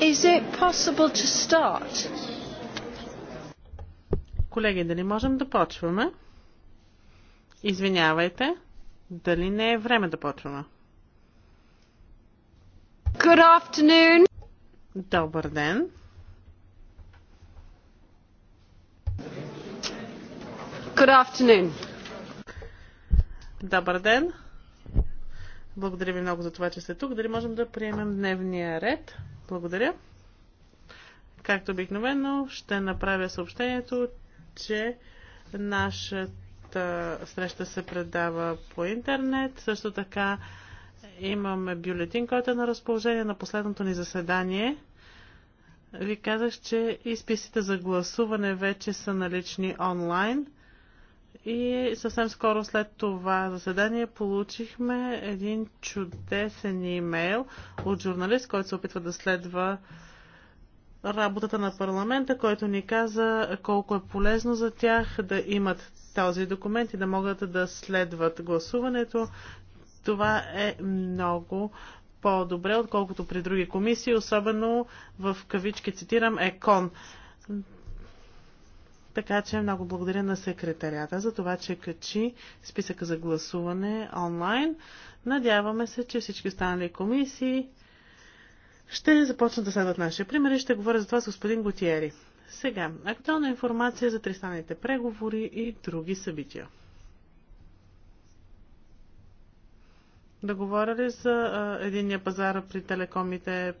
Is it possible to start? Колеги, дали можем да почваме? Извинявайте, дали не е време да почваме? Good afternoon. Добър ден. Good afternoon. Добър ден. Благодаря ви много за това, че сте тук. Дали можем да приемем дневния ред? Благодаря. Както обикновено, ще направя съобщението, че нашата среща се предава по интернет. Също така имаме бюлетин, който е на разположение на последното ни заседание. Ви казах, че изписите за гласуване вече са налични онлайн – и съвсем скоро след това заседание получихме един чудесен имейл от журналист, който се опитва да следва работата на парламента, който ни каза колко е полезно за тях да имат този документ и да могат да следват гласуването. Това е много по-добре, отколкото при други комисии, особено в кавички, цитирам, ЕКОН. Така че много благодаря на секретарята за това, че качи списъка за гласуване онлайн. Надяваме се, че всички останали комисии ще започнат да следват нашия пример и ще говоря за това с господин Готиери. Сега, актуална информация за тристаните преговори и други събития. Да говоря ли за единния пазар при телекомите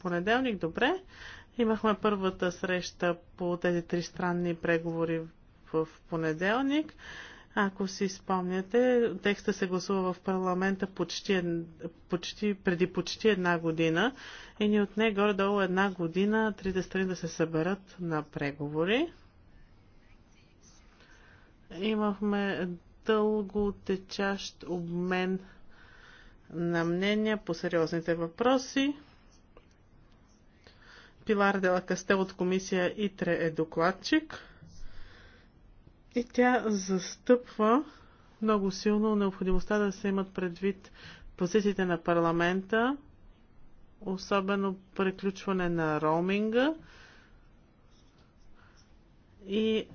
понеделник? Добре. Имахме първата среща по тези три странни преговори в понеделник. Ако си спомняте, текста се гласува в парламента почти, почти, преди почти една година и ни отне горе-долу една година трите страни да се съберат на преговори. Имахме дълго течащ обмен на мнения по сериозните въпроси. Пилар Дела Кастел от комисия ИТРЕ е докладчик и тя застъпва много силно необходимостта да се имат предвид позициите на парламента, особено преключване на роуминга и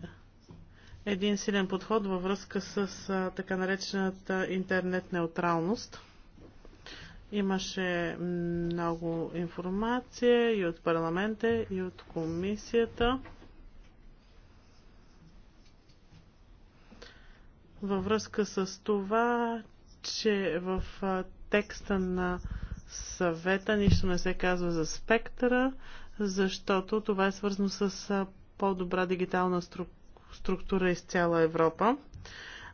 един силен подход във връзка с така наречената интернет неутралност. Имаше много информация и от парламента, и от комисията. Във връзка с това, че в текста на съвета нищо не се казва за спектъра, защото това е свързано с по-добра дигитална структура из цяла Европа.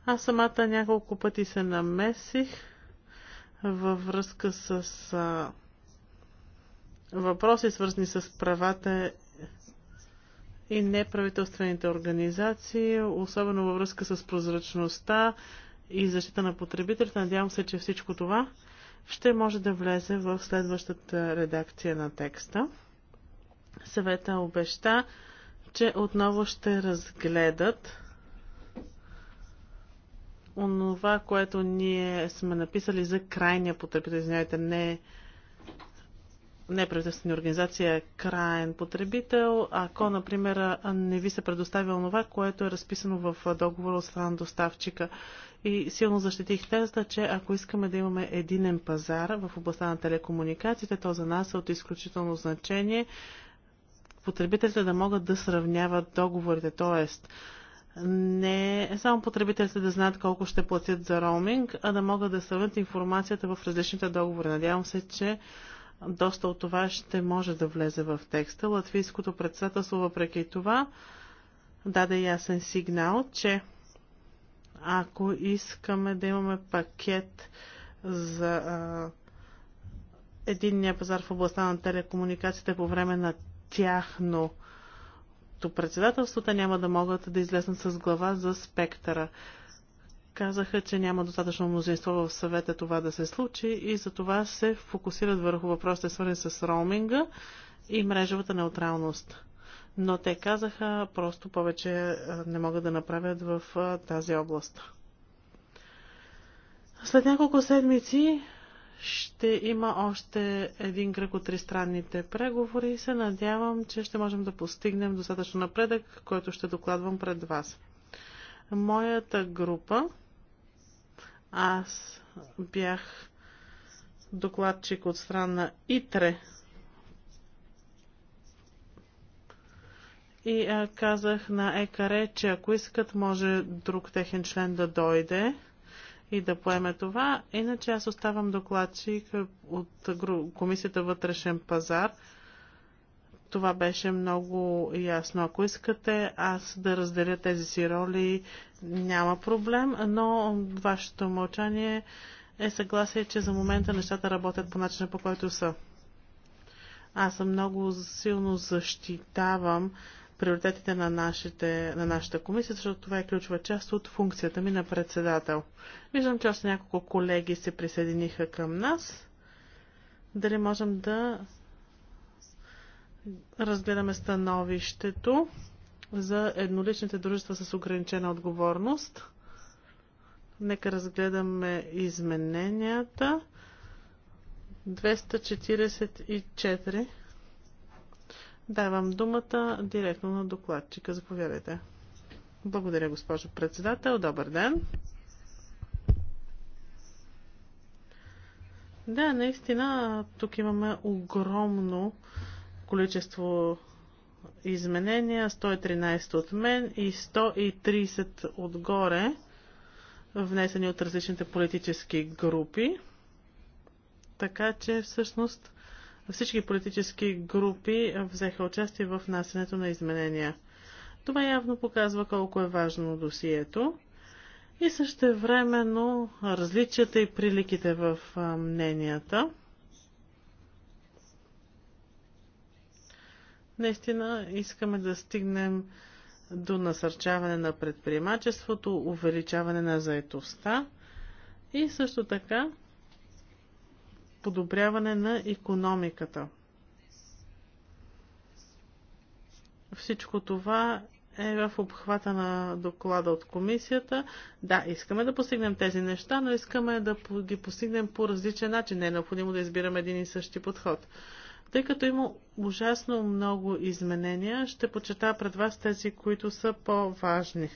Аз самата няколко пъти се намесих във връзка с а, въпроси, свързани с правата и неправителствените организации, особено във връзка с прозрачността и защита на потребителите. Надявам се, че всичко това ще може да влезе в следващата редакция на текста. Съвета обеща, че отново ще разгледат онова, което ние сме написали за крайния потребител, извинявайте, не неправителствена организация краен потребител, ако, например, не ви се предоставя онова, което е разписано в договора от страна доставчика. И силно защитих тезата, че ако искаме да имаме единен пазар в областта на телекомуникациите, то за нас е от изключително значение потребителите да могат да сравняват договорите, т.е не само потребителите да знаят колко ще платят за роуминг, а да могат да сравнят информацията в различните договори. Надявам се, че доста от това ще може да влезе в текста. Латвийското председателство, въпреки това, даде ясен сигнал, че ако искаме да имаме пакет за а, единния пазар в областта на телекомуникациите по време на тяхно председателство, те няма да могат да излезнат с глава за спектъра. Казаха, че няма достатъчно мнозинство в съвета това да се случи и за това се фокусират върху въпросите свързани с роуминга и мрежовата неутралност. Но те казаха, просто повече не могат да направят в тази област. След няколко седмици ще има още един кръг от тристранните преговори и се надявам, че ще можем да постигнем достатъчно напредък, който ще докладвам пред вас. Моята група, аз бях докладчик от страна ИТРЕ и казах на ЕКАРЕ, че ако искат, може друг техен член да дойде и да поеме това. Иначе аз оставам докладчик от Комисията вътрешен пазар. Това беше много ясно. Ако искате аз да разделя тези си роли, няма проблем, но вашето мълчание е съгласие, че за момента нещата работят по начина по който са. Аз съм много силно защитавам приоритетите на, нашите, на нашата комисия, защото това е ключова част от функцията ми на председател. Виждам, че още няколко колеги се присъединиха към нас. Дали можем да разгледаме становището за едноличните дружества с ограничена отговорност? Нека разгледаме измененията. 244 Давам думата директно на докладчика. Заповядайте. Благодаря, госпожо председател. Добър ден. Да, наистина, тук имаме огромно количество изменения, 113 от мен и 130 отгоре, внесени от различните политически групи. Така че всъщност всички политически групи взеха участие в насенето на изменения. Това явно показва колко е важно досието и също времено различията и приликите в мненията. Наистина искаме да стигнем до насърчаване на предприемачеството, увеличаване на заетостта и също така подобряване на економиката. Всичко това е в обхвата на доклада от комисията. Да, искаме да постигнем тези неща, но искаме да ги постигнем по различен начин. Не е необходимо да избираме един и същи подход. Тъй като има ужасно много изменения, ще почета пред вас тези, които са по-важни.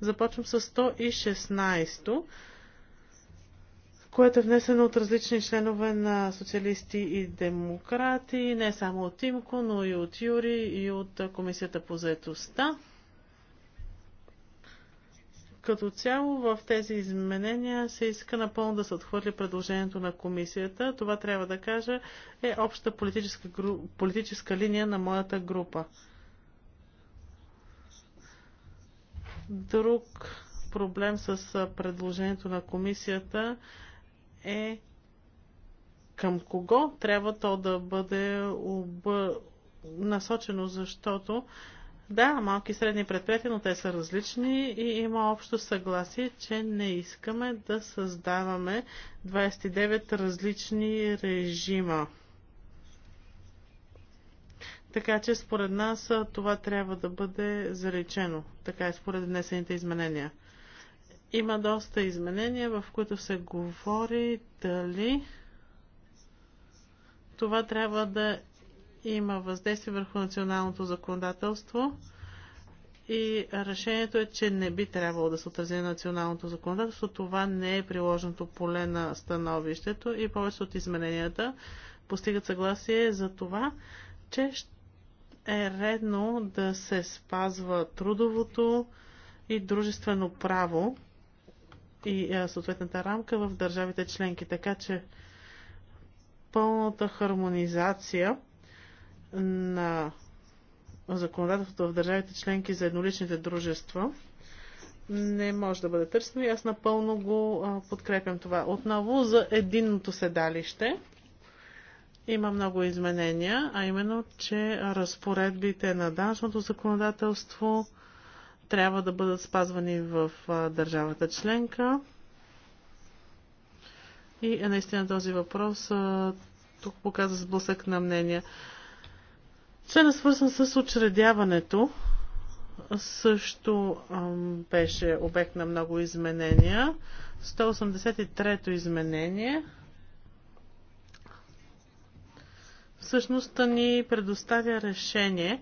Започвам с 116 което е внесено от различни членове на социалисти и демократи, не само от Имко, но и от Юри и от Комисията по заетостта. Като цяло в тези изменения се иска напълно да се отхвърли предложението на комисията. Това трябва да кажа е обща политическа, гру... политическа линия на моята група. Друг проблем с предложението на комисията е към кого трябва то да бъде об... насочено, защото да, малки и средни предприятия, но те са различни и има общо съгласие, че не искаме да създаваме 29 различни режима. Така че според нас това трябва да бъде заречено. Така е според внесените изменения. Има доста изменения, в които се говори дали това трябва да има въздействие върху националното законодателство и решението е, че не би трябвало да се отрази на националното законодателство. Това не е приложеното поле на становището и повече от измененията постигат съгласие за това, че е редно да се спазва трудовото и дружествено право и съответната рамка в държавите членки. Така че пълната хармонизация на законодателството в държавите членки за едноличните дружества не може да бъде търсено и аз напълно го подкрепям това. Отново за единното седалище има много изменения, а именно, че разпоредбите на данъчното законодателство трябва да бъдат спазвани в държавата членка. И е наистина този въпрос тук показва сблъсък на мнения. е свързан с учредяването също ам, беше обект на много изменения. 183-то изменение всъщност ни предоставя решение,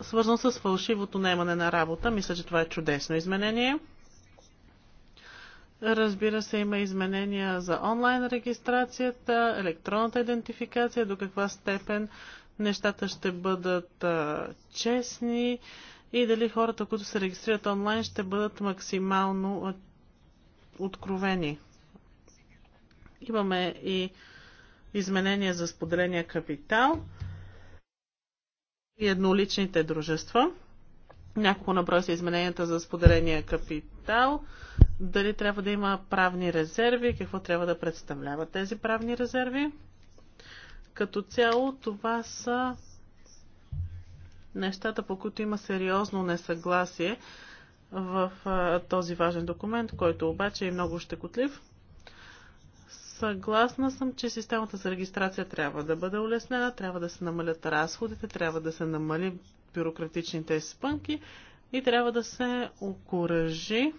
свързан с фалшивото наемане на работа. Мисля, че това е чудесно изменение. Разбира се, има изменения за онлайн регистрацията, електронната идентификация, до каква степен нещата ще бъдат а, честни и дали хората, които се регистрират онлайн, ще бъдат максимално откровени. Имаме и изменения за споделения капитал и едноличните дружества. Няколко наброя са измененията за споделения капитал. Дали трябва да има правни резерви? Какво трябва да представляват тези правни резерви? Като цяло това са нещата, по които има сериозно несъгласие в този важен документ, който обаче е много щекотлив. Съгласна съм, че системата за регистрация трябва да бъде улеснена, трябва да се намалят разходите, трябва да се намали бюрократичните спънки и трябва да се окоръжи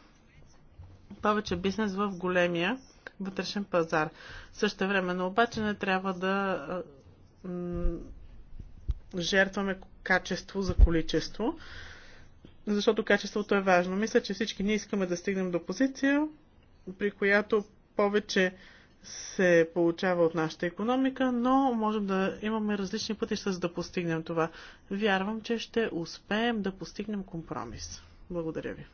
повече бизнес в големия вътрешен пазар. Също но обаче не трябва да жертваме качество за количество, защото качеството е важно. Мисля, че всички ние искаме да стигнем до позиция, при която повече се получава от нашата економика, но можем да имаме различни пътища, за да постигнем това. Вярвам, че ще успеем да постигнем компромис. Благодаря ви.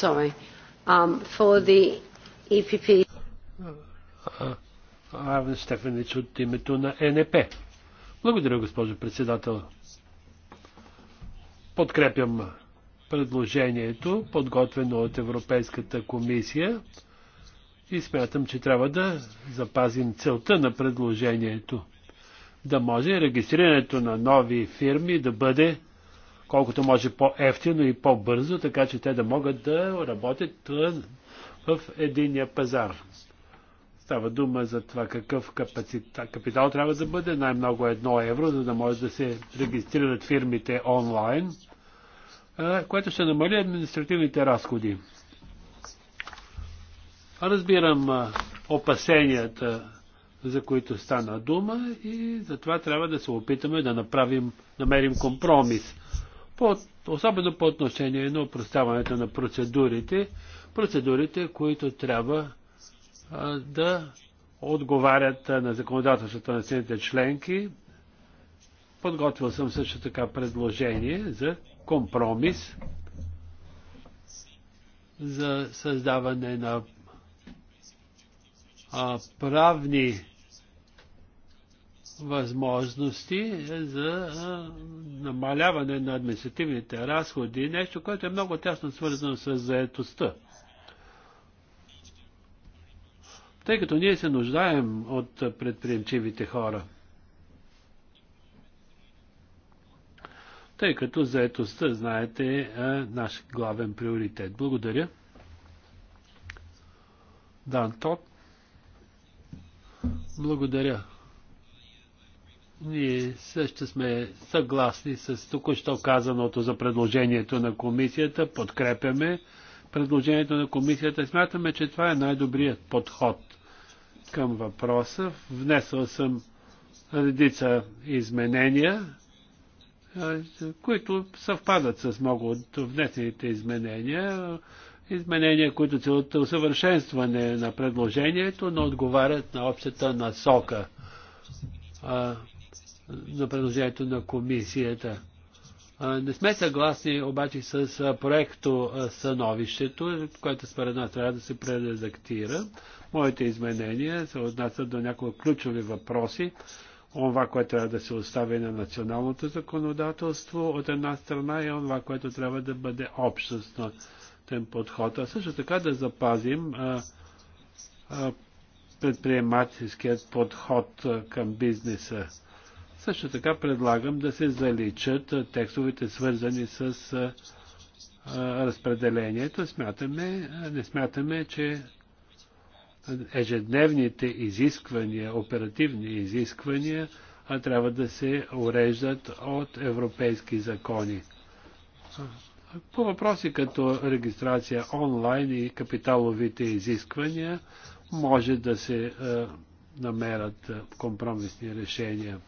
Sorry. Um, for the EPP. Арвен Стефанич от името на е НП. Благодаря, госпожо председател. Подкрепям предложението, подготвено от Европейската комисия и смятам, че трябва да запазим целта на предложението. Да може регистрирането на нови фирми да бъде колкото може по-ефтино и по-бързо, така че те да могат да работят в единия пазар. Става дума за това какъв капитал трябва да бъде, най-много едно евро, за да може да се регистрират фирмите онлайн което ще намали административните разходи. Разбирам опасенията, за които стана дума и затова трябва да се опитаме да направим, намерим компромис. По, особено по отношение на упростяването на процедурите, процедурите, които трябва а, да отговарят на законодателството на цените членки. Подготвил съм също така предложение за компромис за създаване на а, правни възможности за а, намаляване на административните разходи, нещо, което е много тясно свързано с заетостта. Тъй като ние се нуждаем от предприемчивите хора. тъй като заедостта, знаете, е наш главен приоритет. Благодаря. Дан Топ. Благодаря. Ние също сме съгласни с току-що казаното за предложението на комисията. Подкрепяме предложението на комисията. Смятаме, че това е най-добрият подход към въпроса. Внесъл съм редица изменения които съвпадат с много от внесените изменения. Изменения, които целят усъвършенстване на предложението, но отговарят на общата насока на предложението на комисията. Не сме съгласни обаче с проекто становището, което според нас трябва да се предредактира. Моите изменения се отнасят до някои ключови въпроси, онова, което трябва е да се остави на националното законодателство от една страна и онова, което трябва да бъде общностен подход. А също така да запазим а, а, предприемателският подход а, към бизнеса. Също така предлагам да се заличат а, текстовете свързани с а, разпределението. Смятаме, не смятаме, че ежедневните изисквания, оперативни изисквания, а трябва да се уреждат от европейски закони. По въпроси като регистрация онлайн и капиталовите изисквания може да се е, намерят е, компромисни решения.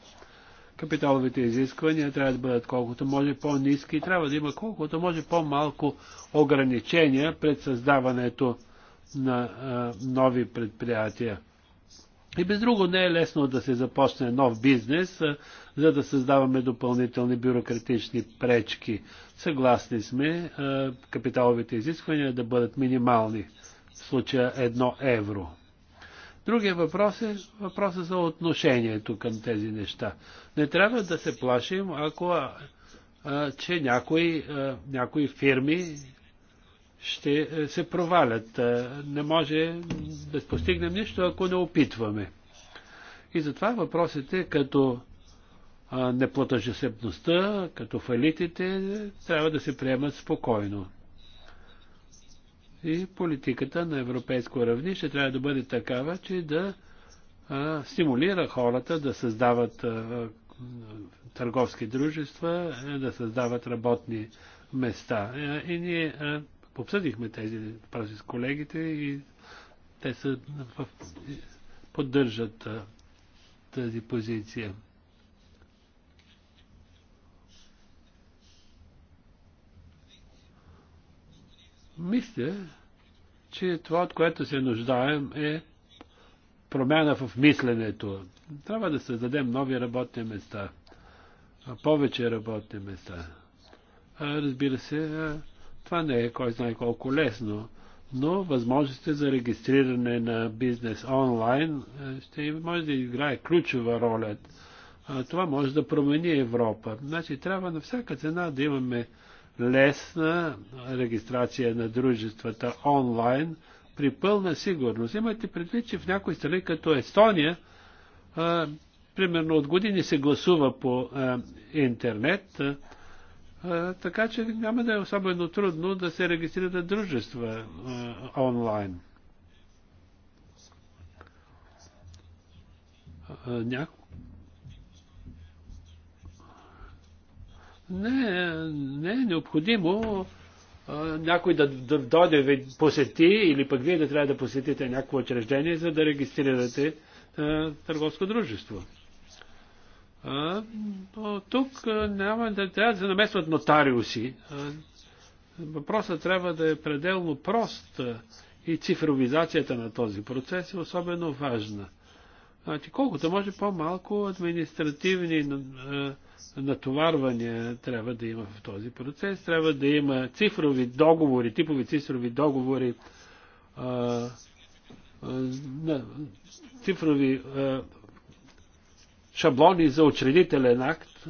Капиталовите изисквания трябва да бъдат колкото може по-низки и трябва да има колкото може по-малко ограничения пред създаването на а, нови предприятия. И без друго не е лесно да се започне нов бизнес, а, за да създаваме допълнителни бюрократични пречки. Съгласни сме а, капиталовите изисквания да бъдат минимални, в случая 1 евро. Другия въпрос е въпроса за отношението към тези неща. Не трябва да се плашим, ако а, че някои, а, някои фирми ще е, се провалят. Е, не може да постигнем нищо, ако не опитваме. И затова въпросите като неплатъжесепността, като фалитите, трябва да се приемат спокойно. И политиката на европейско равнище трябва да бъде такава, че да стимулира хората да създават търговски дружества, да създават работни места. Е, и ние Обсъдихме тези въпроси с колегите и те са в, поддържат тази позиция. Мисля, че това, от което се нуждаем, е промяна в мисленето. Трябва да създадем нови работни места, повече работни места. Разбира се, това не е кой знае колко лесно, но възможността за регистриране на бизнес онлайн е, ще може да играе ключова роля. Това може да промени Европа. Значи трябва на всяка цена да имаме лесна регистрация на дружествата онлайн при пълна сигурност. Имайте предвид, че в някои страни като Естония, примерно от години се гласува по интернет, а, така че няма да е особено трудно да се регистрират дружества онлайн. Няко... Не, не е необходимо някой да, да дойде ви посети или пък вие да трябва да посетите някакво учреждение, за да регистрирате а, търговско дружество. А, тук няма да трябва да се намесват нотариуси. Въпросът трябва да е пределно прост и цифровизацията на този процес е особено важна. Значи, колкото може по-малко административни натоварвания трябва да има в този процес. Трябва да има цифрови договори, типови цифрови договори, а, а, цифрови а, шаблони за учредителен акт.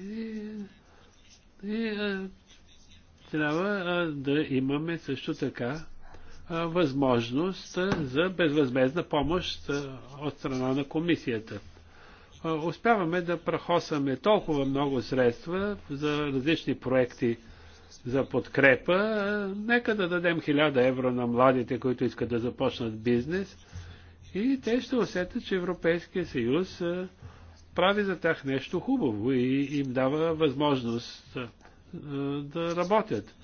И, и е, трябва е, да имаме също така е, възможност за безвъзмезна помощ от страна на комисията. Успяваме да прахосаме толкова много средства за различни проекти за подкрепа. Нека да дадем 1000 евро на младите, които искат да започнат бизнес и те ще усетят, че Европейския съюз прави за тях нещо хубаво и им дава възможност да работят.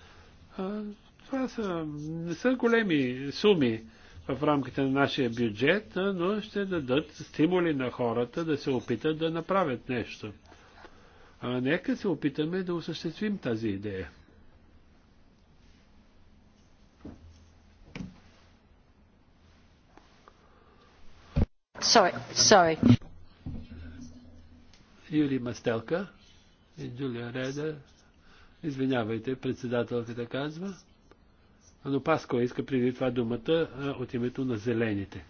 Това са, не са големи суми в рамките на нашия бюджет, но ще дадат стимули на хората да се опитат да направят нещо. А нека се опитаме да осъществим тази идея. Sorry, sorry. Юли Мастелка и Джулия Реда. Извинявайте, председателката казва. Но Паско иска преди това думата от името на зелените.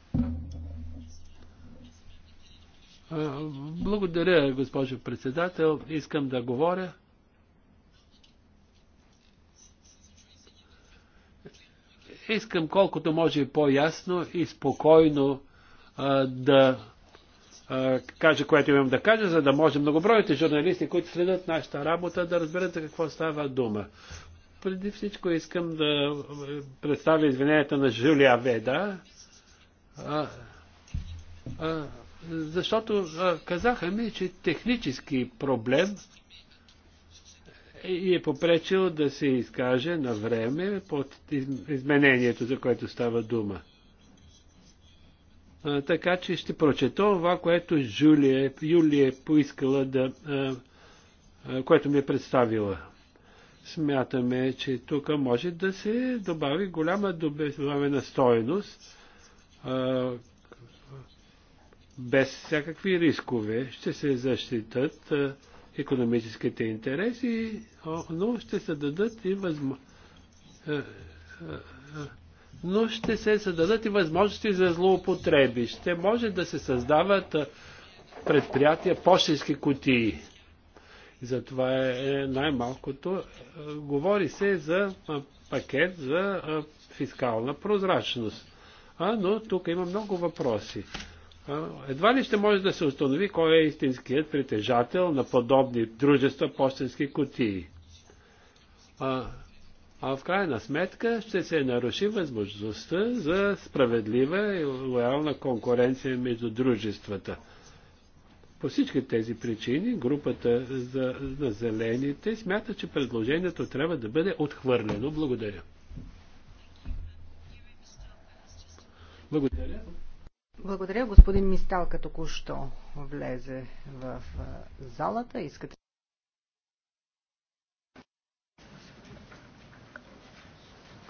Благодаря, госпожо председател. Искам да говоря. Искам колкото може по-ясно и спокойно да кажа, което имам да кажа, за да може многобройните журналисти, които следят нашата работа, да разберат за какво става дума. Преди всичко искам да представя извиненията на Жулия Веда, защото казаха ми, че технически проблем и е попречил да се изкаже на време под изменението, за което става дума така че ще прочета това, което Жулия, Юлия е поискала да, което ми е представила. Смятаме, че тук може да се добави голяма добавена стоеност, без всякакви рискове. Ще се защитат економическите интереси, но ще се дадат и възможности но ще се създадат и възможности за злоупотреби. Ще може да се създават предприятия пошески кутии. Затова е, е най-малкото. Говори се за пакет за фискална прозрачност. А, но тук има много въпроси. Едва ли ще може да се установи кой е истинският притежател на подобни дружества почтенски кутии? а в крайна сметка ще се наруши възможността за справедлива и лоялна конкуренция между дружествата. По всички тези причини групата за, на зелените смята, че предложението трябва да бъде отхвърлено. Благодаря. Благодаря. Благодаря, господин Мистал, като току-що влезе в залата. Искате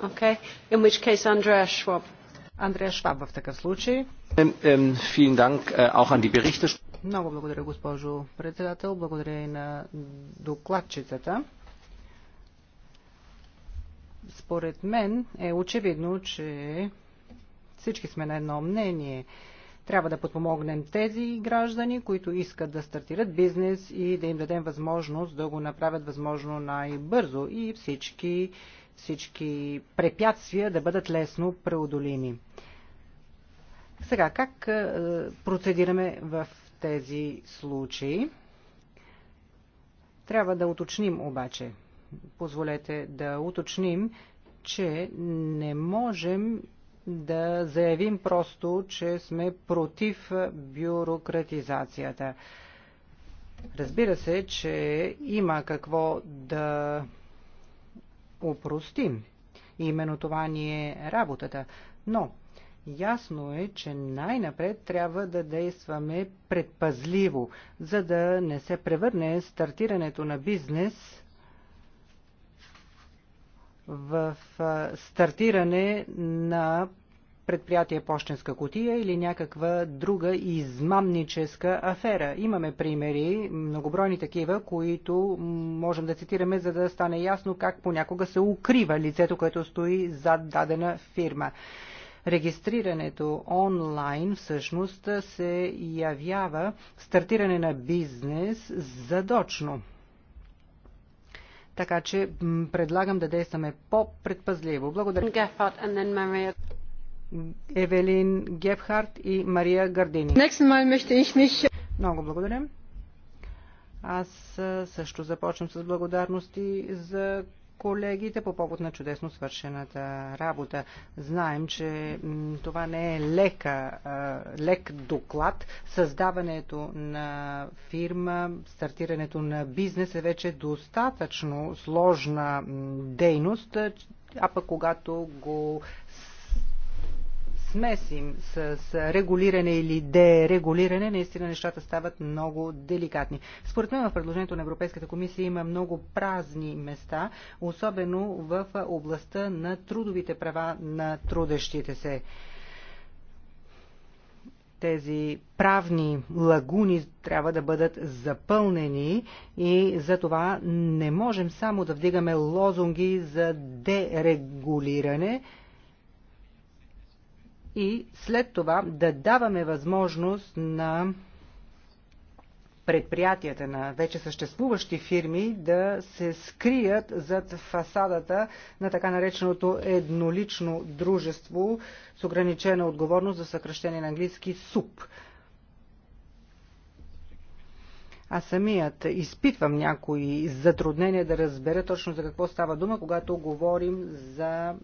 Okay. In which case, Andreas Schwab. Андрея Шваб в такъв случай. Äh, Много благодаря, госпожо председател. Благодаря и на докладчицата. Според мен е очевидно, че всички сме на едно мнение. Трябва да подпомогнем тези граждани, които искат да стартират бизнес и да им дадем възможност да го направят възможно най-бързо. И всички всички препятствия да бъдат лесно преодолими. Сега, как е, процедираме в тези случаи? Трябва да уточним обаче. Позволете да уточним, че не можем да заявим просто, че сме против бюрократизацията. Разбира се, че има какво да упростим. Именно това ни е работата. Но Ясно е, че най-напред трябва да действаме предпазливо, за да не се превърне стартирането на бизнес в стартиране на предприятие Пощенска котия или някаква друга измамническа афера. Имаме примери, многобройни такива, които можем да цитираме, за да стане ясно как понякога се укрива лицето, което стои зад дадена фирма. Регистрирането онлайн всъщност се явява стартиране на бизнес задочно. Така че предлагам да действаме по-предпазливо. Благодаря. Евелин Гепхарт и Мария Гардини. Много благодаря. Аз също започвам с благодарности за колегите по повод на чудесно свършената работа. Знаем, че това не е лека, лек доклад. Създаването на фирма, стартирането на бизнес е вече достатъчно сложна дейност, а пък когато го смесим с регулиране или дерегулиране, наистина нещата стават много деликатни. Според мен в предложението на Европейската комисия има много празни места, особено в областта на трудовите права на трудещите се тези правни лагуни трябва да бъдат запълнени и за това не можем само да вдигаме лозунги за дерегулиране, и след това да даваме възможност на предприятията на вече съществуващи фирми да се скрият зад фасадата на така нареченото еднолично дружество с ограничена отговорност за съкръщение на английски СУП. Аз самият изпитвам някои затруднения да разбера точно за какво става дума, когато говорим за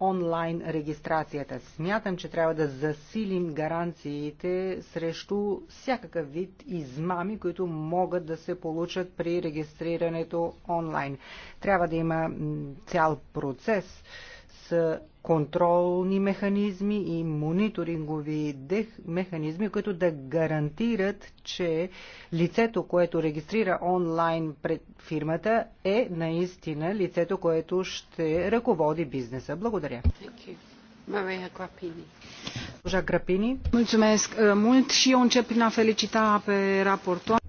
онлайн регистрацията. Смятам, че трябва да засилим гаранциите срещу всякакъв вид измами, които могат да се получат при регистрирането онлайн. Трябва да има цял процес контролни механизми и мониторингови механизми, които да гарантират, че лицето, което регистрира онлайн пред фирмата, е наистина лицето, което ще ръководи бизнеса. Благодаря. Maria Grapini. Госпожа Грапини. Mulțumesc uh, mult și eu încep prin a felicita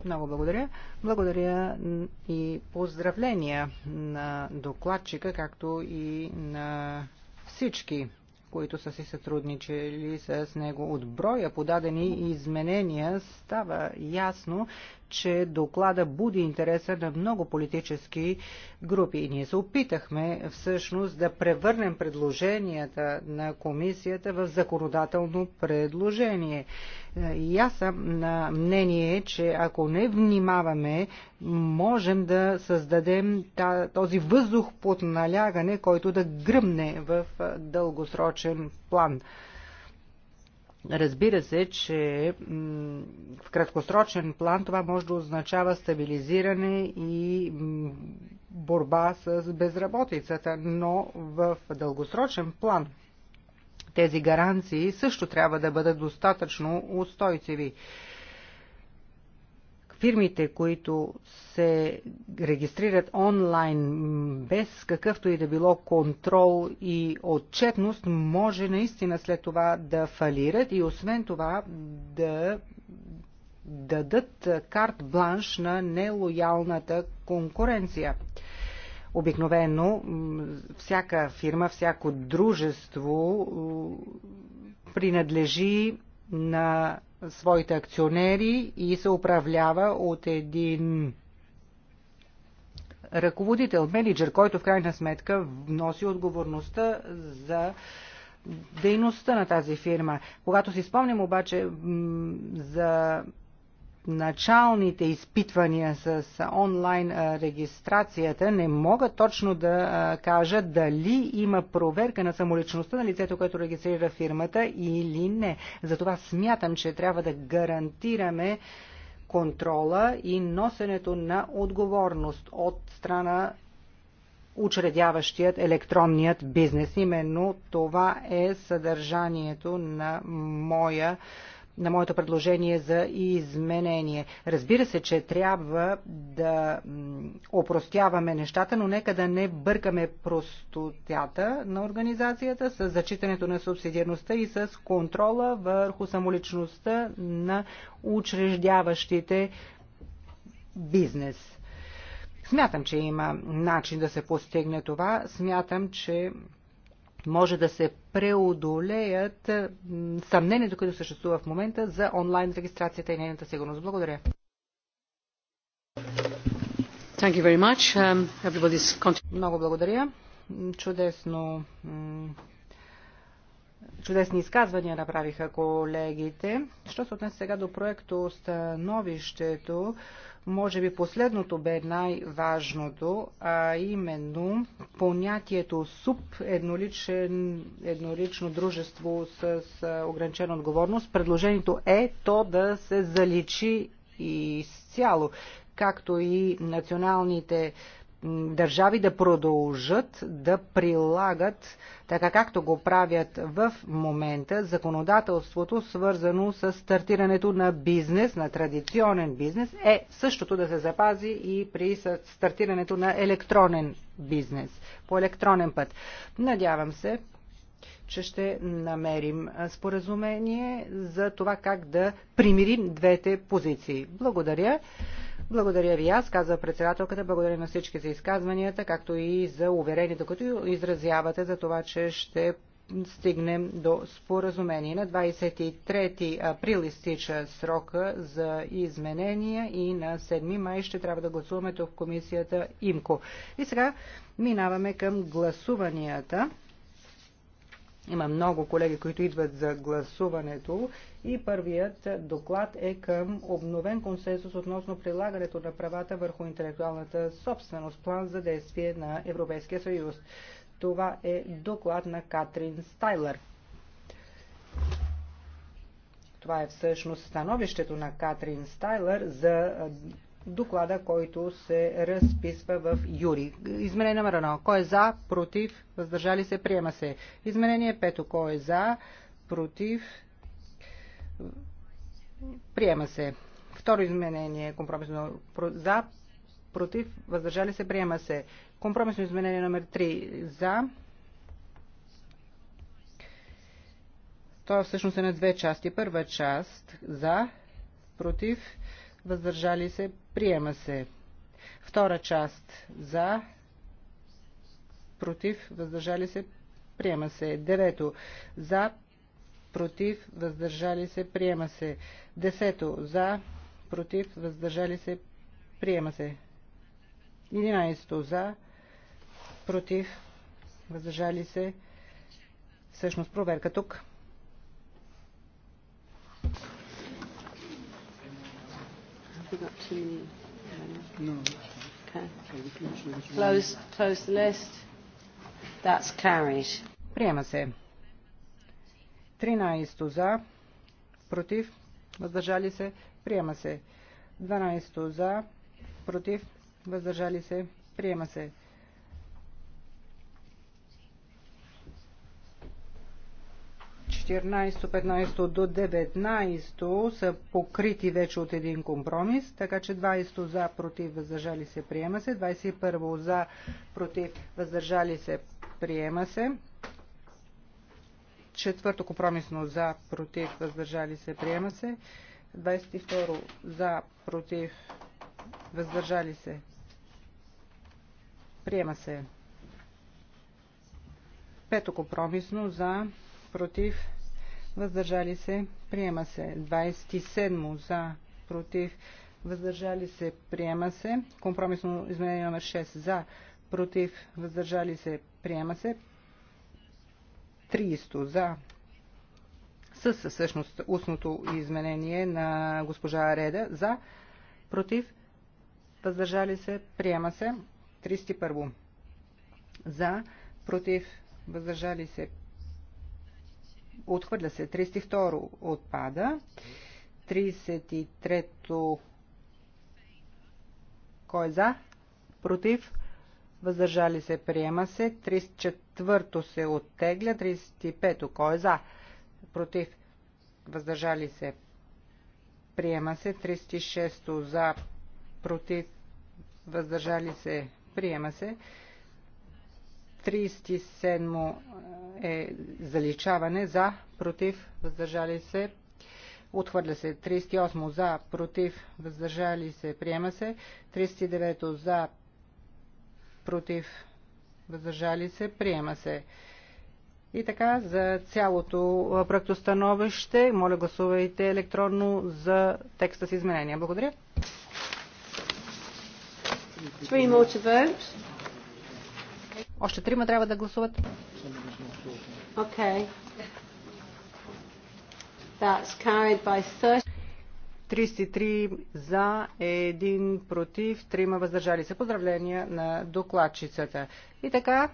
Много благодаря. Благодаря и поздравления на докладчика, както и на всички, които са си сътрудничали с него. От броя подадени изменения става ясно, че доклада буди интереса на много политически групи. И ние се опитахме всъщност да превърнем предложенията на комисията в законодателно предложение. И аз съм на мнение, че ако не внимаваме, можем да създадем този въздух под налягане, който да гръмне в дългосрочен план. Разбира се, че в краткосрочен план това може да означава стабилизиране и борба с безработицата, но в дългосрочен план тези гаранции също трябва да бъдат достатъчно устойчиви фирмите, които се регистрират онлайн без какъвто и да било контрол и отчетност, може наистина след това да фалират и освен това да дадат карт бланш на нелоялната конкуренция. Обикновено всяка фирма, всяко дружество принадлежи на своите акционери и се управлява от един ръководител, менеджер, който в крайна сметка носи отговорността за дейността на тази фирма. Когато си спомним обаче за началните изпитвания с онлайн регистрацията не мога точно да кажа дали има проверка на самоличността на лицето, което регистрира фирмата или не. Затова смятам, че трябва да гарантираме контрола и носенето на отговорност от страна учредяващият електронният бизнес. Именно това е съдържанието на моя на моето предложение за изменение. Разбира се, че трябва да опростяваме нещата, но нека да не бъркаме простотята на организацията с зачитането на субсидиарността и с контрола върху самоличността на учреждяващите бизнес. Смятам, че има начин да се постигне това. Смятам, че може да се преодолеят съмнението, което съществува в момента за онлайн регистрацията и нейната сигурност. Благодаря. Thank you very much. Um, Много благодаря. Чудесно чудесни изказвания направиха колегите. Що се отнесе сега до проекто становището, може би последното бе най-важното, а именно понятието СУП, едноличен, еднолично дружество с ограничена отговорност. Предложението е то да се заличи изцяло, както и националните държави да продължат да прилагат, така както го правят в момента, законодателството свързано с стартирането на бизнес, на традиционен бизнес, е същото да се запази и при стартирането на електронен бизнес, по електронен път. Надявам се, че ще намерим споразумение за това как да примирим двете позиции. Благодаря. Благодаря ви аз, казва председателката. Благодаря на всички за изказванията, както и за уверението, като изразявате за това, че ще стигнем до споразумение. На 23 април изтича срока за изменения и на 7 май ще трябва да гласуваме тук в комисията ИМКО. И сега минаваме към гласуванията. Има много колеги, които идват за гласуването и първият доклад е към обновен консенсус относно прилагането на правата върху интелектуалната собственост, план за действие на Европейския съюз. Това е доклад на Катрин Стайлер. Това е всъщност становището на Катрин Стайлер за доклада, който се разписва в Юри. Изменение номер 1. Кой е за, против, въздържали се, приема се. Изменение 5. Кой е за, против, приема се. Второ изменение, компромисно за, против, въздържали се, приема се. Компромисно изменение номер 3 за. То е всъщност е на две части. Първа част за, против, въздържали се, Приема се. Втора част за, против, въздържали се, приема се. Девето за, против, въздържали се, приема се. Десето за, против, въздържали се, приема се. Единайсто за, против, въздържали се. Всъщност проверка тук. We got too many. Um, no. Okay. Close, close the list. That's carried. Приема се. 13 за, против, въздържали се, приема се. 12 за, против, въздържали се, приема се. 14, 15 до 19 са покрити вече от един компромис, така че 20 за, против, въздържали се, приема се. 21 за, против, въздържали се, приема се. Четвърто компромисно за, против, въздържали се, приема се. 22 за, против, въздържали се, приема се. Пето компромисно за, против, въздържали се, приема се. 27 за, против, въздържали се, приема се. Компромисно изменение номер 6 за, против, въздържали се, приема се. 30 за, с всъщност устното изменение на госпожа Реда за, против, въздържали се, приема се. 31 за, против, въздържали се, Отхвърля се. 32 отпада. 33-то. Кой е за? Против? Въздържали се. Приема се. 34-то се оттегля. 35-то. Кой е за? Против? Въздържали се. Приема се. 36-то за. Против? Въздържали се. Приема се. 37-то е заличаване за, против, въздържали се, отхвърля се. 38 за, против, въздържали се, приема се. 39 за, против, въздържали се, приема се. И така, за цялото проектостановище, моля гласувайте електронно за текста с изменения. Благодаря. Още трима трябва да гласуват. Okay. That's carried by 30. 33 за, 1 против, 3 въздържали се. Поздравления на докладчицата. И така,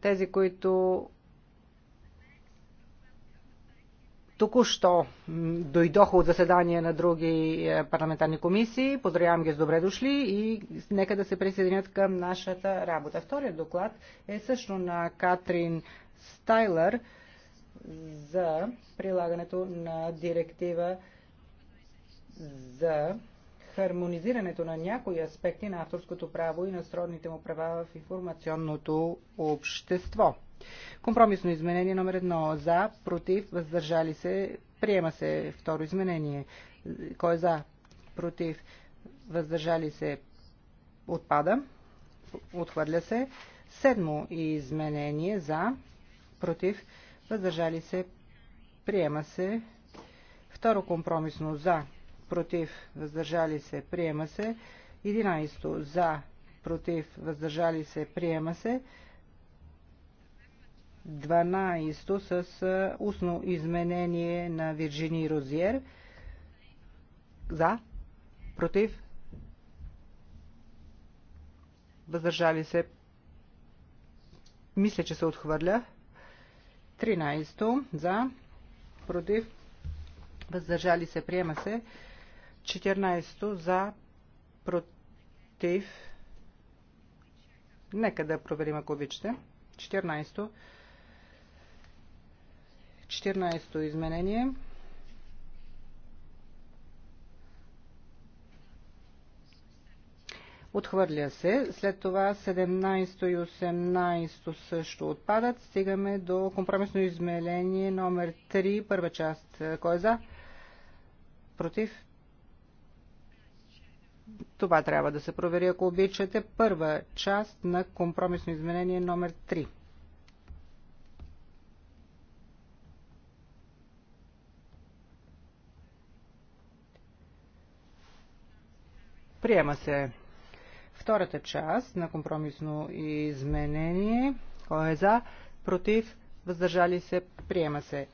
тези, които Току-що дойдоха от заседания на други е, парламентарни комисии. Поздравявам ги с добре дошли и нека да се присъединят към нашата работа. Вторият доклад е също на Катрин Стайлер за прилагането на директива за хармонизирането на някои аспекти на авторското право и на сродните му права в информационното общество. Компромисно изменение номер едно. За, против, въздържали се, приема се второ изменение. Кой е за, против, въздържали се, отпада, отхвърля се. Седмо изменение за, против, въздържали се, приема се. Второ компромисно за, против, въздържали се, приема се. 11. За, против, въздържали се, приема се. 12 с устно изменение на Вирджини Розиер. За? Против? Въздържали се? Мисля, че се отхвърля. 13 за? Против? Въздържали се? Приема се. 14 за? Против? Нека да проверим, ако обичате. 14 14-то изменение. Отхвърля се. След това 17 и 18 също отпадат. Стигаме до компромисно измерение номер 3, първа част. Кой е за? Против? Това трябва да се провери, ако обичате. Първа част на компромисно изменение номер 3. Приема се втората част на компромисно изменение. Кой е за? Против? Въздържали се? Приема се.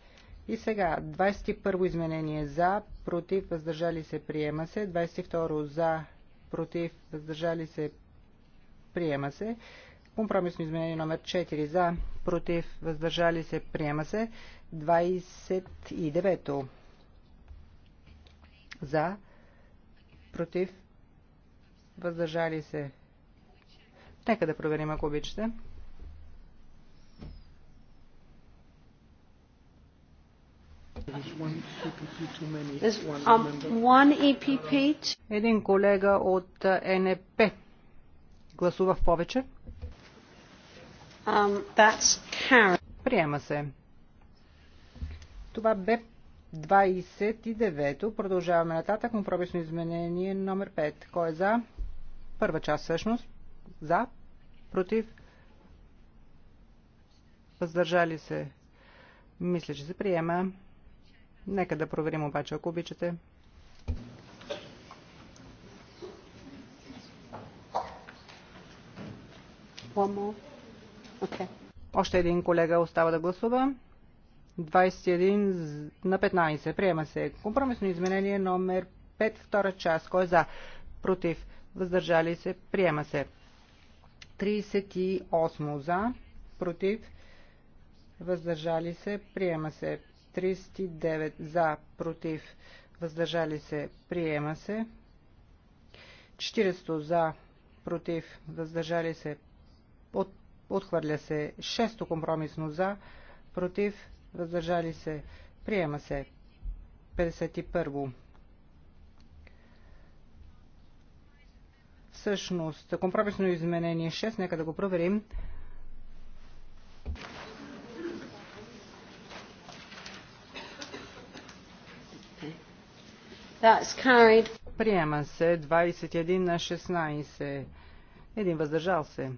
И сега, 21 изменение за, против, въздържали се, приема се. 22 за, против, въздържали се, приема се. Компромисно изменение номер 4 за, против, въздържали се, приема се. 29 за, против, въздържали се. Нека да проверим, ако обичате. Um, e Един колега от е, НП гласува в повече. Um, Приема се. Това бе 29-то. Продължаваме нататък. Компромисно изменение номер 5. Кой е за? Първа част всъщност. За, против, въздържали се. Мисля, че се приема. Нека да проверим обаче, ако обичате. Okay. Още един колега остава да гласува. 21 на 15. Приема се. Компромисно изменение номер 5, втора част. Кой е за? Против въздържали се, приема се. 38 за, против, въздържали се, приема се. 39 за, против, въздържали се, приема се. 40 за, против, въздържали се, от, отхвърля се. 6 компромисно за, против, въздържали се, приема се. 51 всъщност компромисно изменение 6, нека да го проверим. Приема се 21 на 16. Един въздържал се.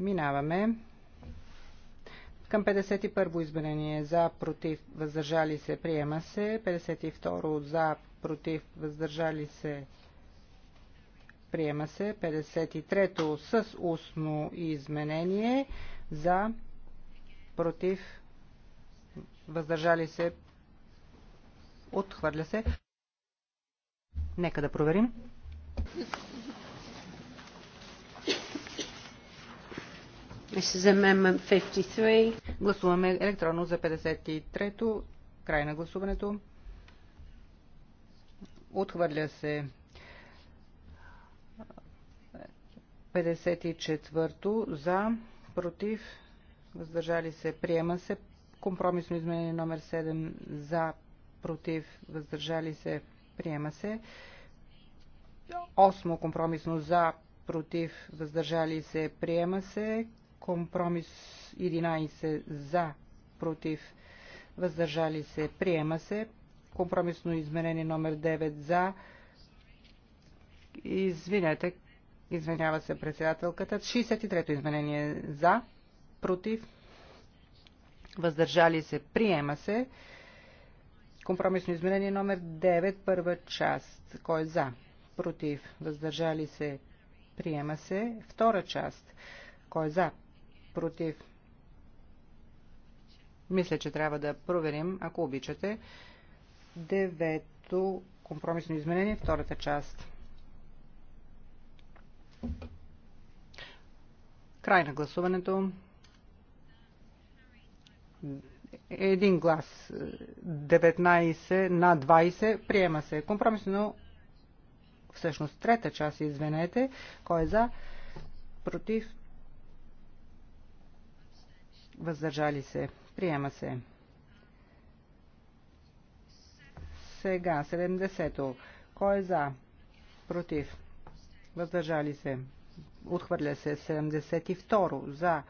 Минаваме към 51 изменение за, против, въздържали се, приема се. 52 за, против, въздържали се, Приема се 53-то с устно изменение за против въздържали се отхвърля се. Нека да проверим. This is amendment 53. Гласуваме електронно за 53-то. Край на гласуването. Отхвърля се 54 за, против, въздържали се, приема се. Компромисно изменение номер 7 за, против, въздържали се, приема се. Осмо компромисно за, против, въздържали се, приема се. Компромис 11 за, против, въздържали се, приема се. Компромисно изменение номер 9 за. Извинете, Извинява се председателката. 63-то изменение за, против, въздържали се, приема се. Компромисно изменение номер 9, първа част. Кой е за? Против, въздържали се, приема се. Втора част. Кой е за? Против. Мисля, че трябва да проверим, ако обичате. Девето компромисно изменение, втората част. Край на гласуването. Един глас. 19 на 20. Приема се. Компромисно. Всъщност трета част, извинете. Кой е за? Против? Въздържали се. Приема се. Сега 70-то. Кой е за? Против? въздържали се, отхвърля се 72 за,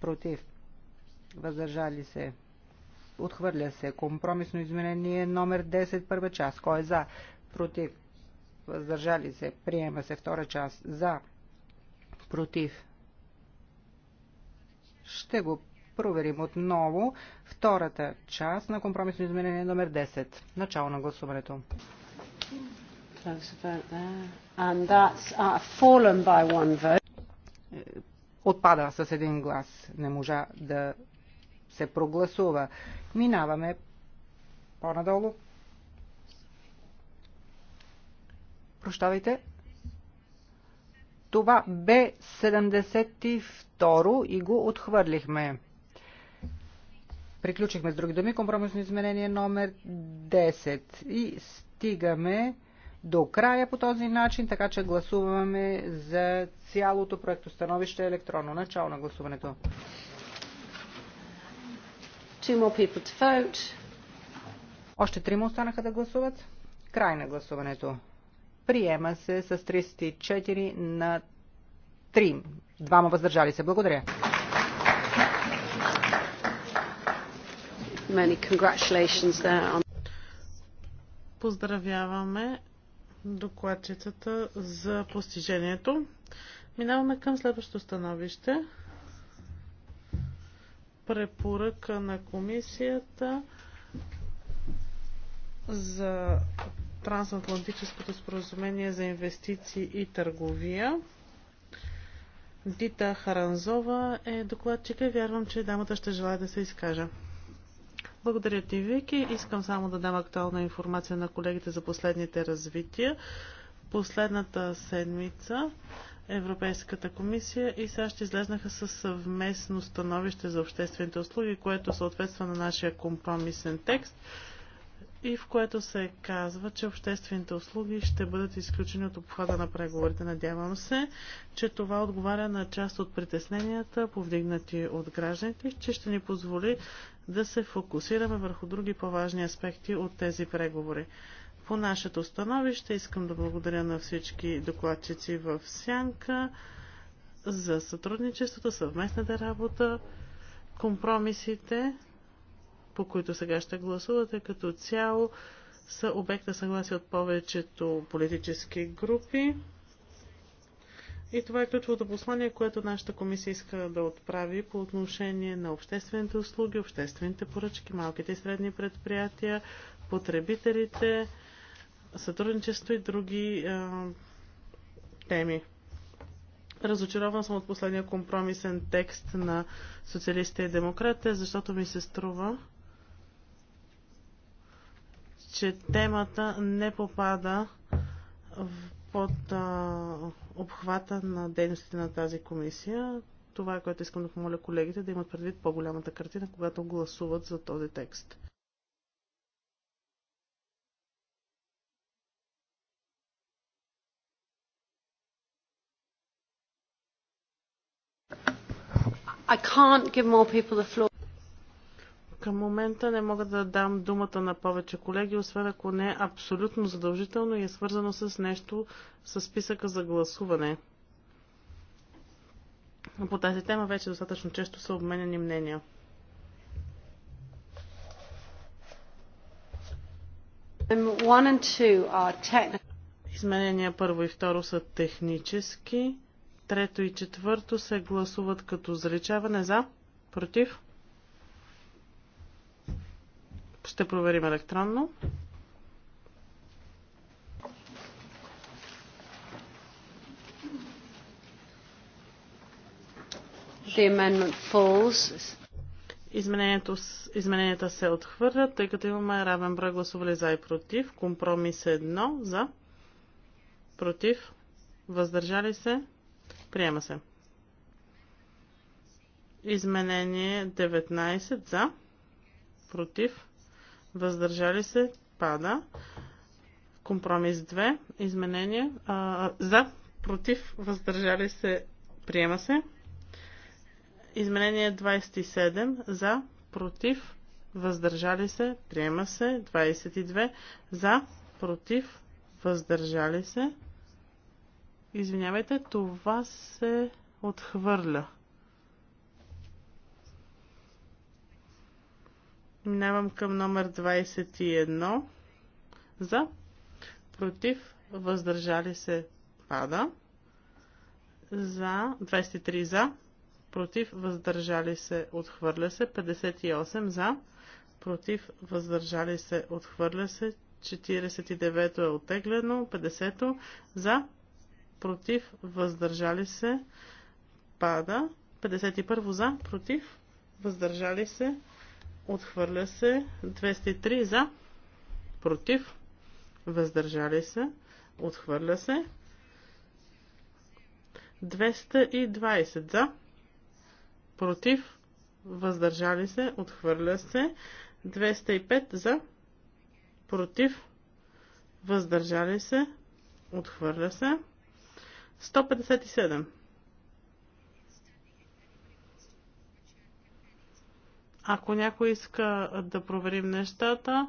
против, въздържали се, отхвърля се компромисно изменение номер 10 първа част, кой е за, против, въздържали се, приема се втора част, за, против. Ще го проверим отново втората част на компромисно изменение номер 10. Начало на гласуването. Отпада с един глас. Не можа да се прогласува. Минаваме по-надолу. Прощавайте. Това бе 72 и го отхвърлихме. Приключихме с други думи компромисно изменение номер 10 и стигаме до края по този начин, така че гласуваме за цялото проекто становище електронно. Начало на гласуването. Още трима останаха да гласуват. Край на гласуването. Приема се с 34 на 3. Двама въздържали се. Благодаря. Поздравяваме докладчицата за постижението. Минаваме към следващото становище. Препоръка на комисията за трансатлантическото споразумение за инвестиции и търговия. Дита Харанзова е докладчика. Вярвам, че дамата ще желая да се изкажа. Благодаря ти, Вики. Искам само да дам актуална информация на колегите за последните развития. Последната седмица Европейската комисия и САЩ излезнаха със съвместно становище за обществените услуги, което съответства на нашия компромисен текст и в което се казва, че обществените услуги ще бъдат изключени от обхода на преговорите. Надявам се, че това отговаря на част от притесненията, повдигнати от гражданите, че ще ни позволи да се фокусираме върху други по-важни аспекти от тези преговори. По нашето становище искам да благодаря на всички докладчици в Сянка за сътрудничеството, съвместната работа, компромисите, по които сега ще гласувате, като цяло са обект на съгласие от повечето политически групи. И това е ключовото послание, което нашата комисия иска да отправи по отношение на обществените услуги, обществените поръчки, малките и средни предприятия, потребителите, сътрудничество и други а, теми. Разочарован съм от последния компромисен текст на социалистите и демократите, защото ми се струва, че темата не попада в, под а, обхвата на дейностите на тази комисия. Това е което искам да помоля колегите да имат предвид по-голямата картина, когато гласуват за този текст. I can't give more people the floor. Към момента не мога да дам думата на повече колеги, освен ако не е абсолютно задължително и е свързано с нещо с списъка за гласуване. По тази тема вече достатъчно често са обменени мнения. Изменения първо и второ са технически. Трето и четвърто се гласуват като заличаване за, против. Ще проверим електронно. Изменението, измененията се отхвърлят, тъй като имаме равен брой гласували за и против. Компромис 1 за, против, въздържали се, приема се. Изменение 19 за, против, въздържали се, пада. Компромис 2, изменение, а, за, против, въздържали се, приема се. Изменение 27, за, против, въздържали се, приема се. 22, за, против, въздържали се. Извинявайте, това се отхвърля. Минавам към номер 21. За. Против. Въздържали се. Пада. За. 23 за. Против. Въздържали се. Отхвърля се. 58 за. Против. Въздържали се. Отхвърля се. 49 е оттеглено. 50 за. Против. Въздържали се. Пада. 51 за. Против. Въздържали се. Отхвърля се. 203 за. Против. Въздържали се. Отхвърля се. 220 за. Против. Въздържали се. Отхвърля се. 205 за. Против. Въздържали се. Отхвърля се. 157 Ако някой иска да проверим нещата,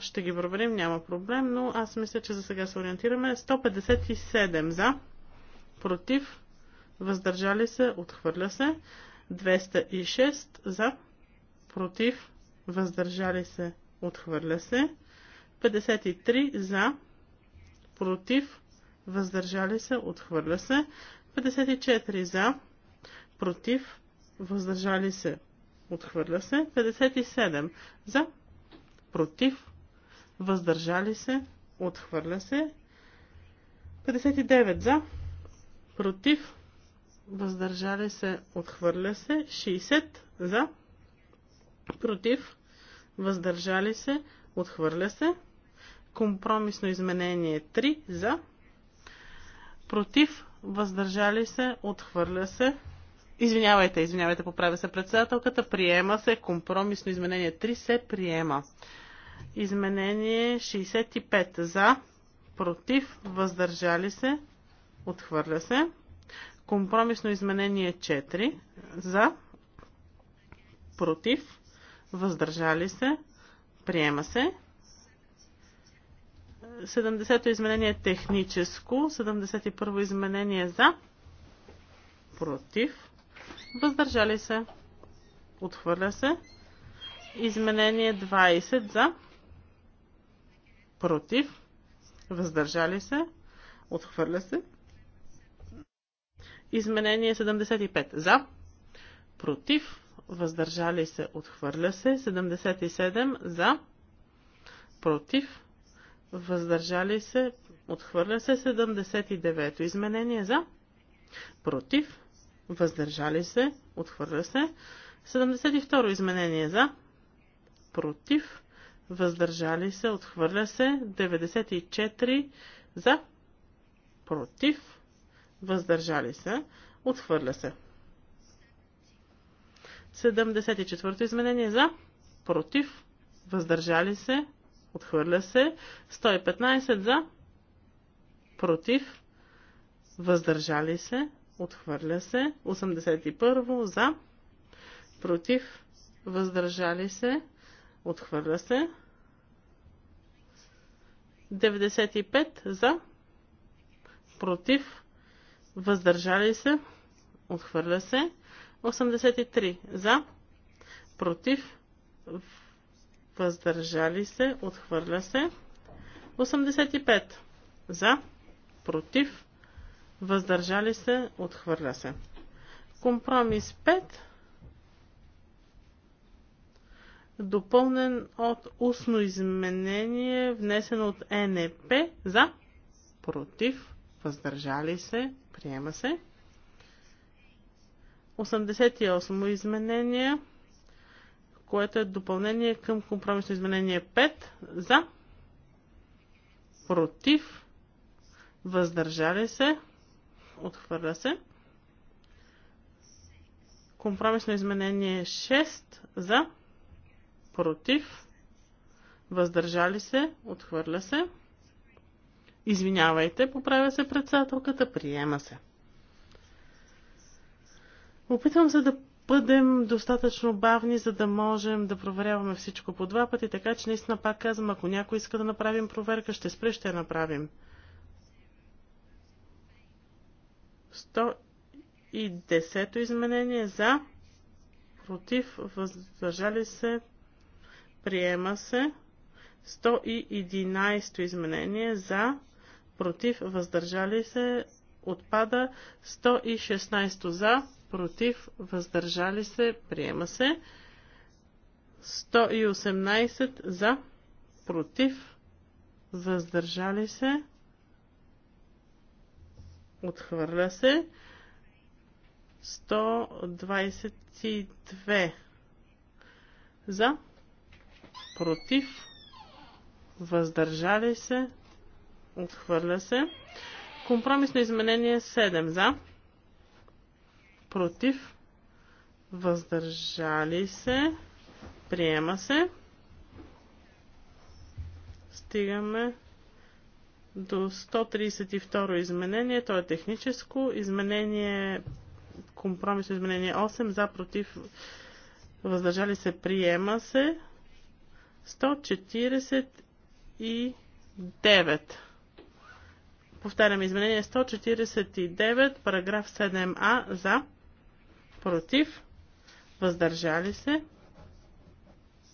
ще ги проверим, няма проблем, но аз мисля, че за сега се ориентираме. 157 за, против, въздържали се, отхвърля се. 206 за, против, въздържали се, отхвърля се. 53 за, против, въздържали се, отхвърля се. 54 за, против, въздържали се, Отхвърля се. 57. За. Против. Въздържали се. Отхвърля се. 59. За. Против. Въздържали се. Отхвърля се. 60. За. Против. Въздържали се. Отхвърля се. Компромисно изменение 3. За. Против. Въздържали се. Отхвърля се. Извинявайте, извинявайте, поправя се председателката. Приема се. Компромисно изменение 3 се приема. Изменение 65 за, против, въздържали се, отхвърля се. Компромисно изменение 4 за, против, въздържали се, приема се. 70-то изменение е техническо, 71-то изменение за, против, въздържали се, отхвърля се. Изменение 20 за, против, въздържали се, отхвърля се. Изменение 75 за, против, въздържали се, отхвърля се. 77 за, против, въздържали се, отхвърля се. 79 изменение за, против, въздържали се, отхвърля се. 72 изменение за, против, въздържали се, отхвърля се. 94 за, против, въздържали се, отхвърля се. 74 изменение за, против, въздържали се, отхвърля се. 115 за, против, въздържали се, Отхвърля се. 81 за. Против. Въздържали се. Отхвърля се. 95 за. Против. Въздържали се. Отхвърля се. 83 за. Против. Въздържали се. Отхвърля се. 85 за. Против въздържали се, отхвърля се. Компромис 5, допълнен от устно изменение, внесен от НЕП, за, против, въздържали се, приема се. 88 изменение, което е допълнение към компромисно изменение 5, за, против, въздържали се, Отхвърля се. Компромисно изменение 6 за. Против. Въздържали се. Отхвърля се. Извинявайте, поправя се председателката. Приема се. Опитвам се да бъдем достатъчно бавни, за да можем да проверяваме всичко по два пъти, така че наистина пак казвам, ако някой иска да направим проверка, ще спре, ще я направим. 110 изменение за, против, въздържали се, приема се. 111 изменение за, против, въздържали се, отпада. 116 за, против, въздържали се, приема се. 118 за, против, въздържали се. Отхвърля се. 122 за, против, въздържали се, отхвърля се. Компромисно изменение 7 за, против, въздържали се, приема се. Стигаме до 132 изменение. То е техническо. Изменение, компромисно изменение 8, за, против, въздържали се, приема се. 149. Повтарям изменение 149, параграф 7а, за, против, въздържали се,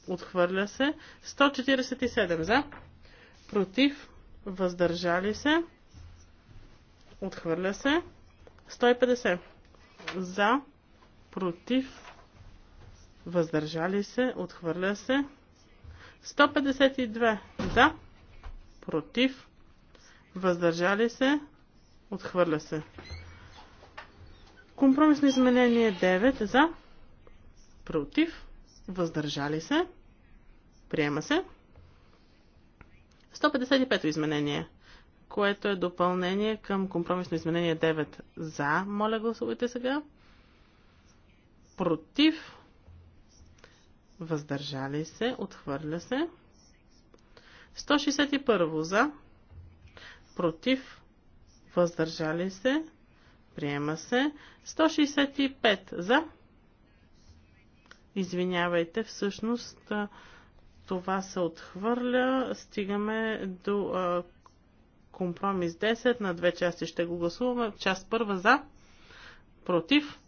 отхвърля се. 147 за, против, въздържали се, отхвърля се. 150 за, против, въздържали се, отхвърля се. 152 за, против, въздържали се, отхвърля се. Компромисно изменение 9 за, против, въздържали се, приема се. 155-то изменение, което е допълнение към компромисно изменение 9 за. Моля гласувайте сега. Против. Въздържали се. Отхвърля се. 161 за. Против. Въздържали се. Приема се. 165 за. Извинявайте, всъщност това се отхвърля. Стигаме до а, компромис 10. На две части ще го гласуваме. Част първа за, против,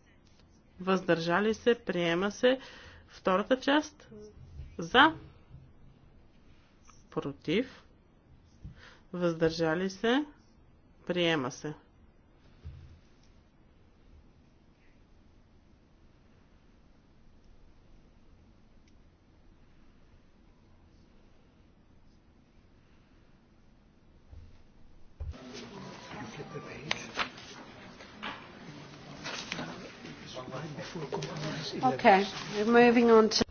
въздържали се, приема се. Втората част за, против, въздържали се, приема се. Okay. To...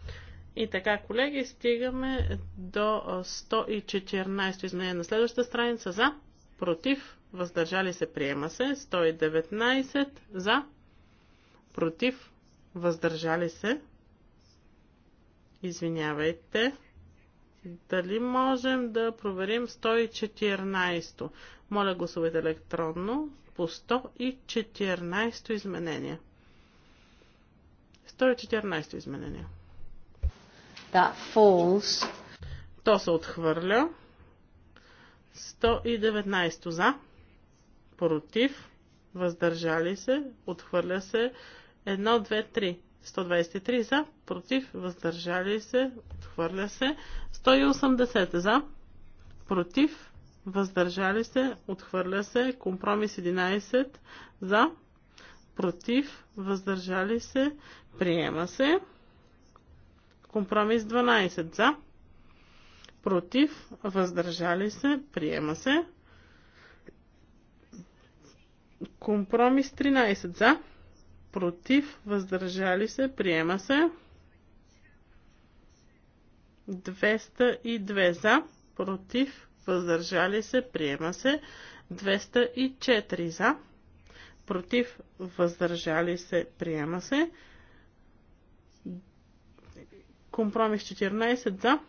И така, колеги, стигаме до 114 изменение на следващата страница. За, против, въздържали се, приема се. 119 за, против, въздържали се. Извинявайте. Дали можем да проверим 114? Моля гласувайте електронно по 114 изменение. 114 изменение. That falls. То се отхвърля. 119 за. Против. Въздържали се. Отхвърля се. 1, 2, 3. 123 за. Против. Въздържали се. Отхвърля се. 180 за. Против. Въздържали се. Отхвърля се. Компромис 11 за против, въздържали се, приема се. Компромис 12 за, против, въздържали се, приема се. Компромис 13 за, против, въздържали се, приема се. 202 за, против, въздържали се, приема се. 204 за, против, въздържали се, приема се. Компромис 14 за,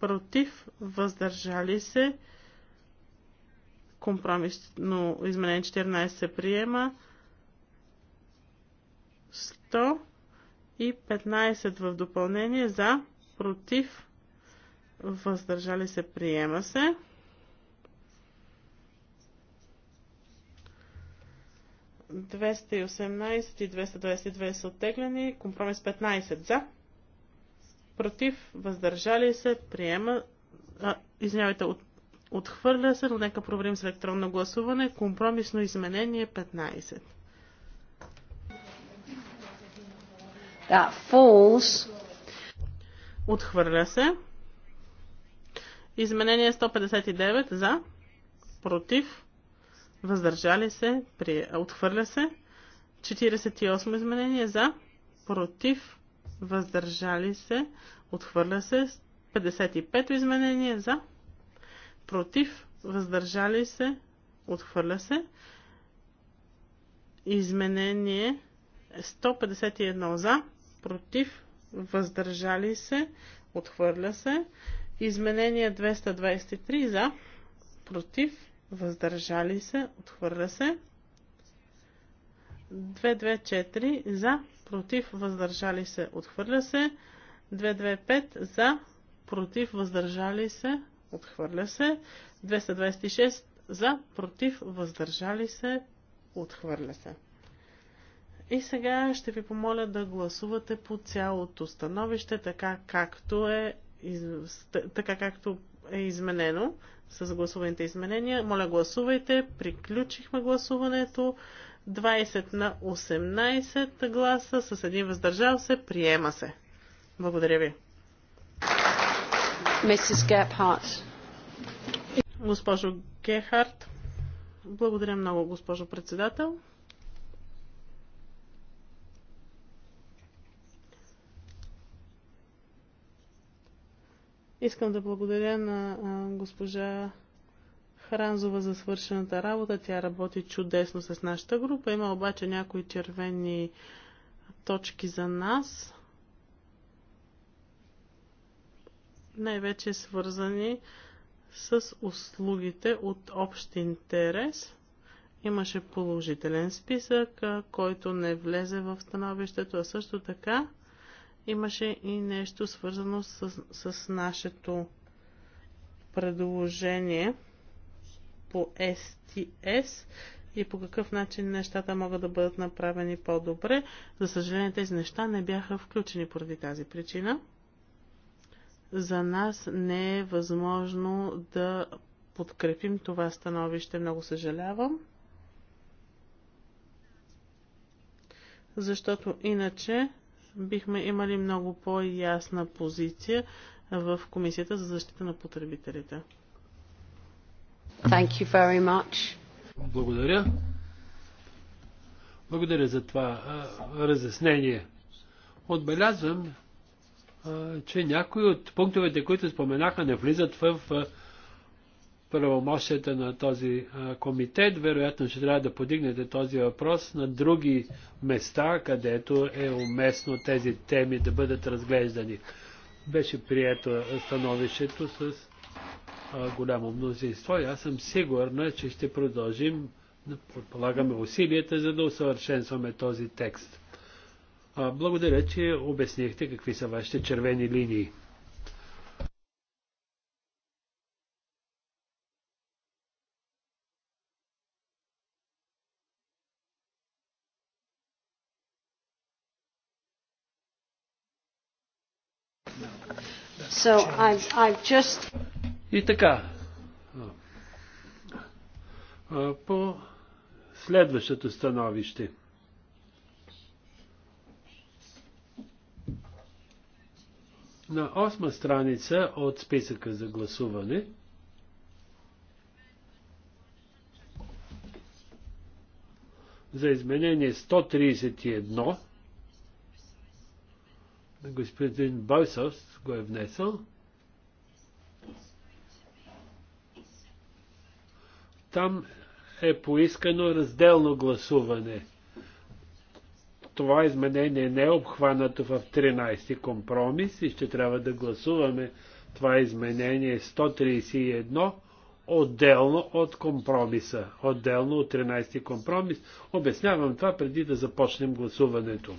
против, въздържали се. но изменение 14 се приема. 100 и 15 в допълнение за, против, въздържали се, приема се. 218 и 222 са оттеглени. Компромис 15 за. Против, въздържали се, приема. А, извинявайте, от, отхвърля се, но нека проверим с електронно гласуване. Компромисно изменение 15. That falls. Отхвърля се. Изменение 159 за. Против въздържали се, при... отхвърля се. 48 изменение за, против, въздържали се, отхвърля се. 55 изменение за, против, въздържали се, отхвърля се. Изменение 151 за, против, въздържали се, отхвърля се. Изменение 223 за, против, въздържали се, отхвърля се. 224 за, против, въздържали се, отхвърля се. 225 за, против, въздържали се, отхвърля се. 226 за, против, въздържали се, отхвърля се. И сега ще ви помоля да гласувате по цялото становище, така както е така както е изменено с гласуваните изменения. Моля, гласувайте. Приключихме гласуването. 20 на 18 гласа с един въздържал се. Приема се. Благодаря ви. Госпожо Гехард, благодаря много, госпожо председател. Искам да благодаря на госпожа Хранзова за свършената работа. Тя работи чудесно с нашата група. Има обаче някои червени точки за нас. Най-вече свързани с услугите от общ интерес. Имаше положителен списък, който не влезе в становището, а също така Имаше и нещо свързано с, с нашето предложение по STS и по какъв начин нещата могат да бъдат направени по-добре. За съжаление, тези неща не бяха включени поради тази причина. За нас не е възможно да подкрепим това становище. Много съжалявам. Защото иначе бихме имали много по-ясна позиция в Комисията за защита на потребителите. Thank you very much. Благодаря. Благодаря за това а, разяснение. Отбелязвам, а, че някои от пунктовете, които споменаха, не влизат в а, правомощията на този комитет. Вероятно ще трябва да подигнете този въпрос на други места, където е уместно тези теми да бъдат разглеждани. Беше прието становището с голямо мнозинство и аз съм сигурна, че ще продължим да предполагаме усилията, за да усъвършенстваме този текст. Благодаря, че обяснихте какви са вашите червени линии. So I've, I've just... И така. По следващото становище. На осма страница от списъка за гласуване за изменение 131 господин Бойсос го е внесъл. Там е поискано разделно гласуване. Това изменение не е обхванато в 13-ти компромис и ще трябва да гласуваме това изменение 131 отделно от компромиса, отделно от 13-ти компромис. Обяснявам това преди да започнем гласуването.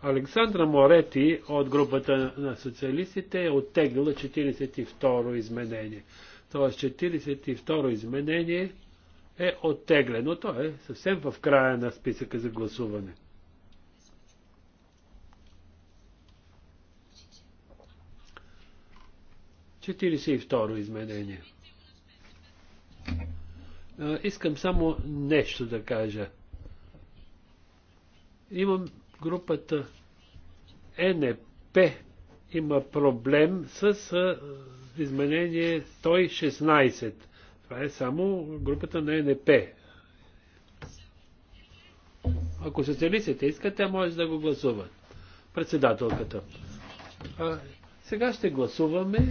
Александра Морети от групата на социалистите е оттеглила 42-ро изменение. Тоест 42-ро изменение е оттеглено. То е съвсем в края на списъка за гласуване. Четиридесет и второ изменение. Искам само нещо да кажа. Имам групата НП има проблем с изменение 116. Това е само групата на НП. Ако социалистите искат, те може да го гласуват. Председателката. А, сега ще гласуваме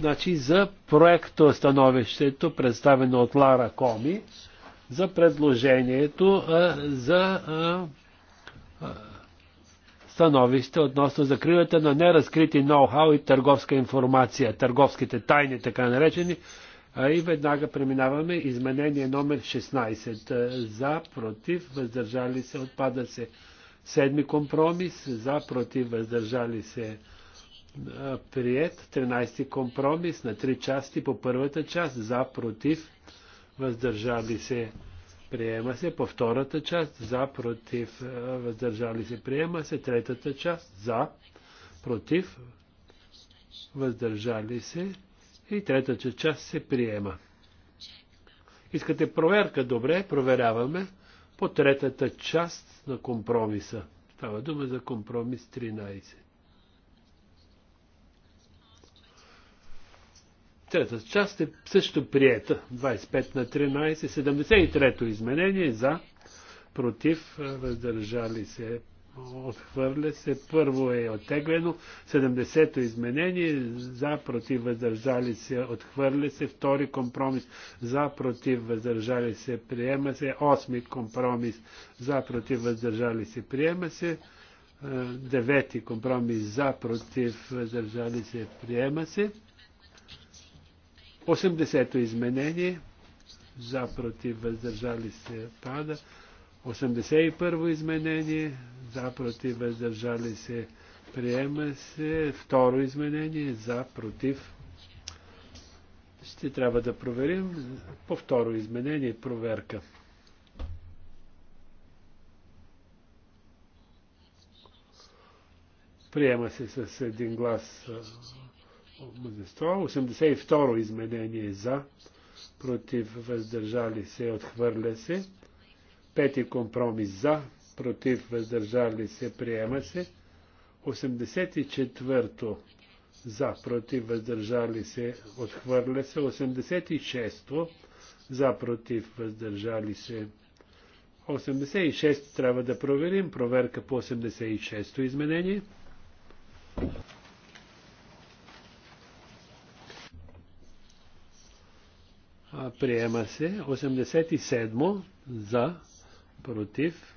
значи, за проекто становището, представено от Лара Коми, за предложението а, за а, становище относно закрилата на неразкрити ноу-хау и търговска информация, търговските тайни, така наречени. И веднага преминаваме изменение номер 16. За, против, въздържали се, отпада се. Седми компромис, за, против, въздържали се, прият. 13 компромис на три части по първата част, за, против, въздържали се, Приема се по втората част, за, против, е, въздържали се. Приема се третата част, за, против, въздържали се. И третата част се приема. Искате проверка? Добре, проверяваме по третата част на компромиса. Става дума за компромис 13. Трета част е също приета. 25 на 13. 73-то изменение за, против, въздържали се, отхвърля се. Първо е оттеглено. 70-то изменение за, против, въздържали се, отхвърля се. Втори компромис за, против, въздържали се, приема се. Осми компромис за, против, въздържали се, приема се. Девети компромис за, против, въздържали се, приема се. 80-то изменение. За, против, въздържали се, пада. 81-во изменение. За, против, въздържали се, приема се. Второ изменение. За, против. Ще трябва да проверим по второ изменение проверка. Приема се с един глас мнозинство. 82 изменение е за, против, въздържали се, отхвърля се. Пети компромис за, против, въздържали се, приема се. 84-то за, против, въздържали се, отхвърля се. 86-то за, против, въздържали се. 86 трябва да проверим. Проверка по 86-то изменение. Приема се. 87 за, против,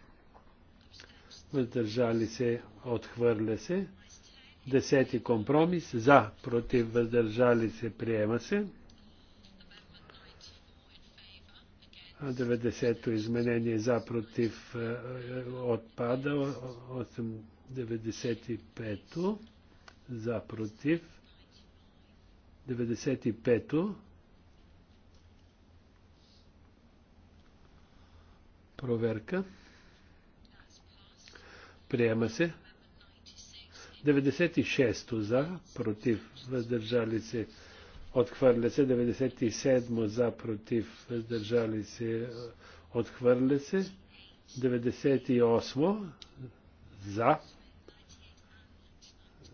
въздържали се, отхвърля се. Десети компромис за, против, въздържали се, приема се. 90-то изменение за, против, е, е, отпада. 95-то за, против. 95-то проверка. Приема се. 96 за, против, въздържали се. Отхвърля се. 97 за, против, въздържали се. Отхвърля се. 98 за.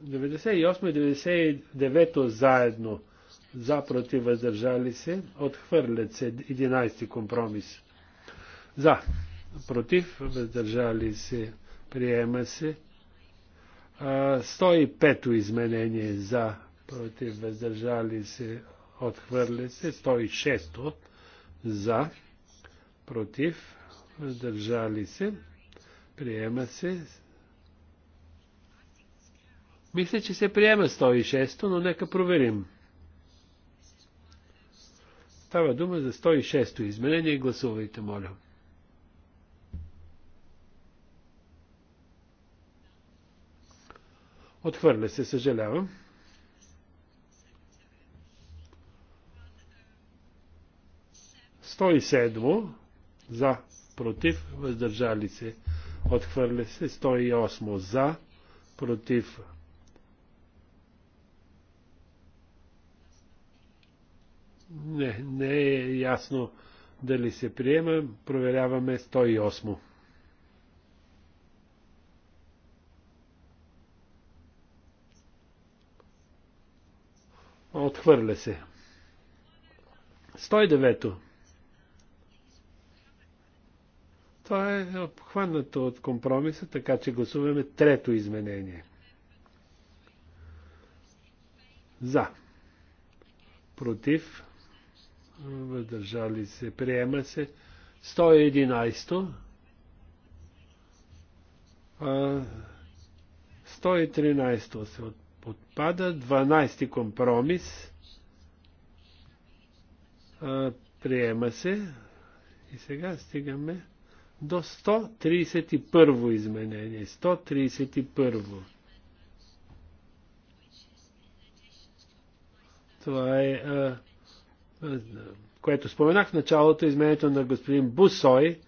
98 и 99 заедно за, против, въздържали се, отхвърлят се 11 компромис. За. Против. Въздържали се. Приема се. 105-то изменение за. Против. Въздържали се. Отхвърля се. 106-то за. Против. Въздържали се. Приема се. Мисля, че се приема 106-то, но нека проверим. Става дума за 106-то изменение. Гласувайте, моля. Отхвърля се, съжалявам. Стои седмо за, против, въздържали се. Отхвърля се 108 за, против. Не, не е ясно дали се приема. Проверяваме 108. Отхвърля се. 109-то. Това е обхванато от компромиса, така че гласуваме трето изменение. За. Против. Въздържали се. Приема се. 111. 113 се от отпада. 12 ти компромис. А, приема се. И сега стигаме до 131 изменение. 131. Това е, а, което споменах в началото, изменението на господин Бусой.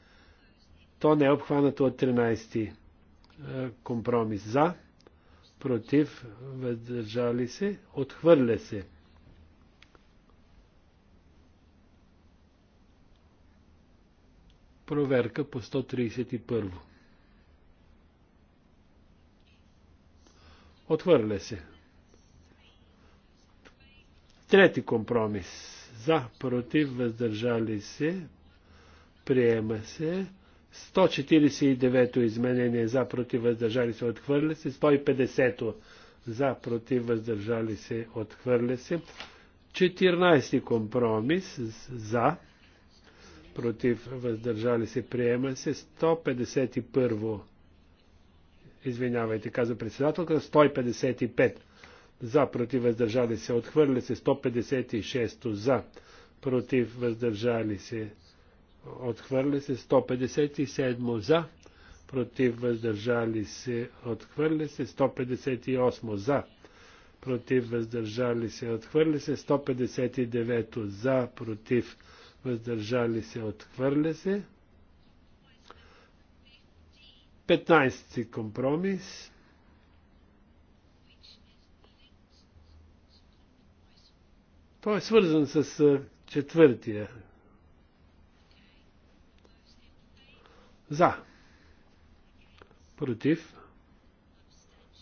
То не е обхванато от 13 ти компромис за против, въздържали се, отхвърля се. Проверка по 131. Отхвърля се. Трети компромис. За, против, въздържали се, приема се. 149-то изменение за против въздържали се отхвърля се, 150-то за против въздържали се отхвърля се, 14-ти компромис за против въздържали се приема се, 151-во извинявайте, каза председателка, 155 за против въздържали се отхвърля се, 156-то за против въздържали се отхвърля се 157 за, против въздържали се, отхвърля се 158 за, против въздържали се, отхвърля се 159 за, против въздържали се, отхвърля се 15 компромис Той е свързан с четвъртия За. Против.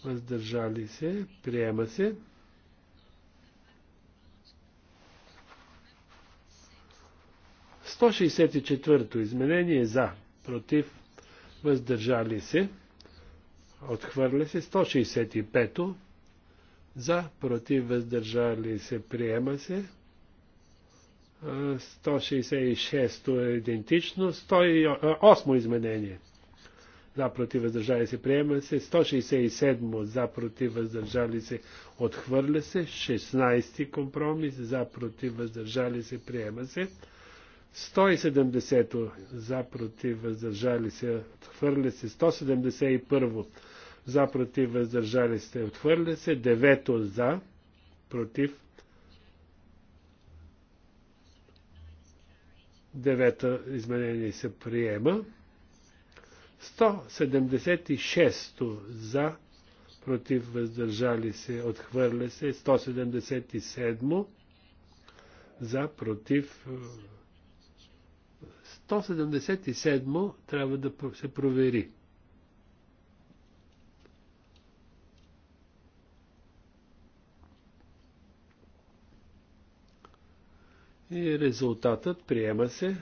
Въздържали се. Приема се. Сто изменение за. Против. Въздържали се. Отхвърля се. 165 за, против, въздържали се, приема се. 166 то е идентично. 108 изменение. За против въздържали се приема се. 167 за против въздържали се отхвърля се. 16 компромис за против въздържали се приема се. 170 за против въздържали се отхвърля се. 171 за против въздържали се отхвърля се. 9 за против Девето изменение се приема. 176 за, против въздържали се, отхвърля се. 177 за, против. 177 трябва да се провери. И резултатът приема се.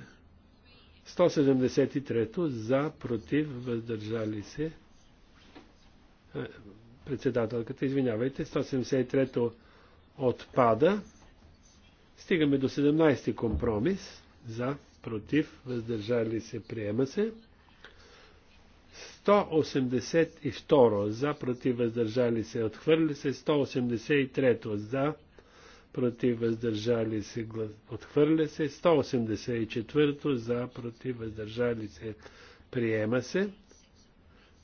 173 за, против, въздържали се. Председателката, извинявайте, 173 отпада. Стигаме до 17 ти компромис. За, против, въздържали се, приема се. 182 за, против, въздържали се, отхвърли се. 183 за, против въздържали се, отхвърля се, 184 за, против въздържали се, приема се.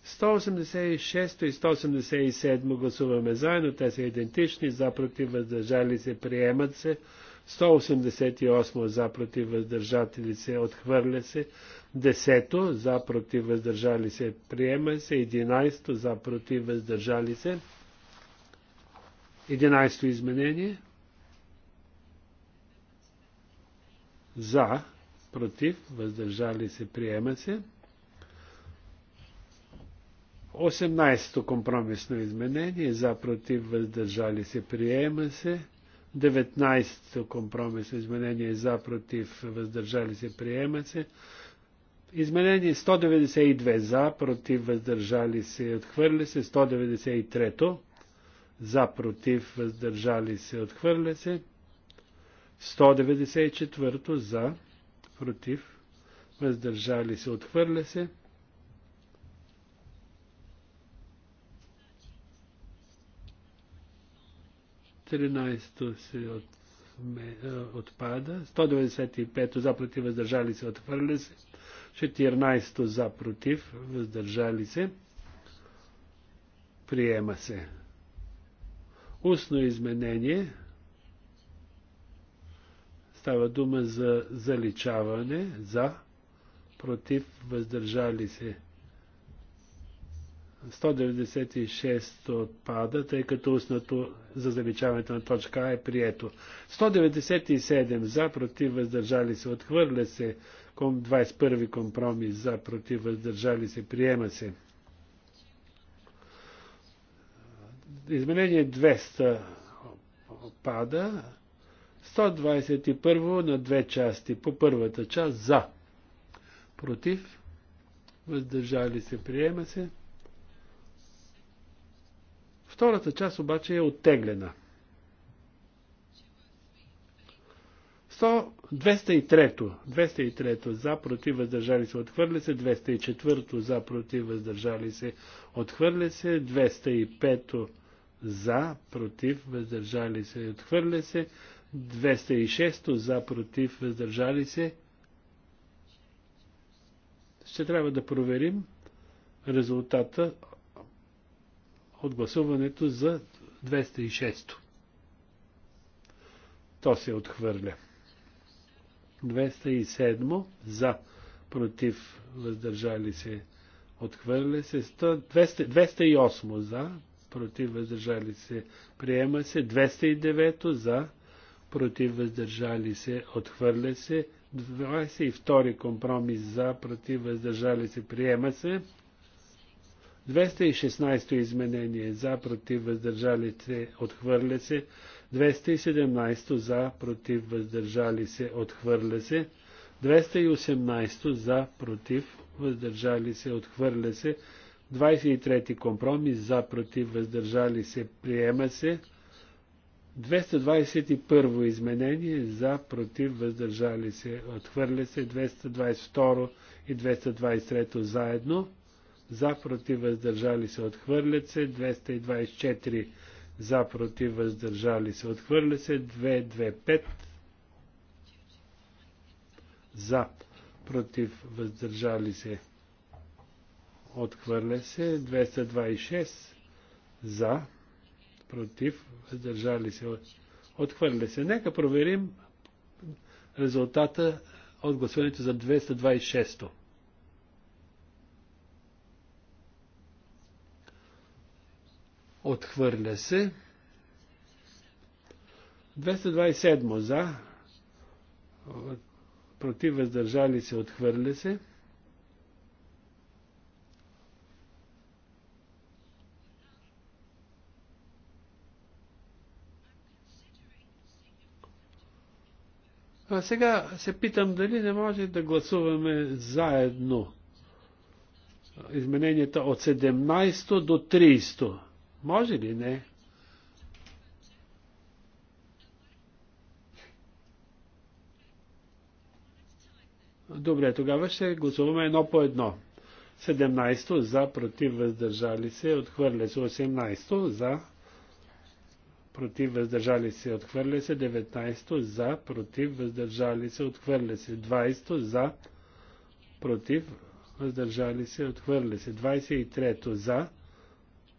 186 и 187 гласуваме заедно, те са идентични, за, против въздържали се, приемат се. 188 за, против въздържатели се, отхвърля се. 10 за, против въздържали се, приема се. 11 за, против въздържали се. 11 изменение. за, против, въздържали се, приема се. 18-то компромисно изменение, за, против, въздържали се, приема се. 19-то компромисно изменение, за, против, въздържали се, приема се. Изменение 192 за, против, въздържали се, отхвърля се. 193 за, против, въздържали се, отхвърля се. 194 за, против, въздържали се, отхвърля се. 13 се от, ме, е, отпада, 195 за против въздържали се, отхвърля се, 14 за против въздържали се, приема се. Устно изменение Става дума за заличаване, за, против, въздържали се. 196 отпада, тъй като устното за заличаването на точка А е прието. 197 за, против, въздържали се, отхвърля се. 21 компромис за, против, въздържали се, приема се. Изменение 200 пада. 121 на две части. По първата част за. Против. Въздържали се. Приема се. Втората част обаче е оттеглена. 100, 203, 203 за, против, въздържали се, отхвърля се, 204 за, против, въздържали се, отхвърля се, 205 за, против, въздържали се, отхвърля се, 206 за против въздържали се. Ще трябва да проверим резултата от гласуването за 206. То се отхвърля. 207 за против въздържали се. Отхвърля се 100, 200, 208 за, против въздържали се. Приема се 209 за, против въздържали се, отхвърля се. 22 компромис за, против въздържали се, приема се. 216 изменение за, против въздържали се, отхвърля се. 217 за, против въздържали се, отхвърля се. 218 за, против въздържали се, отхвърля се. 23 компромис за, против въздържали се, приема се. 221 изменение за, против, въздържали се, отхвърля се 222 и 223 заедно, за, против, въздържали се, отхвърлят се 224 за, против, въздържали се, отхвърля се 225 за, против, въздържали се, отхвърля се 226 за, против, въздържали се, отхвърля се. Нека проверим резултата от гласуването за 226-то. Отхвърля се. 227 за, против въздържали се, отхвърля се. А сега се питам дали не може да гласуваме заедно измененията от 17 до 30. Може ли не? Добре, тогава ще гласуваме едно по едно. 17 за, против, въздържали се, отхвърля се 18 за, против въздържали се, отхвърля се, 19 за, против въздържали се, отхвърля се, 20 за, против въздържали се, отхвърля се, 23 за,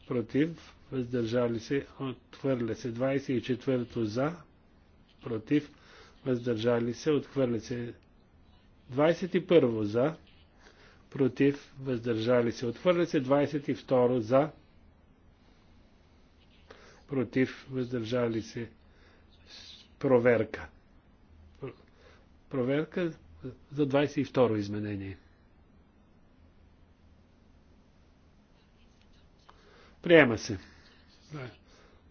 против въздържали се, отхвърля се, 24 за, против въздържали се, отхвърля се, 21 за, против въздържали се, отхвърля се, 22 за, против, въздържали се. Проверка. Проверка за 22 изменение. Приема се.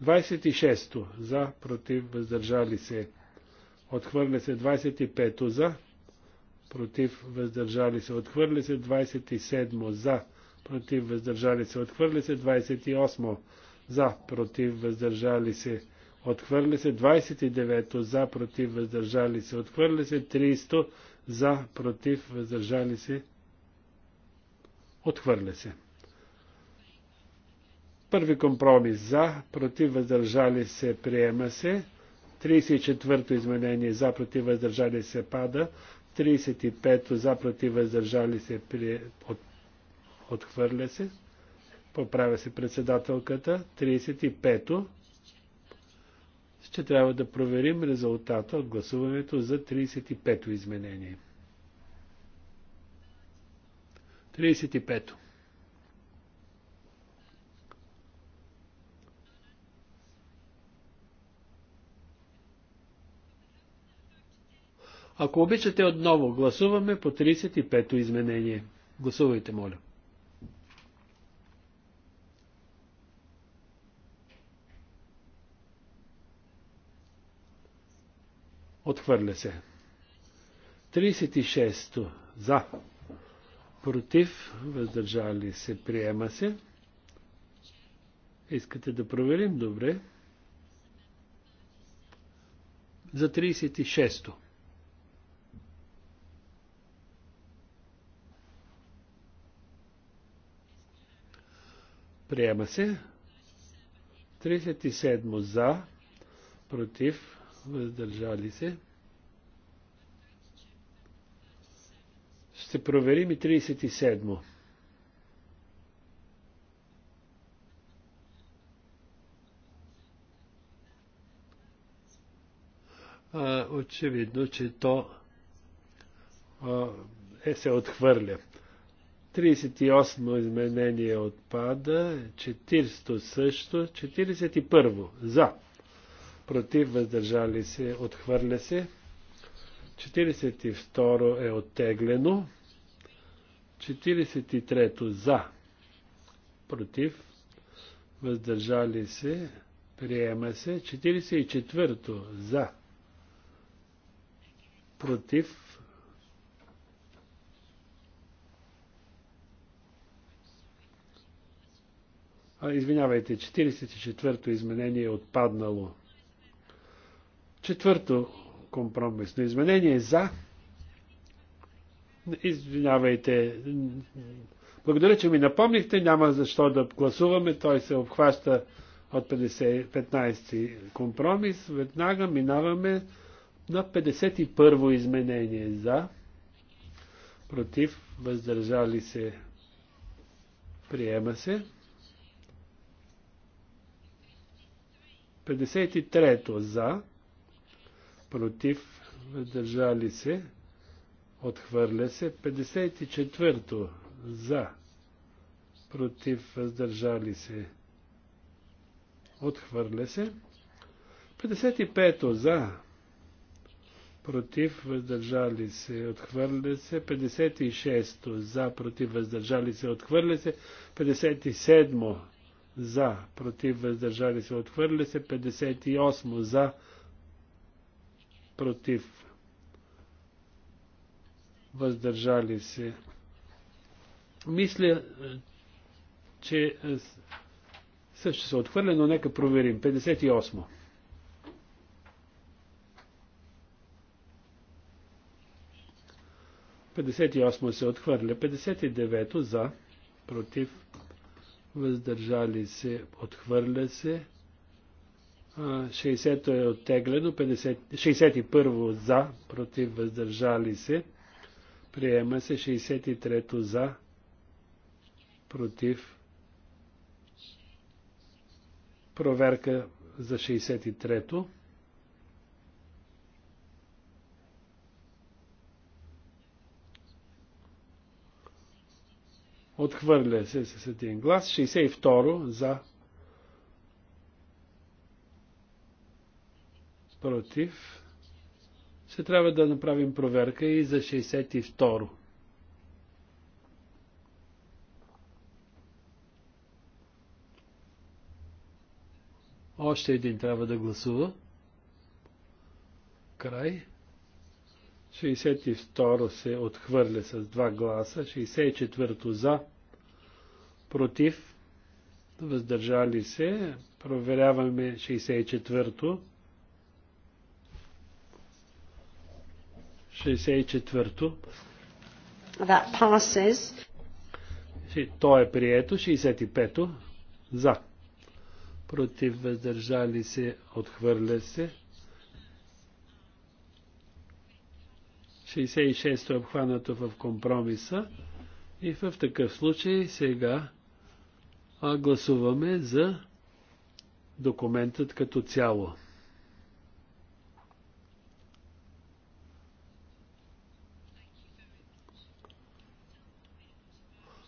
26-то за, против, въздържали се. Отхвърля се 25-то за, против, въздържали се. Отхвърля се 27-то за, против, въздържали се. Отхвърля се 28-то за, против, въздържали се, отхвърля се 29 за, против, въздържали се, отхвърля се 300 за, против, въздържали се, отхвърля се. Първи компромис за, против, въздържали се, приема се. 34-то изменение за, против, въздържали се, пада. 35-то за, против, въздържали се, при... от... отхвърля се поправя се председателката, 35-то. Ще трябва да проверим резултата от гласуването за 35-то изменение. 35-то. Ако обичате отново, гласуваме по 35-то изменение. Гласувайте, моля. Отхвърля се. 36 за. Против. Въздържали се. Приема се. Искате да проверим? Добре. За 36-то. Приема се. 37 за, против, въздържали се. Ще проверим и 37-мо. очевидно, че то е се отхвърля. 38 изменение отпада, 40 също, 41 за против, въздържали се, отхвърля се. 42 е оттеглено. 43 за, против, въздържали се, приема се. 44 за, против, а, извинявайте, 44-то изменение е отпаднало. Четвърто компромисно изменение е за. Извинявайте. Благодаря, че ми напомнихте. Няма защо да гласуваме. Той се обхваща от 15 компромис. Веднага минаваме на 51 во изменение за. Против. Въздържали се. Приема се. 53 то за против, въздържали се, отхвърля се. 54-то за, против, въздържали се, отхвърля се. 55-то за, против, въздържали се, отхвърля се. 56-то за, против, въздържали се, отхвърля се. 57-то за, против, въздържали се, отхвърля се. 58-то за, против, против, въздържали се. Мисля, че също се отхвърля, но нека проверим. 58. Петдесет осмо се отхвърля. 59 за, против, въздържали се, отхвърля се. 60-то е оттеглено, 50... 61-во за, против въздържали се. Приема се 63-то за, против. Проверка за 63-то. Отхвърля се с един глас. 62 за, против, ще трябва да направим проверка и за 62. Още един трябва да гласува. Край. 62 се отхвърля с два гласа. 64 за. Против. Въздържали се. Проверяваме 64. 64-то. That passes. То е прието. 65-то. За. Против въздържали се. Отхвърля се. 66-то е обхванато в компромиса. И в такъв случай сега гласуваме за документът като цяло.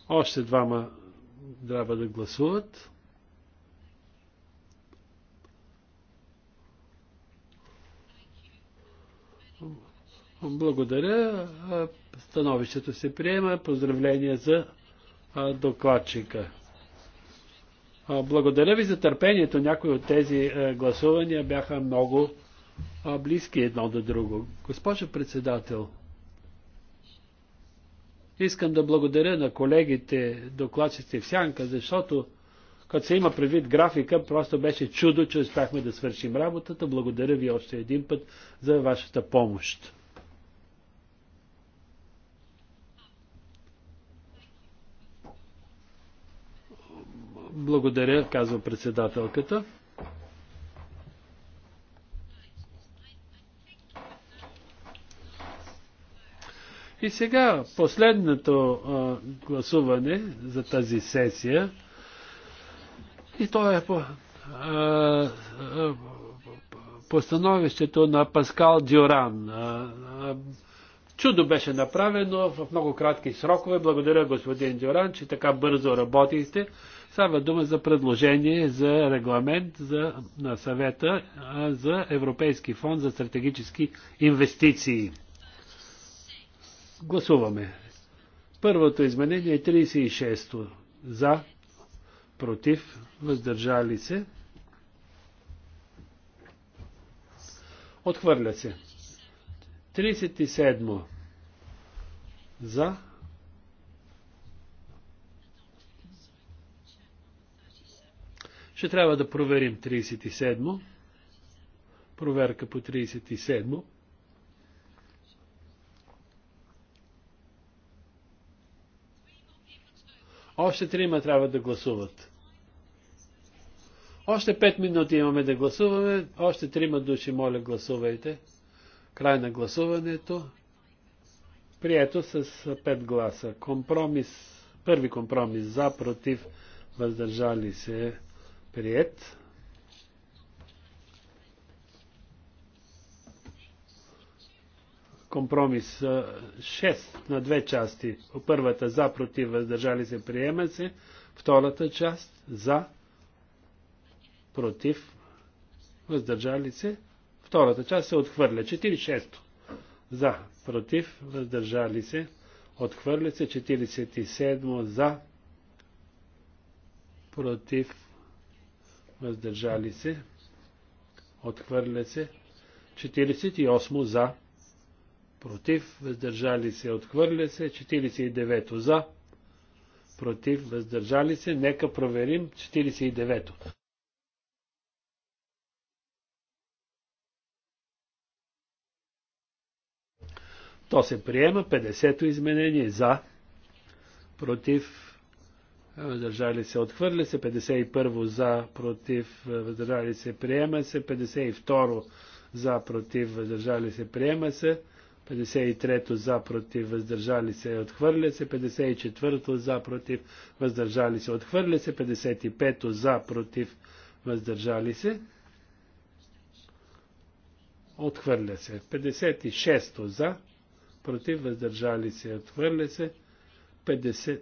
Още двама трябва да гласуват. Благодаря. Становището се приема. Поздравления за докладчика. Благодаря ви за търпението. Някои от тези гласувания бяха много близки едно до друго. Госпожо председател, Искам да благодаря на колегите, докладчици в Сянка, защото като се има предвид графика, просто беше чудо, че успяхме да свършим работата. Благодаря ви още един път за вашата помощ. Благодаря, казва председателката. И сега последното а, гласуване за тази сесия. И то е по, по становището на Паскал Дюран. А, а, чудо беше направено в много кратки срокове. Благодаря господин Дюран, че така бързо работихте. Става дума за предложение за регламент за, на съвета а, за Европейски фонд за стратегически инвестиции. Гласуваме. Първото изменение е 36-то. За, против, въздържали се. Отхвърля се. 37 За. Ще трябва да проверим 37 Проверка по 37 Още трима трябва да гласуват. Още пет минути имаме да гласуваме. Още трима души, моля, гласувайте. Край на гласуването. Прието с 5 гласа. Компромис. Първи компромис за, против, въздържали се. Прият. компромис 6 на две части. Първата за, против, въздържали се, приема се. Втората част за, против, въздържали се. Втората част се отхвърля. 46. За, против, въздържали се. Отхвърля се 47 за, против, въздържали се. Отхвърля се 48 за, против, въздържали се, отхвърля се, 49 за, против, въздържали се, нека проверим 49-то. То се приема 50-то изменение за, против, въздържали се, отхвърля се, 51 за, против, въздържали се, приема се, 52 за, против, въздържали се, приема се, 53-то за против, въздържали се, отхвърля се, 54-то за против, въздържали се, отхвърля се, 55-то за против, въздържали се, отхвърля се, 56-то за против, въздържали се, отхвърля се, 50,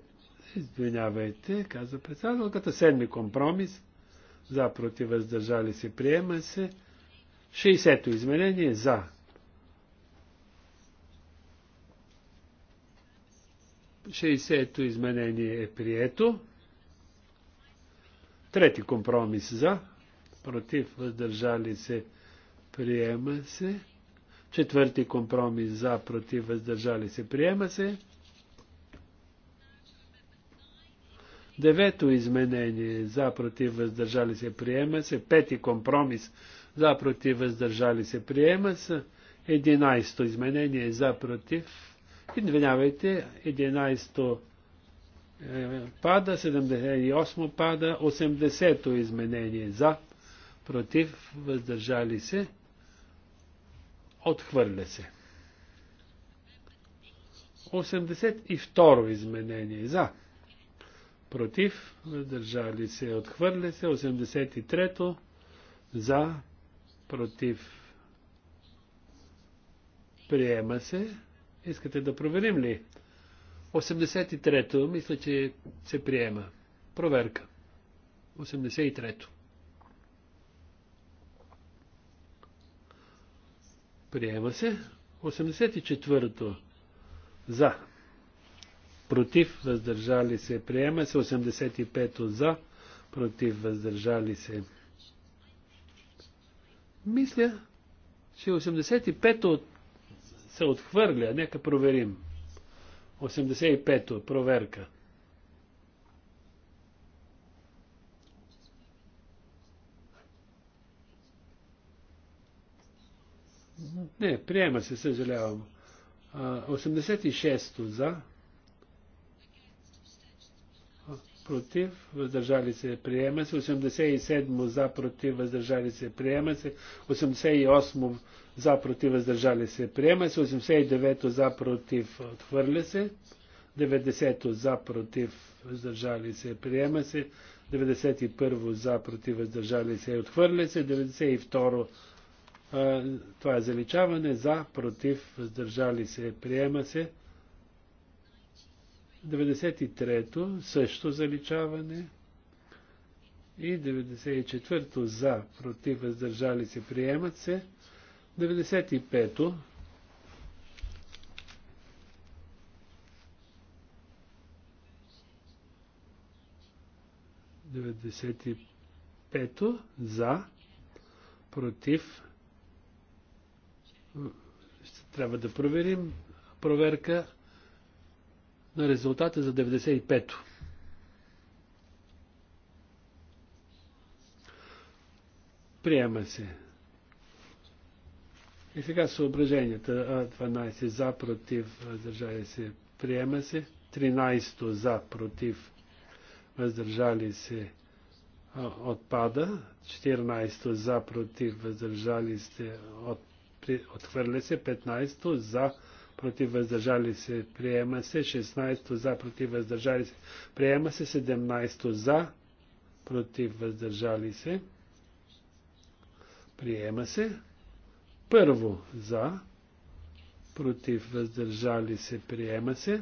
извинявайте, каза председателката, седми компромис, за против, въздържали се, приема се, 60-то изменение за 60-то изменение е прието. Трети компромис за, против, въздържали се, приема се. Четвърти компромис за, против, въздържали се, приема се. Девето изменение за, против, въздържали се, приема се. Пети компромис за, против, въздържали се, приема се. Единайсто изменение за, против, Извинявайте, 11-то е, пада, 78-то пада, 80-то изменение за, против, въздържали се, отхвърля се. 82-ро изменение за, против, въздържали се, отхвърля се, 83-то за, против, приема се, Искате да проверим ли? 83-то, мисля, че се приема. Проверка. 83-то. Приема се. 84-то. За. Против, въздържали се. Приема се. 85-то. За. Против, въздържали се. Мисля, че 85-то се отхвърля. Нека проверим. 85-то, проверка. Не, приема се, съжалявам. 86-то за. против, въздържали се, приема се. 87 за, против, въздържали се, приема се. 88 за, против, въздържали се, приема се. 89 за, против, отхвърля се. 90 за, против, въздържали се, приема се. 91 за, против, въздържали се, отхвърля се. 92 това е заличаване, за, против, въздържали се, приема се. 93-то също заличаване и 94-то за, против, въздържали се, приемат се. 95-то Деветдесет пето за, против, ще трябва да проверим проверка на резултата за 95-то. Приема се. И сега съображенията. 12 за, против, въздържали се. Приема се. 13 за, против, въздържали се. Отпада. 14 за, против, въздържали се. От, отхвърля се. 15 за, против против въздържали се, приема се. 16 за, против въздържали се, приема се. 17 за, против въздържали се, приема се. Първо за, против въздържали се, приема се.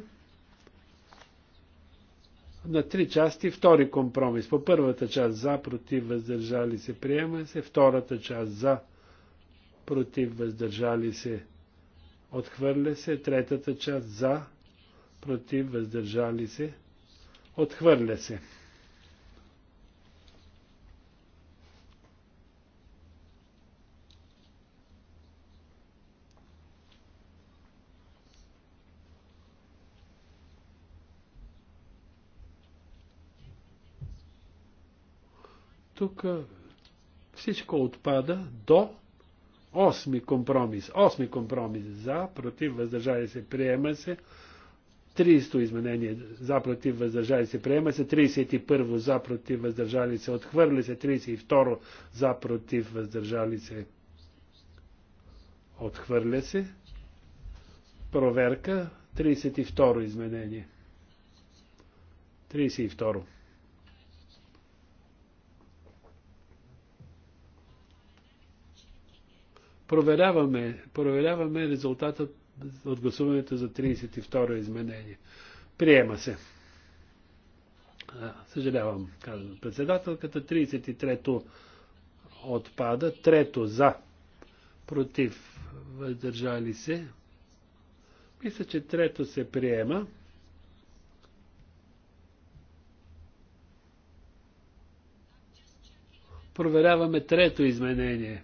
На три части втори компромис. По първата част за, против въздържали се, приема се. Втората част за, против въздържали се, приема се Отхвърля се. Третата част за. Против. Въздържали се. Отхвърля се. Тук всичко отпада до Осми компромис. Осми компромис за, против, въздържали се, приема се. 30 изменение за, против, въздържали се, приема се. 31 за, против, въздържали се, отхвърли се. 32 за, против, въздържали се, отхвърля се. Проверка. 32 изменение. 32. Проверяваме, проверяваме резултатът от гласуването за 32-ро изменение. Приема се. А, съжалявам, казвам председателката. 33-то отпада. Трето за. Против. Въздържали се. Мисля, че трето се приема. Проверяваме трето изменение.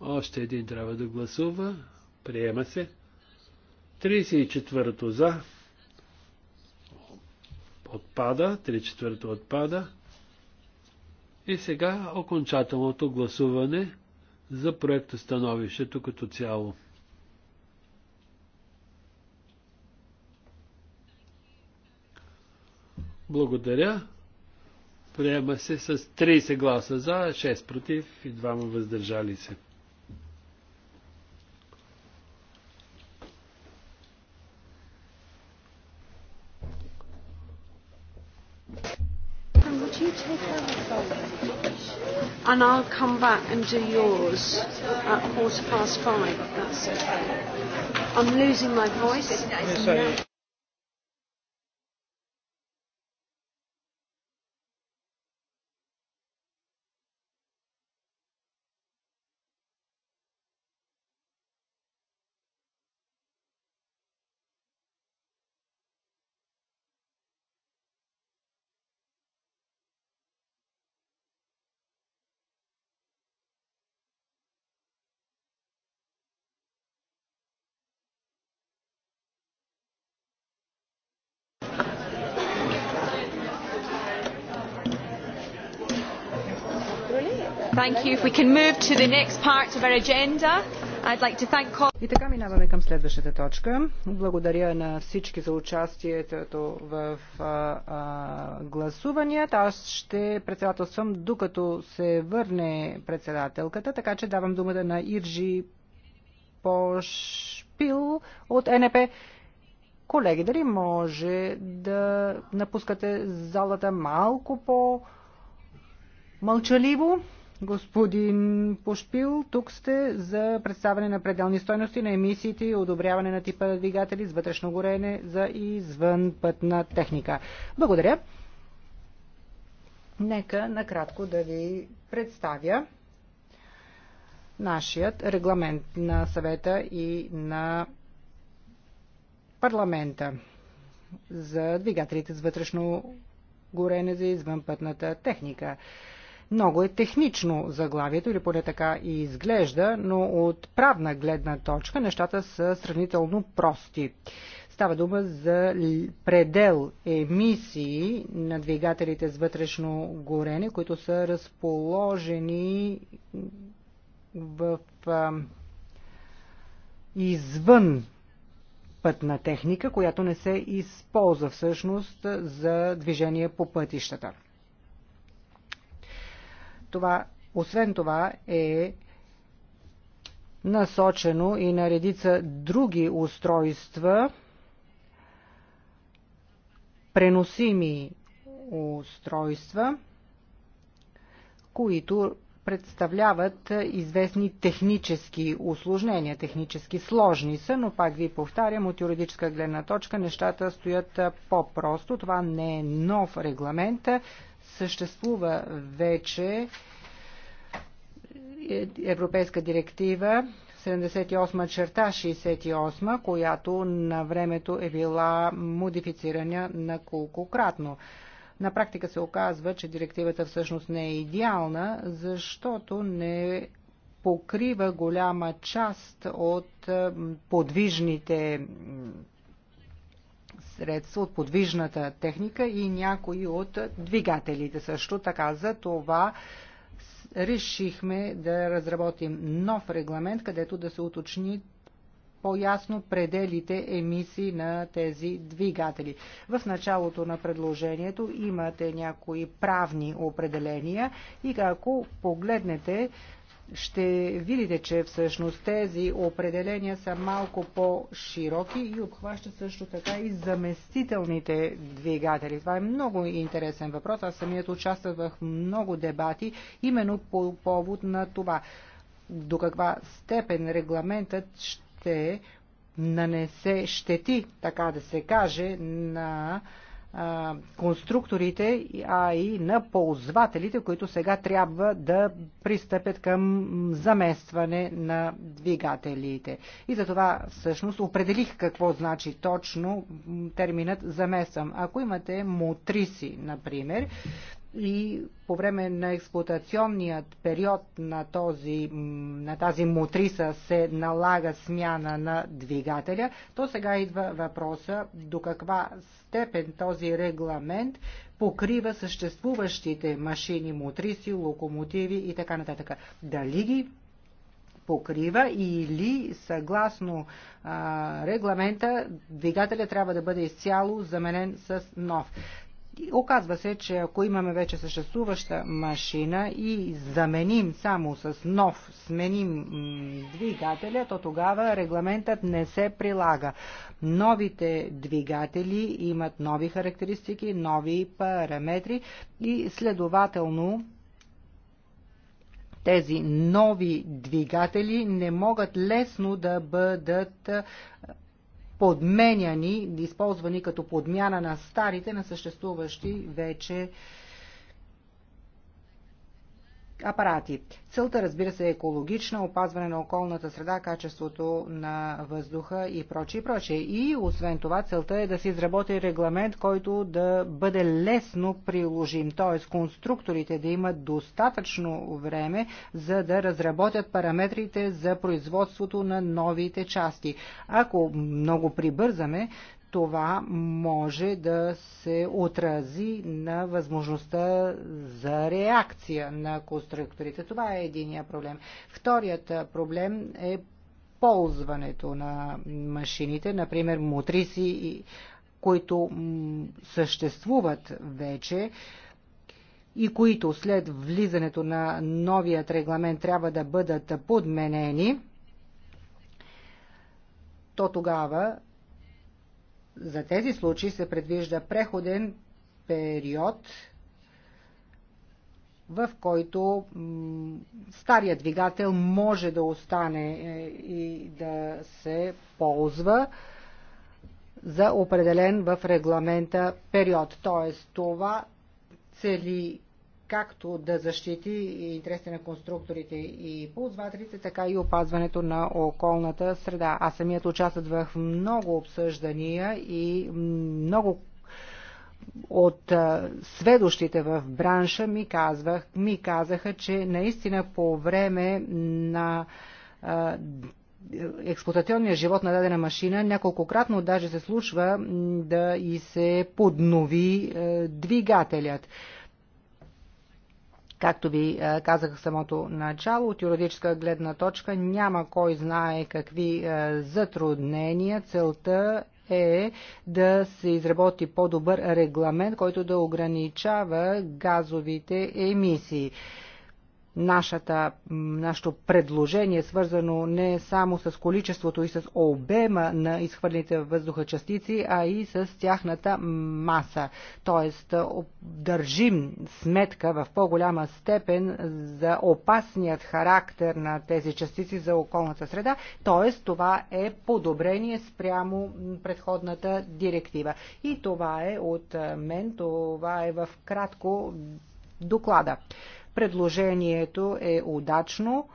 Още един трябва да гласува. Приема се. 34-то за. Отпада. 34-то отпада. И сега окончателното гласуване за проекта становището като цяло. Благодаря. Приема се с 30 гласа за, 6 против и 2 въздържали се. and I'll come back and do yours at quarter past five. That's it. I'm losing my voice. Yes, Thank you. If we can move to the next part of our agenda. I'd like to thank... И така минаваме към следващата точка. Благодаря на всички за участието в а, а, гласуванията. Аз ще председателствам докато се върне председателката, така че давам думата на Иржи Пошпил от НП. Колеги, дали може да напускате залата малко по-мълчаливо? Господин Пошпил, тук сте за представяне на пределни стойности на емисиите и одобряване на типа двигатели с вътрешно горене за извънпътна техника. Благодаря. Нека накратко да ви представя нашият регламент на съвета и на парламента за двигателите с вътрешно горене за извънпътната техника. Много е технично заглавието, или поне така и изглежда, но от правна гледна точка нещата са сравнително прости. Става дума за предел емисии на двигателите с вътрешно горене, които са разположени в а, извън пътна техника, която не се използва всъщност за движение по пътищата. Това, освен това е насочено и на редица други устройства, преносими устройства, които представляват известни технически усложнения, технически сложни са, но пак ви повтарям, от юридическа гледна точка нещата стоят по-просто. Това не е нов регламент, съществува вече Европейска директива 78 черта 68, която на времето е била модифицирана наколкократно. На практика се оказва, че директивата всъщност не е идеална, защото не покрива голяма част от подвижните средства от подвижната техника и някои от двигателите също така. За това решихме да разработим нов регламент, където да се уточни по-ясно пределите емисии на тези двигатели. В началото на предложението имате някои правни определения и ако погледнете ще видите, че всъщност тези определения са малко по-широки и обхващат също така и заместителните двигатели. Това е много интересен въпрос. Аз самият участвах в много дебати именно по повод на това до каква степен регламентът ще нанесе щети, така да се каже, на а, конструкторите, а и на ползвателите, които сега трябва да пристъпят към заместване на двигателите. И за това всъщност определих какво значи точно терминът замесвам. Ако имате мотриси, например, и по време на експлуатационният период на, този, на тази мутриса се налага смяна на двигателя, то сега идва въпроса до каква степен този регламент покрива съществуващите машини, мутриси, локомотиви и така нататък. Дали ги покрива или съгласно а, регламента двигателя трябва да бъде изцяло заменен с нов. Оказва се, че ако имаме вече съществуваща машина и заменим само с нов, сменим двигателя, то тогава регламентът не се прилага. Новите двигатели имат нови характеристики, нови параметри и следователно тези нови двигатели не могат лесно да бъдат подменяни, използвани като подмяна на старите, на съществуващи вече апарати. Целта, разбира се, е екологична, опазване на околната среда, качеството на въздуха и прочие, прочие. И освен това, целта е да се изработи регламент, който да бъде лесно приложим, т.е. конструкторите да имат достатъчно време, за да разработят параметрите за производството на новите части. Ако много прибързаме, това може да се отрази на възможността за реакция на конструкторите. Това е единия проблем. Вторият проблем е ползването на машините, например мутриси, които съществуват вече и които след влизането на новият регламент трябва да бъдат подменени, то тогава за тези случаи се предвижда преходен период, в който стария двигател може да остане е, и да се ползва за определен в регламента период. Т.е. това цели както да защити интересите на конструкторите и ползвателите, така и опазването на околната среда. Аз самият участвах в много обсъждания и много от а, сведущите в бранша ми, казвах, ми казаха, че наистина по време на а, експлуатационния живот на дадена машина няколкократно даже се случва да и се поднови а, двигателят. Както ви е, казах в самото начало, от юридическа гледна точка няма кой знае какви е, затруднения. Целта е да се изработи по-добър регламент, който да ограничава газовите емисии нашата, нашето предложение, свързано не само с количеството и с обема на изхвърлените въздуха частици, а и с тяхната маса. Тоест, държим сметка в по-голяма степен за опасният характер на тези частици за околната среда, т.е. това е подобрение спрямо предходната директива. И това е от мен, това е в кратко доклада. Предложението е удачно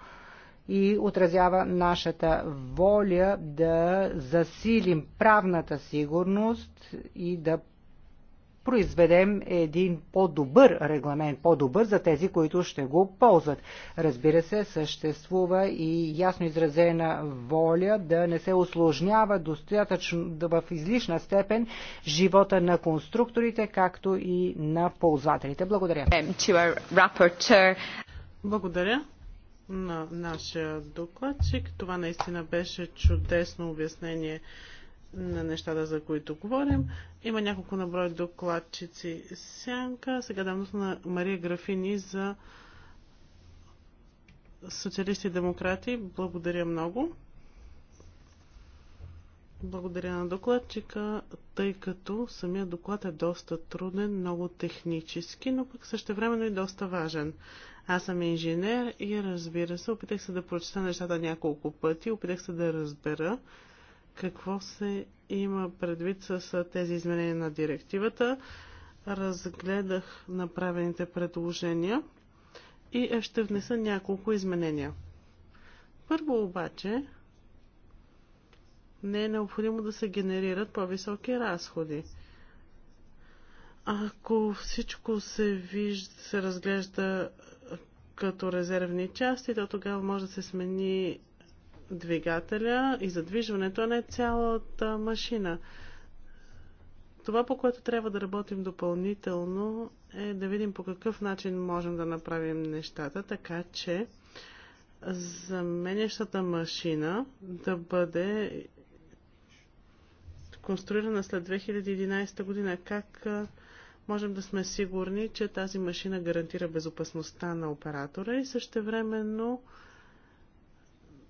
и отразява нашата воля да засилим правната сигурност и да произведем един по-добър регламент, по-добър за тези, които ще го ползват. Разбира се, съществува и ясно изразена воля да не се осложнява достатъчно да в излишна степен живота на конструкторите, както и на ползвателите. Благодаря. Um, Благодаря на нашия докладчик. Това наистина беше чудесно обяснение на нещата, за които говорим. Има няколко наброй докладчици сянка. Сега давам на Мария Графини за социалисти и демократи. Благодаря много. Благодаря на докладчика, тъй като самия доклад е доста труден, много технически, но пък също времено и доста важен. Аз съм инженер и разбира се, опитах се да прочета нещата няколко пъти, опитах се да разбера какво се има предвид с тези изменения на директивата. Разгледах направените предложения и ще внеса няколко изменения. Първо обаче не е необходимо да се генерират по-високи разходи. Ако всичко се, вижда, се разглежда като резервни части, то тогава може да се смени двигателя и задвижването, а не цялата машина. Това, по което трябва да работим допълнително, е да видим по какъв начин можем да направим нещата, така че заменящата машина да бъде конструирана след 2011 година. Как можем да сме сигурни, че тази машина гарантира безопасността на оператора и също времено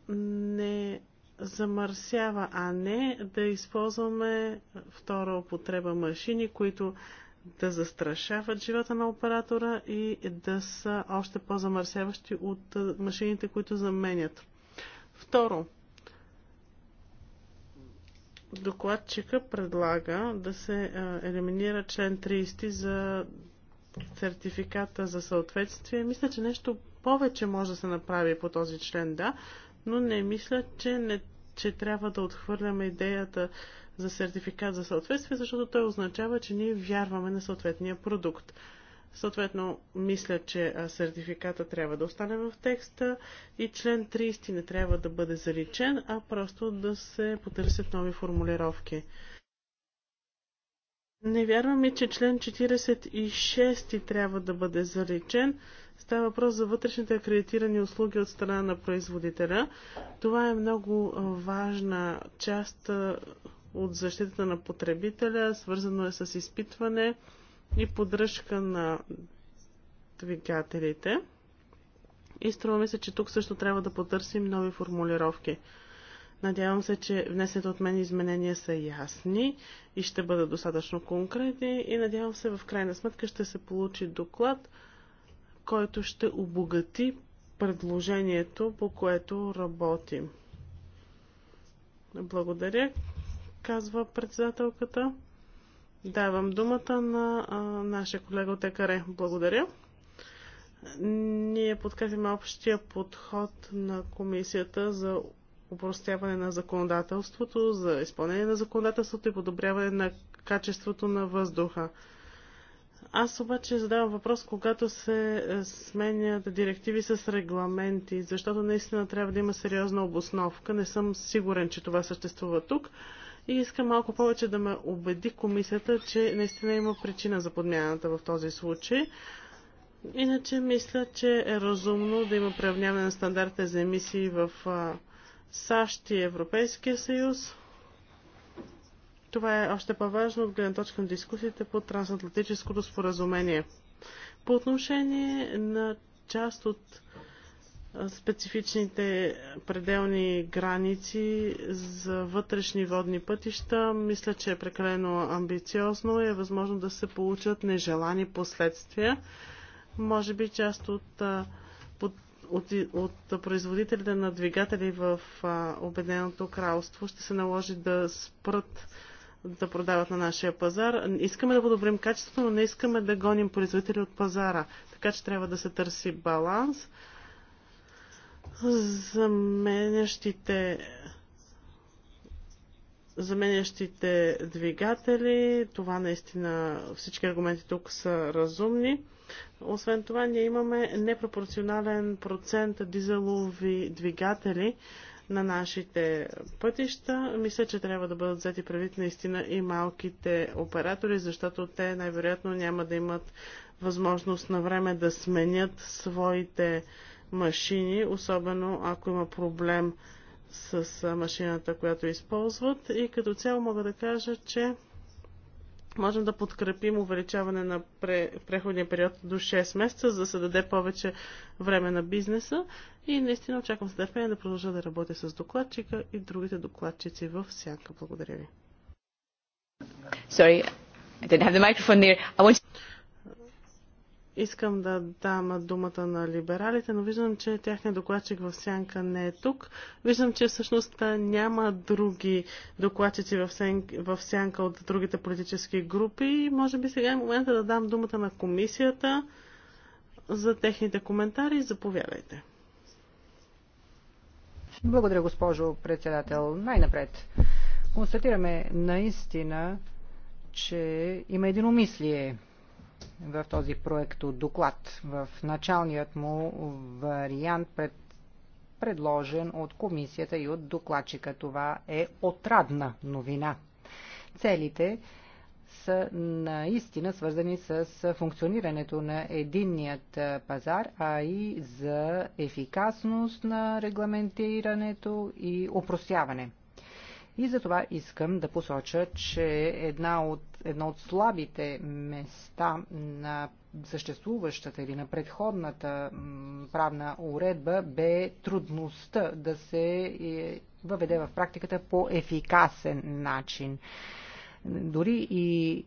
не замърсява, а не да използваме втора употреба машини, които да застрашават живота на оператора и да са още по-замърсяващи от машините, които заменят. Второ, докладчика предлага да се елиминира член 30 за сертификата за съответствие. Мисля, че нещо повече може да се направи по този член, да, но не мисля, че, не, че трябва да отхвърляме идеята за сертификат за съответствие, защото той означава, че ние вярваме на съответния продукт. Съответно, мисля, че сертификата трябва да остане в текста и член 30 не трябва да бъде заличен, а просто да се потърсят нови формулировки. Не вярваме, че член 46 трябва да бъде заличен. Става въпрос за вътрешните акредитирани услуги от страна на производителя. Това е много важна част от защитата на потребителя, свързано е с изпитване и поддръжка на двигателите. И струва ми се, че тук също трябва да потърсим нови формулировки. Надявам се, че внесете от мен изменения са ясни и ще бъдат достатъчно конкретни и надявам се в крайна сметка ще се получи доклад, който ще обогати предложението, по което работим. Благодаря, казва председателката. Давам думата на а, нашия колега от ЕКАРЕ. Благодаря. Ние подкрепяме общия подход на комисията за упростяване на законодателството, за изпълнение на законодателството и подобряване на качеството на въздуха. Аз обаче задавам въпрос, когато се е, сменят директиви с регламенти, защото наистина трябва да има сериозна обосновка. Не съм сигурен, че това съществува тук. И искам малко повече да ме убеди комисията, че наистина има причина за подмяната в този случай. Иначе мисля, че е разумно да има преравняване на стандарта за емисии в САЩ и Европейския съюз. Това е още по-важно от гледна точка на дискусиите по трансатлантическото споразумение. По отношение на част от специфичните пределни граници за вътрешни водни пътища, мисля, че е прекалено амбициозно и е възможно да се получат нежелани последствия. Може би част от от, от производителите на двигатели в а, Обединеното кралство ще се наложи да спрат да продават на нашия пазар. Искаме да подобрим качеството, но не искаме да гоним производители от пазара. Така че трябва да се търси баланс. Заменящите заменящите двигатели. Това наистина всички аргументи тук са разумни. Освен това, ние имаме непропорционален процент дизелови двигатели на нашите пътища. Мисля, че трябва да бъдат взети предвид наистина и малките оператори, защото те най-вероятно няма да имат възможност на време да сменят своите машини, особено ако има проблем с машината, която използват. И като цяло мога да кажа, че можем да подкрепим увеличаване на преходния период до 6 месеца, за да се даде повече време на бизнеса. И наистина очаквам с търпение да продължа да работя с докладчика и другите докладчици в сянка. Благодаря ви. Sorry, I didn't have the microphone there. I want... Искам да дам думата на либералите, но виждам, че тяхният докладчик в сянка не е тук. Виждам, че всъщност няма други докладчици в, сянка от другите политически групи. Може би сега е момента да дам думата на комисията за техните коментари. Заповядайте. Благодаря, госпожо председател. Най-напред. Констатираме наистина, че има единомислие в този проект от доклад. В началният му вариант пред предложен от комисията и от докладчика. Това е отрадна новина. Целите са наистина свързани с функционирането на единният пазар, а и за ефикасност на регламентирането и упростяване. И за това искам да посоча, че една от, едно от слабите места на съществуващата или на предходната правна уредба бе трудността да се е, въведе в практиката по ефикасен начин дори и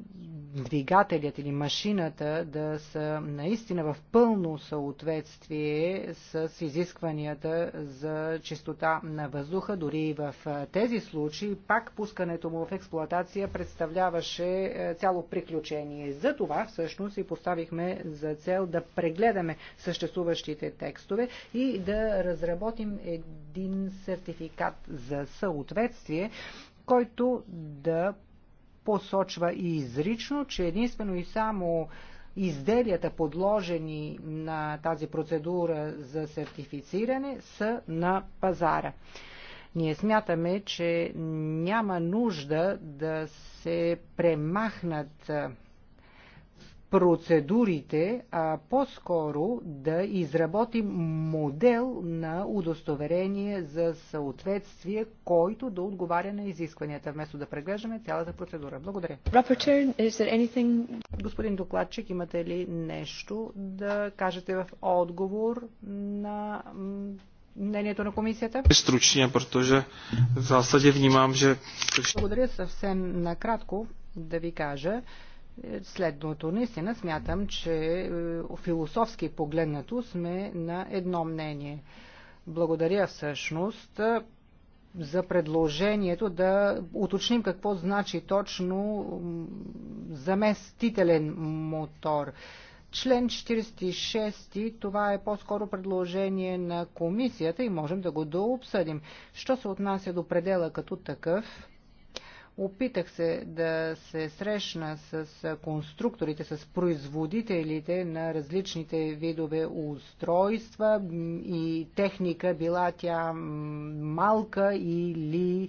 двигателят или машината да са наистина в пълно съответствие с изискванията за чистота на въздуха. Дори и в тези случаи пак пускането му в експлоатация представляваше цяло приключение. За това всъщност и поставихме за цел да прегледаме съществуващите текстове и да разработим един сертификат за съответствие, който да посочва и изрично, че единствено и само изделията, подложени на тази процедура за сертифициране, са на пазара. Ние смятаме, че няма нужда да се премахнат процедурите, а по-скоро да изработим модел на удостоверение за съответствие, който да отговаря на изискванията, вместо да преглеждаме цялата процедура. Благодаря. Господин докладчик, имате ли нещо да кажете в отговор на мнението на комисията? Стручния, протоже в zásadě vnímам, Благодаря съвсем накратко да ви кажа, следното. Наистина смятам, че е, философски погледнато сме на едно мнение. Благодаря всъщност е, за предложението да уточним какво значи точно заместителен мотор. Член 46, това е по-скоро предложение на комисията и можем да го дообсъдим. Що се отнася до предела като такъв, Опитах се да се срещна с конструкторите, с производителите на различните видове устройства и техника, била тя малка или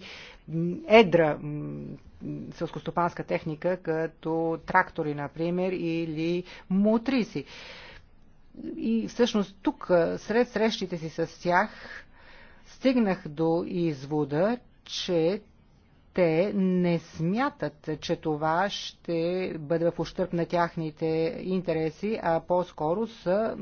едра сълскостопанска техника, като трактори, например, или мутриси. И всъщност тук, сред срещите си с тях, стигнах до извода, че те не смятат, че това ще бъде в ущърп на тяхните интереси, а по-скоро са,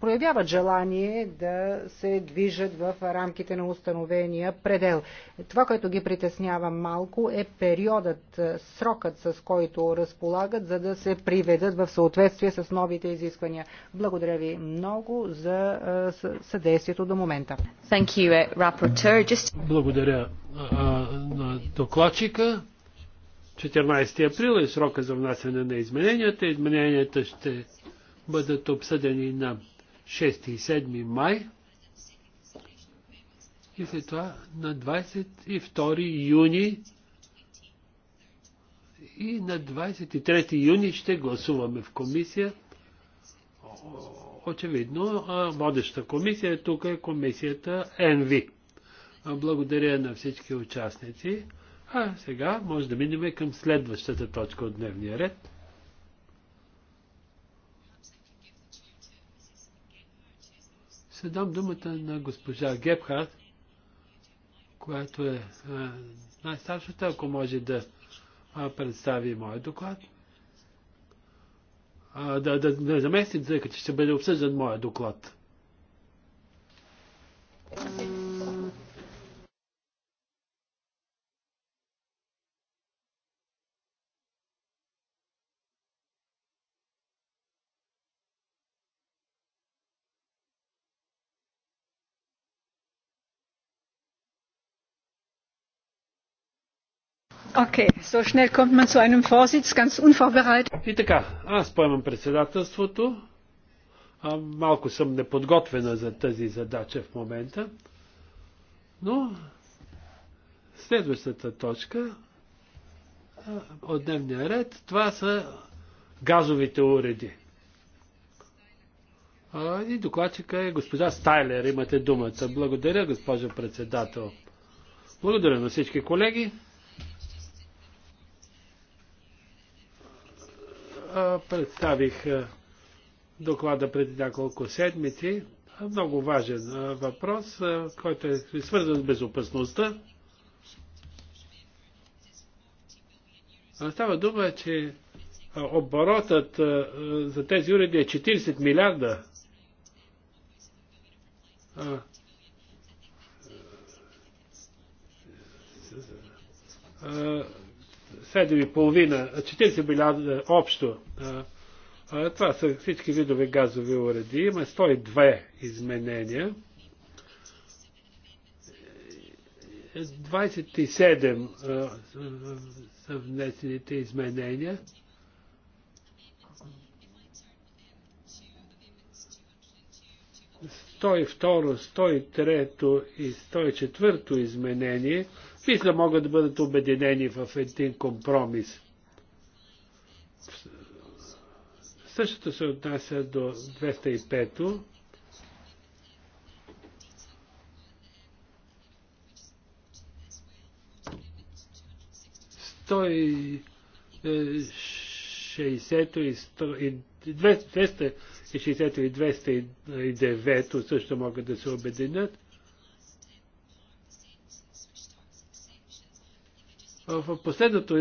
проявяват желание да се движат в рамките на установения предел. Това, което ги притеснява малко е периодът, е, срокът с който разполагат, за да се приведат в съответствие с новите изисквания. Благодаря ви много за е, съдействието до момента. Е, Благодаря на докладчика. 14 април е срока за внасяне на измененията. Измененията ще бъдат обсъдени на 6 и 7 май и след това на 22 юни и на 23 юни ще гласуваме в комисия. Очевидно, водеща комисия е тук е комисията ЕНВИ. Благодаря на всички участници. А сега може да минем към следващата точка от дневния ред. Седам думата на госпожа Гепхард, която е най-старшата, ако може да представи моят доклад. А, да, да, да заместим, тъй като ще бъде обсъждан моят доклад. Thank you. И така, аз поемам председателството. А, малко съм неподготвена за тази задача в момента. Но следващата точка от дневния ред, това са газовите уреди. А, и докладчика е госпожа Стайлер. Имате думата. Благодаря, госпожо председател. Благодаря на всички колеги. представих доклада преди няколко седмици. Много важен въпрос, който е свързан с безопасността. Става дума, че оборотът за тези уреди е 40 милиарда. 7,5, 40 милиарда общо. Това са всички видове газови уреди. Има 102 изменения. 27 са внесените изменения. Стои второ, стои и трето и стои четвърто изменение – мисля, могат да бъдат обединени в един компромис. Същото се отнася до 205-то. и 260 и 209 също могат да се обединят. В последното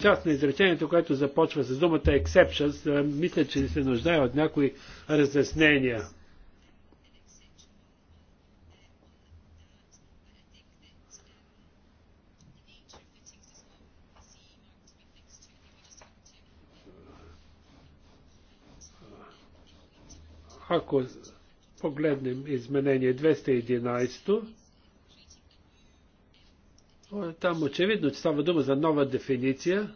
част на изречението, което започва с думата exceptions, мисля, че се нуждае от някои разяснения. Ако погледнем изменение 211, е там очевидно, че става дума за нова дефиниция.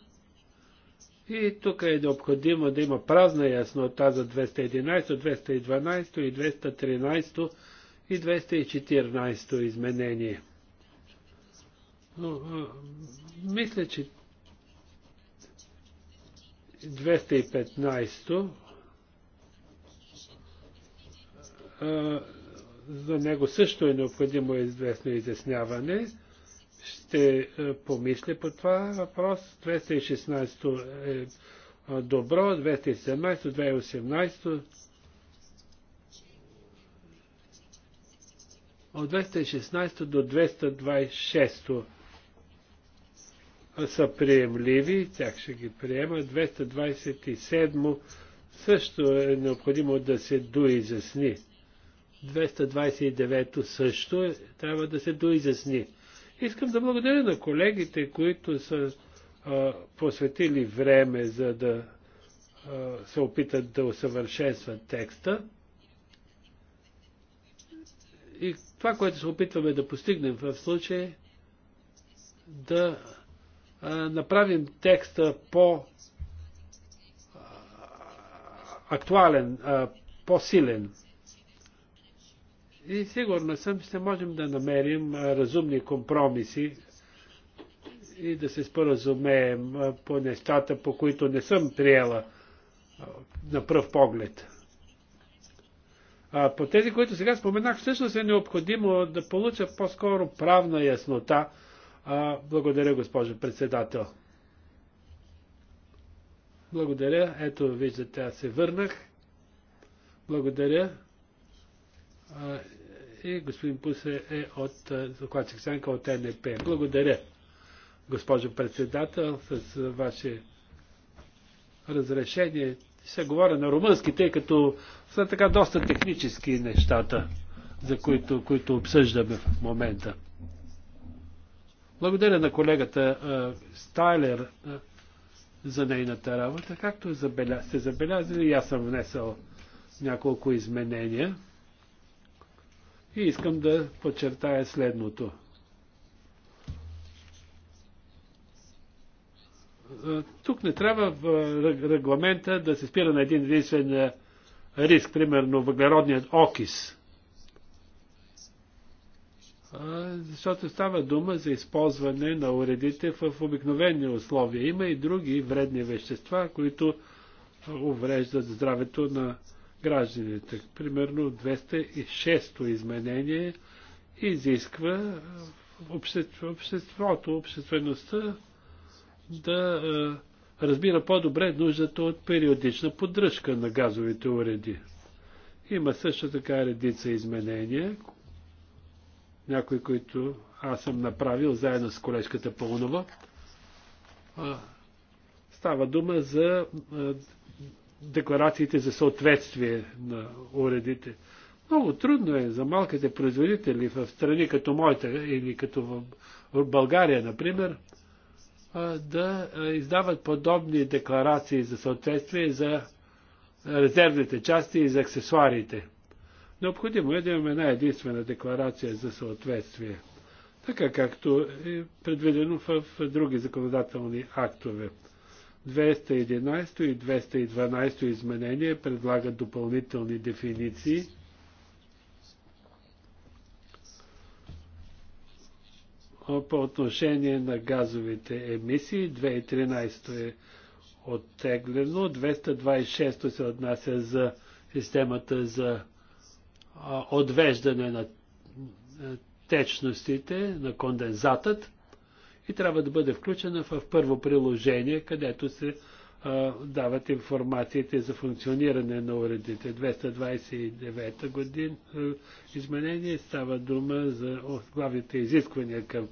И тук е необходимо да има празна яснота за 211, 212 и 213 и 214 изменение. Но, мисля, че 215 за него също е необходимо известно изясняване ще е, помисли по това въпрос. 216 е, е добро, 217, 218. От 216 до 226 са приемливи, тях ще ги приема. 227 също е необходимо да се доизясни. 229 също е, трябва да се доизясни. Искам да благодаря на колегите, които са а, посветили време, за да а, се опитат да усъвършенстват текста. И това, което се опитваме да постигнем в случая, да а, направим текста по актуален, по-силен. И сигурно съм, ще можем да намерим разумни компромиси и да се споразумеем по нещата, по които не съм приела на пръв поглед. А по тези, които сега споменах, всъщност е необходимо да получа по-скоро правна яснота. А, благодаря, госпожо председател. Благодаря. Ето, виждате, аз се върнах. Благодаря. И е, господин Пусе е от е, докладчик Сянка от НП. Благодаря, госпожо председател, с ваше разрешение. Ще говоря на румънски, тъй като са така доста технически нещата, за които, които обсъждаме в момента. Благодаря на колегата е, Стайлер за нейната работа. Както забеля... сте забелязали, аз съм внесъл няколко изменения. И искам да подчертая следното. Тук не трябва в регламента да се спира на един единствен риск, примерно въглеродният окис. Защото става дума за използване на уредите в обикновени условия. Има и други вредни вещества, които увреждат здравето на гражданите. Примерно 206-то изменение изисква обществото, обществеността да разбира по-добре нуждата от периодична поддръжка на газовите уреди. Има също така редица изменения, някои, които аз съм направил заедно с колежката Пълнова. Става дума за декларациите за съответствие на уредите. Много трудно е за малките производители в страни като моята или като в България, например, да издават подобни декларации за съответствие за резервните части и за аксесуарите. Необходимо е да имаме една единствена декларация за съответствие, така както е предвидено в други законодателни актове. 211 и 212 изменение предлагат допълнителни дефиниции. По отношение на газовите емисии, 2013 е оттеглено, 226 се отнася за системата за отвеждане на течностите, на кондензатът и трябва да бъде включена в първо приложение, където се а, дават информациите за функциониране на уредите. 229 годин а, изменение става дума за главните изисквания към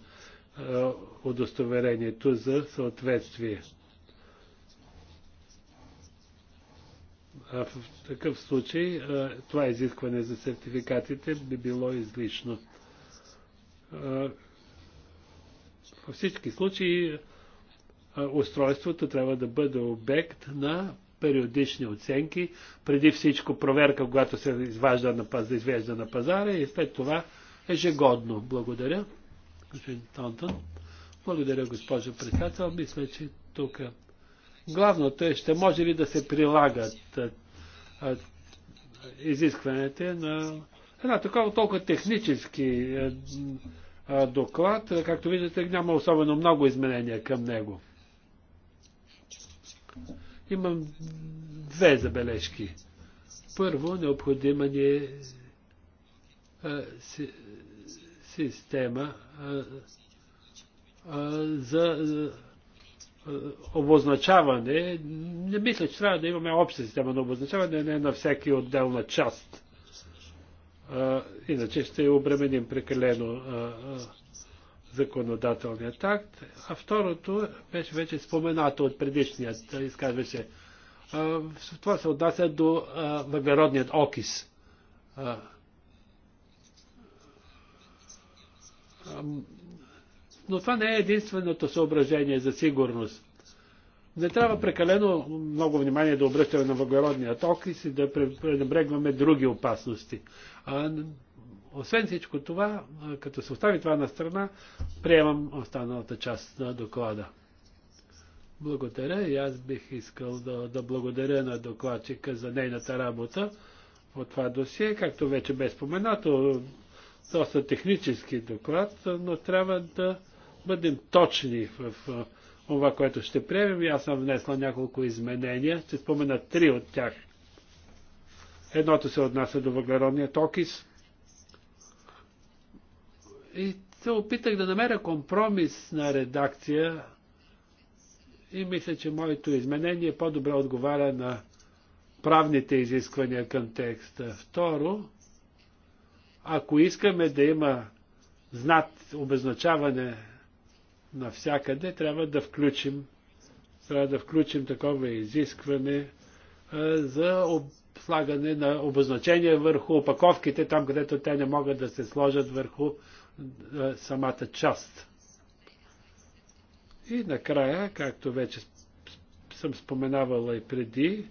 а, удостоверението за съответствие. А в такъв случай а, това изискване за сертификатите би било излишно във всички случаи устройството трябва да бъде обект на периодични оценки, преди всичко проверка, когато се изважда на пазар, извежда на пазара и след това ежегодно. Благодаря, господин Тонтон. Благодаря, госпожо председател. Мисля, че тук главното е, ще може ли да се прилагат изискването на една такова толкова технически доклад. Както виждате, няма особено много изменения към него. Имам две забележки. Първо, необходима ни е система за обозначаване. Не мисля, че трябва да имаме обща система на обозначаване, не на всеки отделна част Иначе ще обременим прекалено законодателният акт. А второто беше вече споменато от предишният изказваше. Това се отнася до въглеродният окис. Но това не е единственото съображение за сигурност. Не трябва прекалено много внимание да обръщаме на въглеродния ток и си да пренебрегваме други опасности. А, освен всичко това, като се остави това на страна, приемам останалата част на доклада. Благодаря и аз бих искал да, да благодаря на докладчика за нейната работа от това досие, както вече бе споменато, доста технически доклад, но трябва да бъдем точни в, в това, което ще приемем, и аз съм внесла няколко изменения. Ще спомена три от тях. Едното се отнася до въглеродния токис. И се опитах да намеря компромис на редакция и мисля, че моето изменение по-добре отговаря на правните изисквания към текста. Второ, ако искаме да има знат обезначаване навсякъде трябва да включим, трябва да включим такова изискване за слагане на обозначения върху опаковките, там където те не могат да се сложат върху самата част. И накрая, както вече съм споменавала и преди,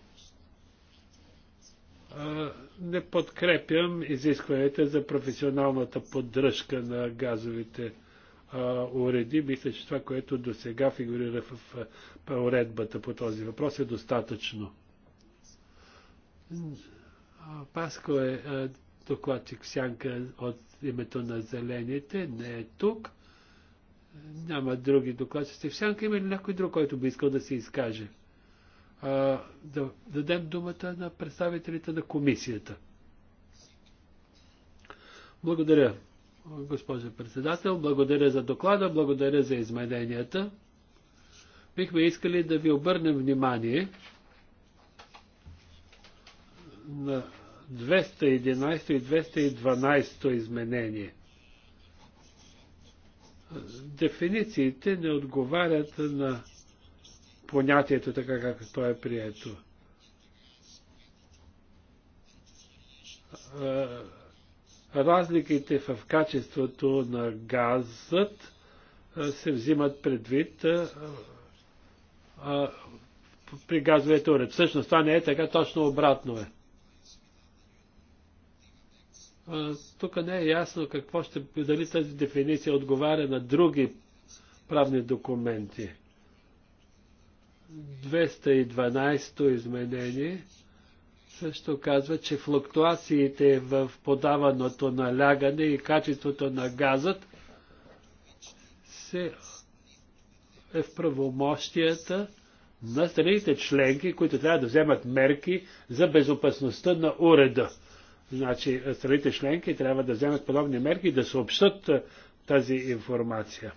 не подкрепям изискванията за професионалната поддръжка на газовите уреди. Мисля, че това, което до сега фигурира в уредбата по този въпрос е достатъчно. Паско е докладчик Сянка от името на Зелените, не е тук. Няма други докладчици в Сянка. Има ли някой друг, който би искал да се изкаже? А, да дадем думата на представителите на комисията. Благодаря, госпожо председател. Благодаря за доклада, благодаря за измененията. Бихме искали да ви обърнем внимание на 211 и 212 изменение. Дефинициите не отговарят на понятието така, както то е прието разликите в качеството на газът се взимат предвид при газовете уред. Всъщност това не е така, точно обратно е. Тук не е ясно какво ще, дали тази дефиниция отговаря на други правни документи. 212 изменение – също казва, че флуктуациите в подаваното налягане и качеството на газът се е в правомощията на страните членки, които трябва да вземат мерки за безопасността на уреда. Значи страните членки трябва да вземат подобни мерки и да съобщат тази информация.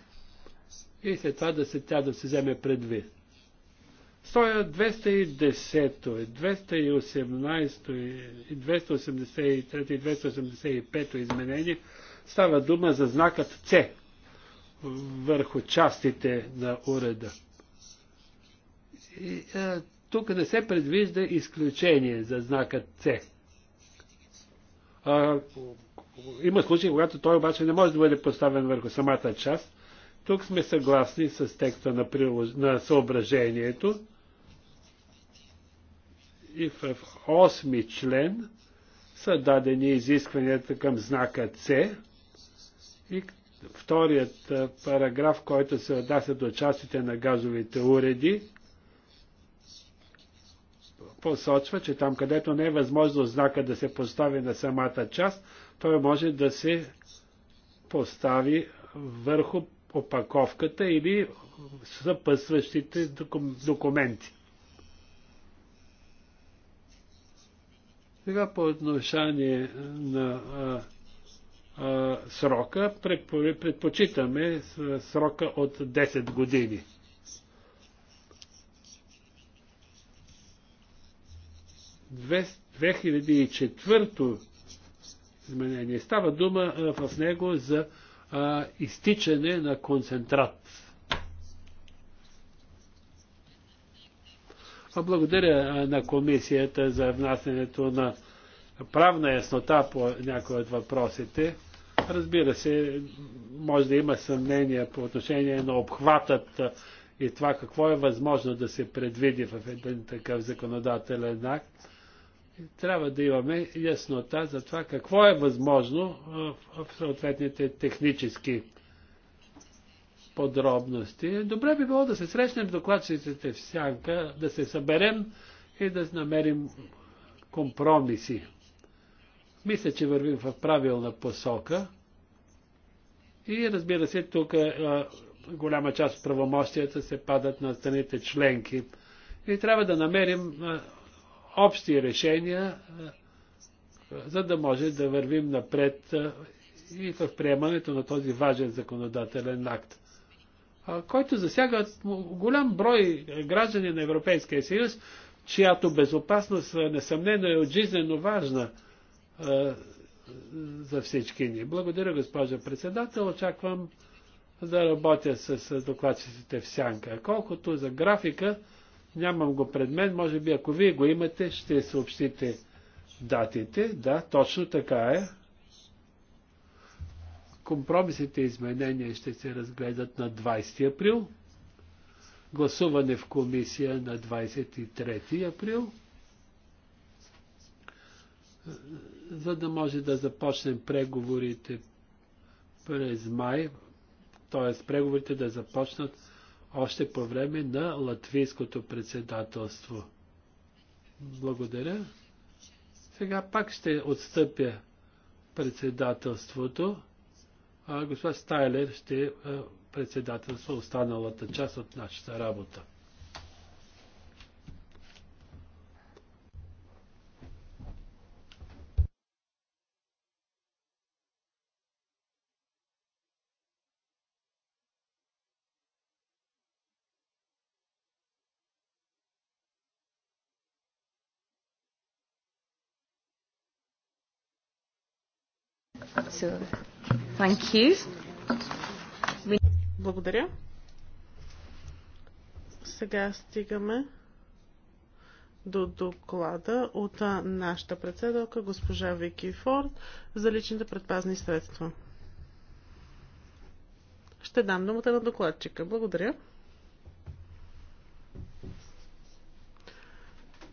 И след това да се, тя да се вземе предвид. Стоя 210 218 и 283 е, и 285 е, изменение. Става дума за знакът С върху частите на уреда. И, а, е, тук не се предвижда изключение за знакът С. има случаи, когато той обаче не може да бъде поставен върху самата част. Тук сме съгласни с текста на, прилож... на съображението и в 8 член са дадени изискванията към знака С и вторият параграф, който се отнася до частите на газовите уреди, посочва, че там където не е възможно знака да се постави на самата част, той може да се постави върху опаковката или съпъсващите документи. Сега по отношение на а, а, срока, предпочитаме срока от 10 години. Две, 2004 изменение. Става дума а, в него за а, изтичане на концентрат Благодаря на комисията за внасянето на правна яснота по някои от въпросите. Разбира се, може да има съмнение по отношение на обхватът и това какво е възможно да се предвиди в един такъв законодателен акт. Трябва да имаме яснота за това какво е възможно в съответните технически подробности. Добре би било да се срещнем с докладчиците в сянка, да се съберем и да намерим компромиси. Мисля, че вървим в правилна посока. И разбира се, тук а, голяма част от правомощията се падат на страните членки. И трябва да намерим а, общи решения, а, за да може да вървим напред а, и в приемането на този важен законодателен акт който засяга голям брой граждани на Европейския съюз, чиято безопасност несъмнено е отжизнено важна за всички ни. Благодаря, госпожа председател. Очаквам да работя с докладчиците в сянка. Колкото за графика, нямам го пред мен. Може би, ако вие го имате, ще съобщите датите. Да, точно така е. Компромисните изменения ще се разгледат на 20 април. Гласуване в комисия на 23 април. За да може да започнем преговорите през май, т.е. преговорите да започнат още по време на латвийското председателство. Благодаря. Сега пак ще отстъпя председателството. Госпожа Стайлер ще председателства останалата част от нашата работа. So, thank you. Благодаря. Сега стигаме до доклада от нашата председателка госпожа Вики Форд за личните предпазни средства. Ще дам думата на докладчика. Благодаря.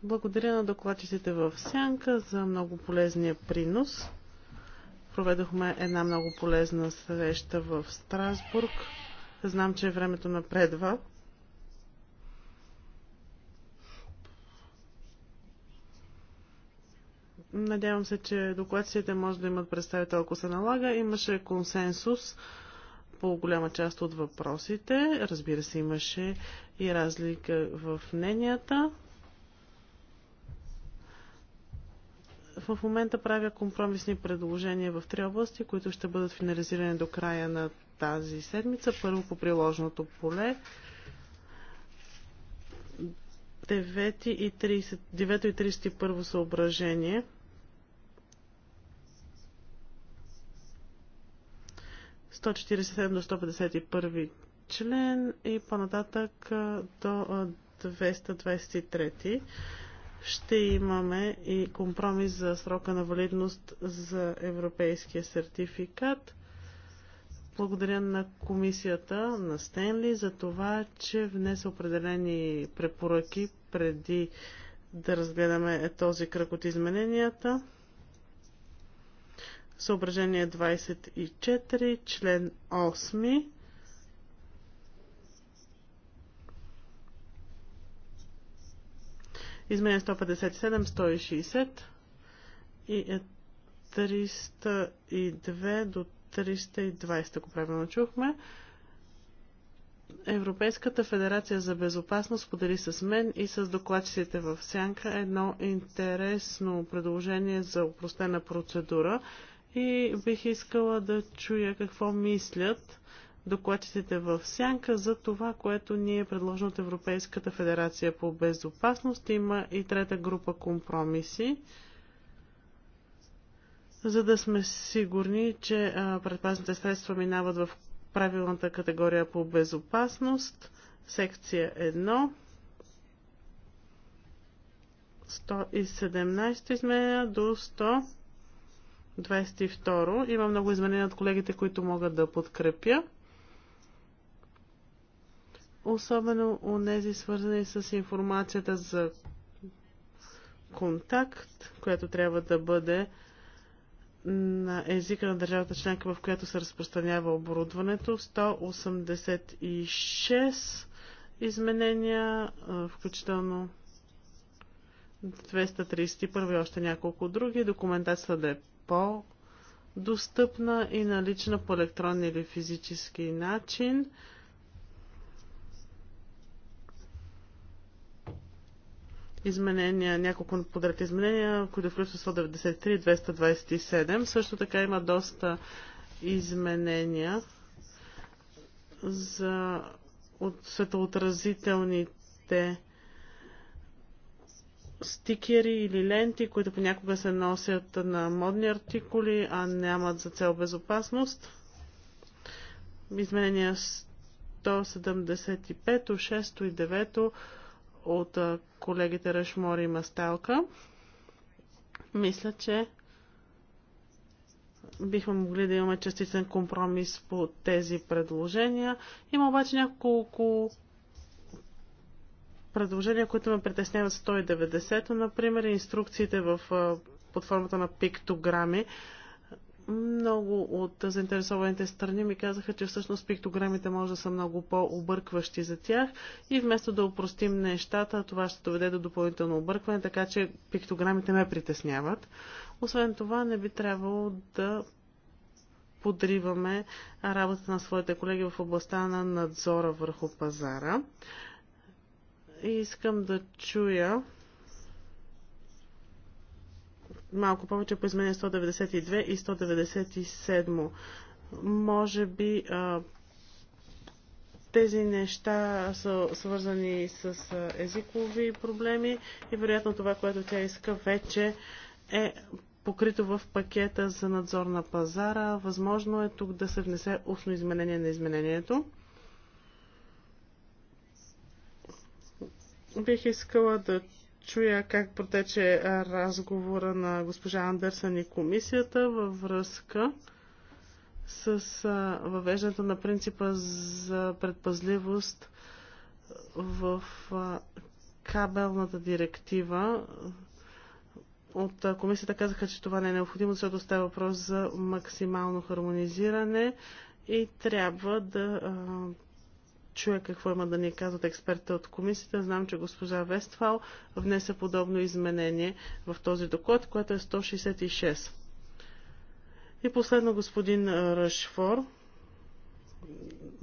Благодаря на докладчиците в Сянка за много полезния принос. Проведохме една много полезна среща в Страсбург. Знам, че е времето напредва. Надявам се, че докладците може да имат представител, ако се налага. Имаше консенсус по голяма част от въпросите. Разбира се, имаше и разлика в мненията. В момента правя компромисни предложения в три области, които ще бъдат финализирани до края на тази седмица. Първо по приложното поле. 9 и, 31 съображение. до 151 член и по-нататък до 223 ще имаме и компромис за срока на валидност за европейския сертификат. Благодаря на комисията на Стенли за това, че внесе определени препоръки преди да разгледаме този кръг от измененията. Съображение 24, член 8. Изменя 157, 160 и 302 е, до 320, ако правилно чухме. Европейската федерация за безопасност подели с мен и с докладчиците в Сянка едно интересно предложение за упростена процедура и бих искала да чуя какво мислят докладчиците в сянка за това, което ни е предложено от Европейската федерация по безопасност. Има и трета група компромиси, за да сме сигурни, че предпазните средства минават в правилната категория по безопасност. Секция 1. 117 изменения до 122. Има много изменения от колегите, които могат да подкрепя особено у нези свързани с информацията за контакт, която трябва да бъде на езика на държавата членка, в която се разпространява оборудването. 186 изменения, включително 231 и още няколко други. Документацията да е по-достъпна и налична по електронни или физически начин. изменения, няколко подред изменения, които включват 193 и 227. Също така има доста изменения за от светоотразителните стикери или ленти, които понякога се носят на модни артикули, а нямат за цел безопасност. Изменения 175, 6 и 9 от колегите Рашмор и Масталка. Мисля, че бихме могли да имаме частичен компромис по тези предложения. Има обаче няколко предложения, които ме притесняват 190-то, например, инструкциите в, под формата на пиктограми. Много от заинтересованите страни ми казаха, че всъщност пиктограмите може да са много по-объркващи за тях и вместо да упростим нещата, това ще доведе до допълнително объркване, така че пиктограмите ме притесняват. Освен това, не би трябвало да подриваме работата на своите колеги в областта на надзора върху пазара. И искам да чуя малко повече по изменение 192 и 197. Може би а, тези неща са свързани с езикови проблеми и вероятно това, което тя иска вече е покрито в пакета за надзор на пазара. Възможно е тук да се внесе устно изменение на изменението. Бих искала да чуя как протече разговора на госпожа Андерсън и комисията във връзка с въвеждането на принципа за предпазливост в кабелната директива. От комисията казаха, че това не е необходимо, защото става въпрос за максимално хармонизиране и трябва да чуя какво има да ни казват експерта от комисията. Знам, че госпожа Вестфал внесе подобно изменение в този доклад, което е 166. И последно господин Рашфор,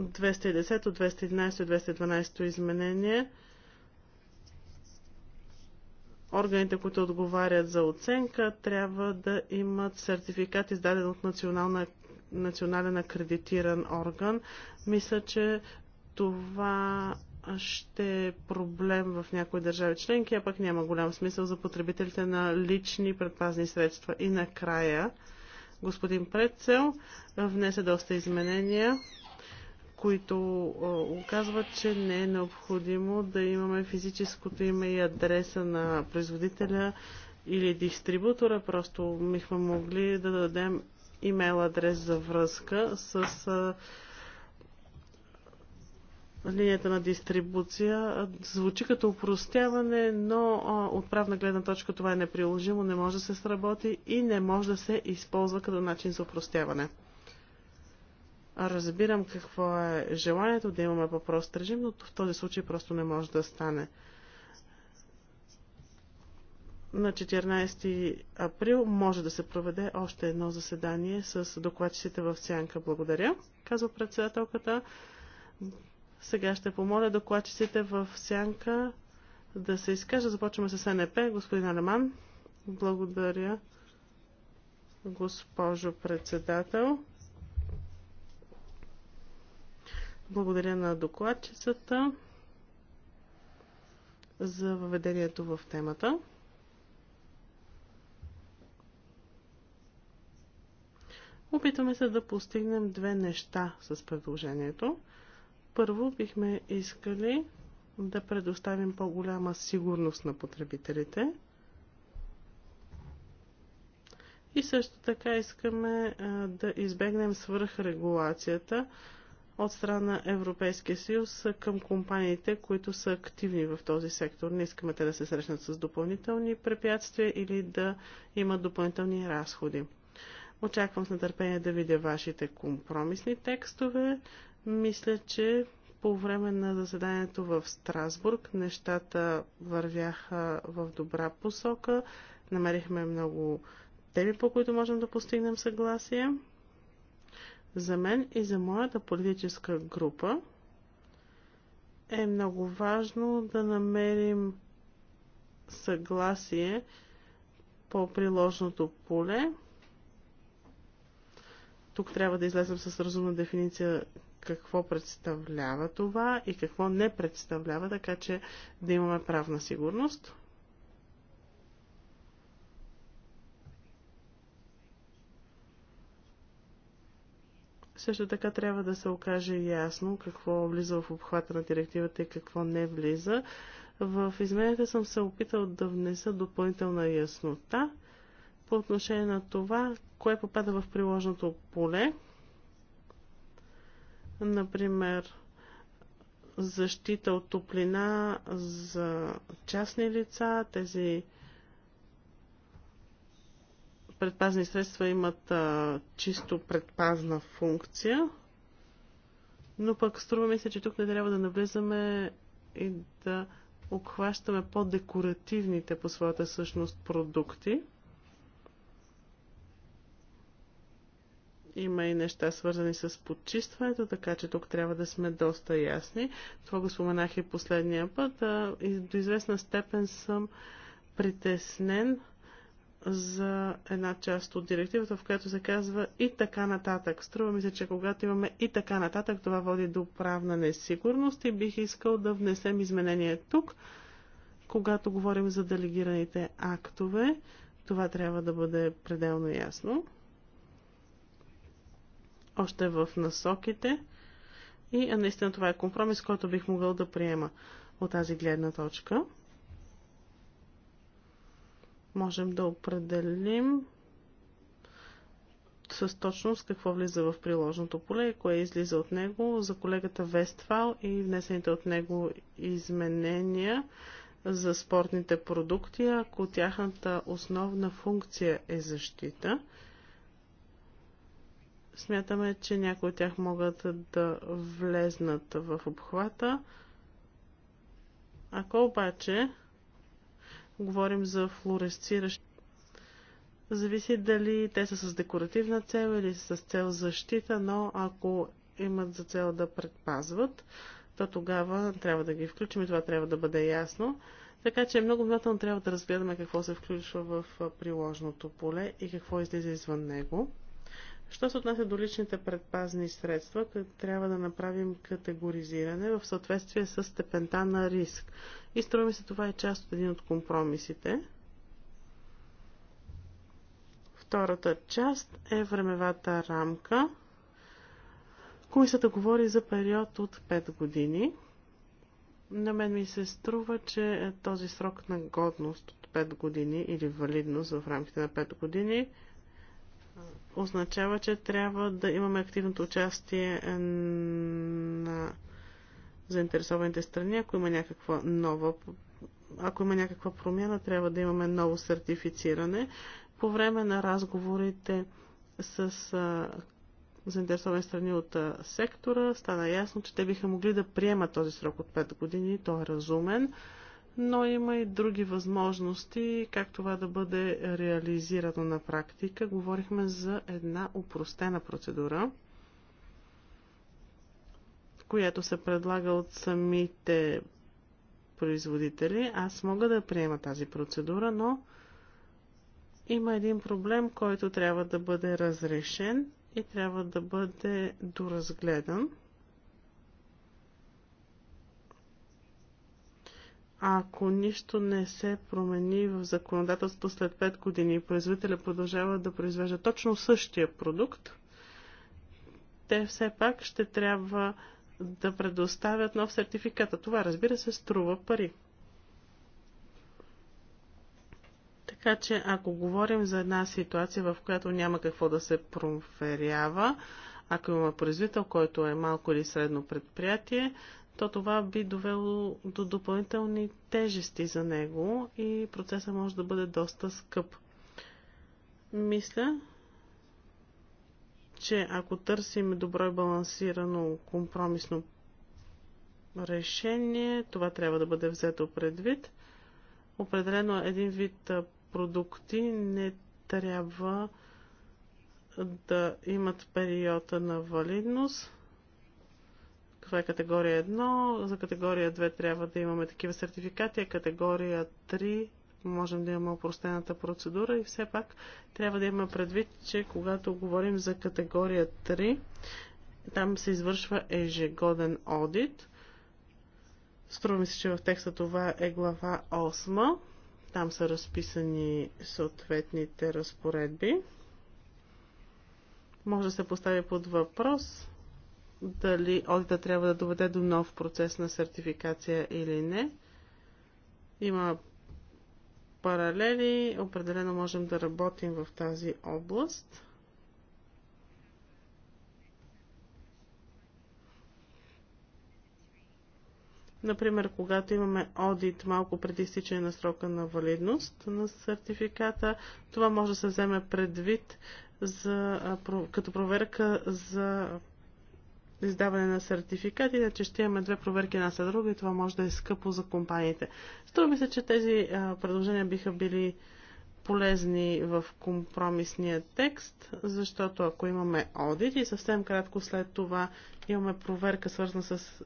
210, 211, 212 изменение. Органите, които отговарят за оценка, трябва да имат сертификат, издаден от национална национален акредитиран орган. Мисля, че това ще е проблем в някои държави членки, а пък няма голям смисъл за потребителите на лични предпазни средства. И накрая, господин Предцел внесе доста изменения, които оказват, че не е необходимо да имаме физическото име и адреса на производителя или дистрибутора, просто бихме могли да дадем имейл адрес за връзка с линията на дистрибуция звучи като упростяване, но от правна гледна точка това е неприложимо, не може да се сработи и не може да се използва като начин за упростяване. Разбирам какво е желанието да имаме по-прост режим, но в този случай просто не може да стане. На 14 април може да се проведе още едно заседание с докладчиците в Сянка. Благодаря, казва председателката. Сега ще помоля докладчиците в сянка да се изкажа. Започваме с НП. Господин Алеман, благодаря, госпожо председател. Благодаря на докладчицата за въведението в темата. Опитваме се да постигнем две неща с предложението. Първо бихме искали да предоставим по-голяма сигурност на потребителите. И също така искаме да избегнем свръхрегулацията от страна на Европейския съюз към компаниите, които са активни в този сектор. Не искаме те да се срещнат с допълнителни препятствия или да имат допълнителни разходи. Очаквам с нетърпение да видя вашите компромисни текстове. Мисля, че по време на заседанието в Страсбург нещата вървяха в добра посока. Намерихме много теми, по които можем да постигнем съгласие. За мен и за моята политическа група е много важно да намерим съгласие по приложното поле. Тук трябва да излезем с разумна дефиниция какво представлява това и какво не представлява, така че да имаме правна сигурност. Също така трябва да се окаже ясно какво влиза в обхвата на директивата и какво не влиза. В изменята съм се опитал да внеса допълнителна яснота по отношение на това, кое попада в приложното поле. Например, защита от топлина за частни лица. Тези предпазни средства имат а, чисто предпазна функция. Но пък струва ми се, че тук не трябва да навлизаме и да обхващаме по-декоративните по своята същност продукти. Има и неща свързани с подчистването, така че тук трябва да сме доста ясни. Това го споменах и последния път. А, и до известна степен съм притеснен за една част от директивата, в която се казва и така нататък. Струва ми се, че когато имаме и така нататък, това води до правна несигурност и бих искал да внесем изменение тук, когато говорим за делегираните актове. Това трябва да бъде пределно ясно още в насоките. И наистина това е компромис, който бих могъл да приема от тази гледна точка. Можем да определим с точност какво влиза в приложното поле и кое излиза от него. За колегата Вествал и внесените от него изменения за спортните продукти, ако тяхната основна функция е защита – Смятаме, че някои от тях могат да влезнат в обхвата. Ако обаче говорим за флуоресциращи, зависи дали те са с декоративна цел или с цел защита, но ако имат за цел да предпазват, то тогава трябва да ги включим и това трябва да бъде ясно. Така че много внимателно трябва да разгледаме какво се включва в приложното поле и какво излиза извън него. Що се отнася до личните предпазни средства, трябва да направим категоризиране в съответствие с степента на риск. И струва ми се това е част от един от компромисите. Втората част е времевата рамка. Комисията говори за период от 5 години. На мен ми се струва, че този срок на годност от 5 години или валидност в рамките на 5 години означава, че трябва да имаме активното участие на заинтересованите страни. Ако има някаква нова, ако има някаква промяна, трябва да имаме ново сертифициране. По време на разговорите с заинтересовани страни от сектора, стана ясно, че те биха могли да приемат този срок от 5 години. Той е разумен но има и други възможности как това да бъде реализирано на практика. Говорихме за една упростена процедура, която се предлага от самите производители. Аз мога да приема тази процедура, но има един проблем, който трябва да бъде разрешен и трябва да бъде доразгледан. ако нищо не се промени в законодателството след 5 години и производителя продължава да произвежда точно същия продукт, те все пак ще трябва да предоставят нов сертификат. А това, разбира се, струва пари. Така че, ако говорим за една ситуация, в която няма какво да се проверява, ако има производител, който е малко или средно предприятие, то това би довело до допълнителни тежести за него и процесът може да бъде доста скъп. Мисля, че ако търсим добро и балансирано компромисно решение, това трябва да бъде взето предвид. Определено един вид продукти не трябва да имат периода на валидност – това е категория 1. За категория 2 трябва да имаме такива сертификати, а категория 3 можем да имаме опростената процедура и все пак трябва да имаме предвид, че когато говорим за категория 3, там се извършва ежегоден одит. Струва ми се, че в текста това е глава 8. Там са разписани съответните разпоредби. Може да се постави под въпрос дали одита трябва да доведе до нов процес на сертификация или не. Има паралели, определено можем да работим в тази област. Например, когато имаме одит малко преди стичане на срока на валидност на сертификата, това може да се вземе предвид за, като проверка за издаване на сертификат, иначе ще имаме две проверки една след друга и това може да е скъпо за компаниите. Струва ми се, че тези а, предложения биха били полезни в компромисния текст, защото ако имаме одит и съвсем кратко след това имаме проверка свързана с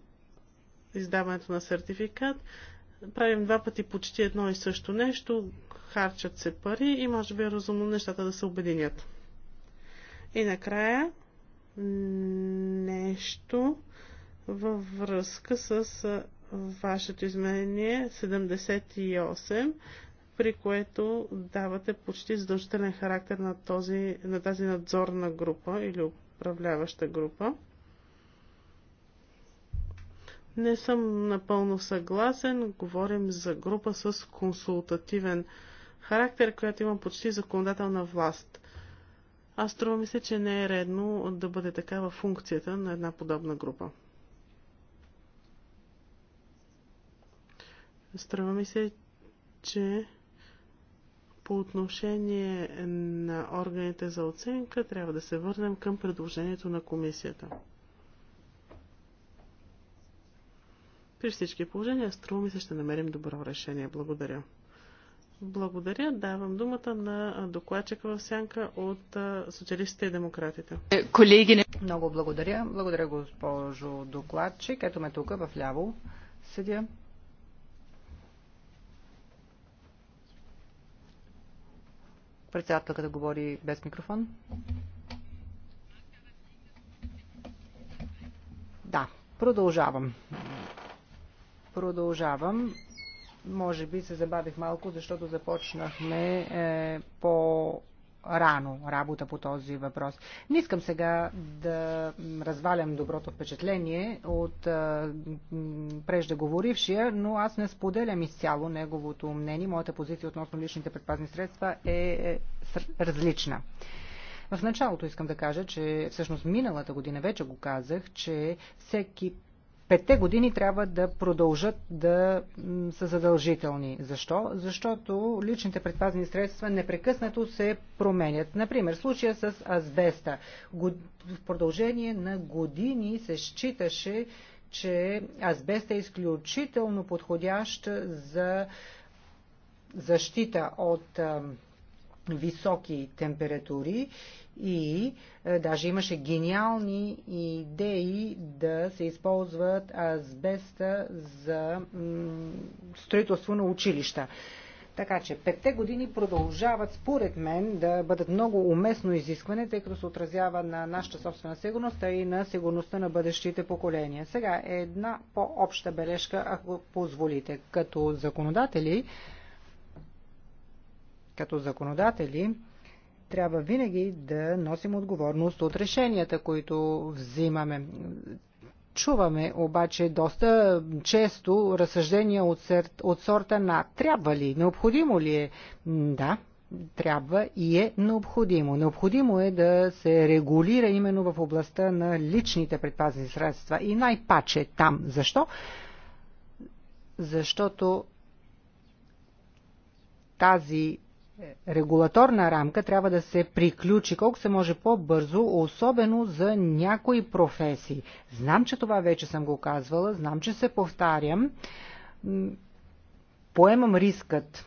издаването на сертификат, правим два пъти почти едно и също нещо, харчат се пари и може би е разумно нещата да се обединят. И накрая нещо във връзка с вашето изменение 78, при което давате почти задължителен характер на, този, на тази надзорна група или управляваща група. Не съм напълно съгласен. Говорим за група с консултативен характер, която има почти законодателна власт. Аз струва ми се, че не е редно да бъде такава функцията на една подобна група. Струва ми се, че по отношение на органите за оценка трябва да се върнем към предложението на комисията. При всички положения, струва ми се, ще намерим добро решение. Благодаря. Благодаря. Давам думата на докладчика в сянка от социалистите и демократите. Колеги, много благодаря. Благодаря, госпожо докладчик. Ето ме тук, в ляво седя. Председателката говори без микрофон. Да, продължавам. Продължавам. Може би се забавих малко, защото започнахме е, по рано работа по този въпрос. Не искам сега да развалям доброто впечатление от а, е, преждеговорившия, но аз не споделям изцяло неговото мнение. Моята позиция относно личните предпазни средства е, е различна. В началото искам да кажа, че всъщност миналата година вече го казах, че всеки петте години трябва да продължат да са задължителни. Защо? Защото личните предпазни средства непрекъснато се променят. Например, случая с азбеста. В продължение на години се считаше, че азбест е изключително подходящ за защита от високи температури и е, даже имаше гениални идеи да се използват азбеста за строителство на училища. Така че петте години продължават според мен да бъдат много уместно изискване, тъй като се отразява на нашата собствена сигурност, и на сигурността на бъдещите поколения. Сега е една по-обща бележка, ако позволите. Като законодатели, като законодатели трябва винаги да носим отговорност от решенията, които взимаме. Чуваме обаче доста често разсъждения от, серт, от сорта на трябва ли, необходимо ли е. Да, трябва и е необходимо. Необходимо е да се регулира именно в областта на личните предпазни средства и най-паче там. Защо? Защото тази регулаторна рамка трябва да се приключи колко се може по-бързо, особено за някои професии. Знам, че това вече съм го казвала, знам, че се повтарям. Поемам рискът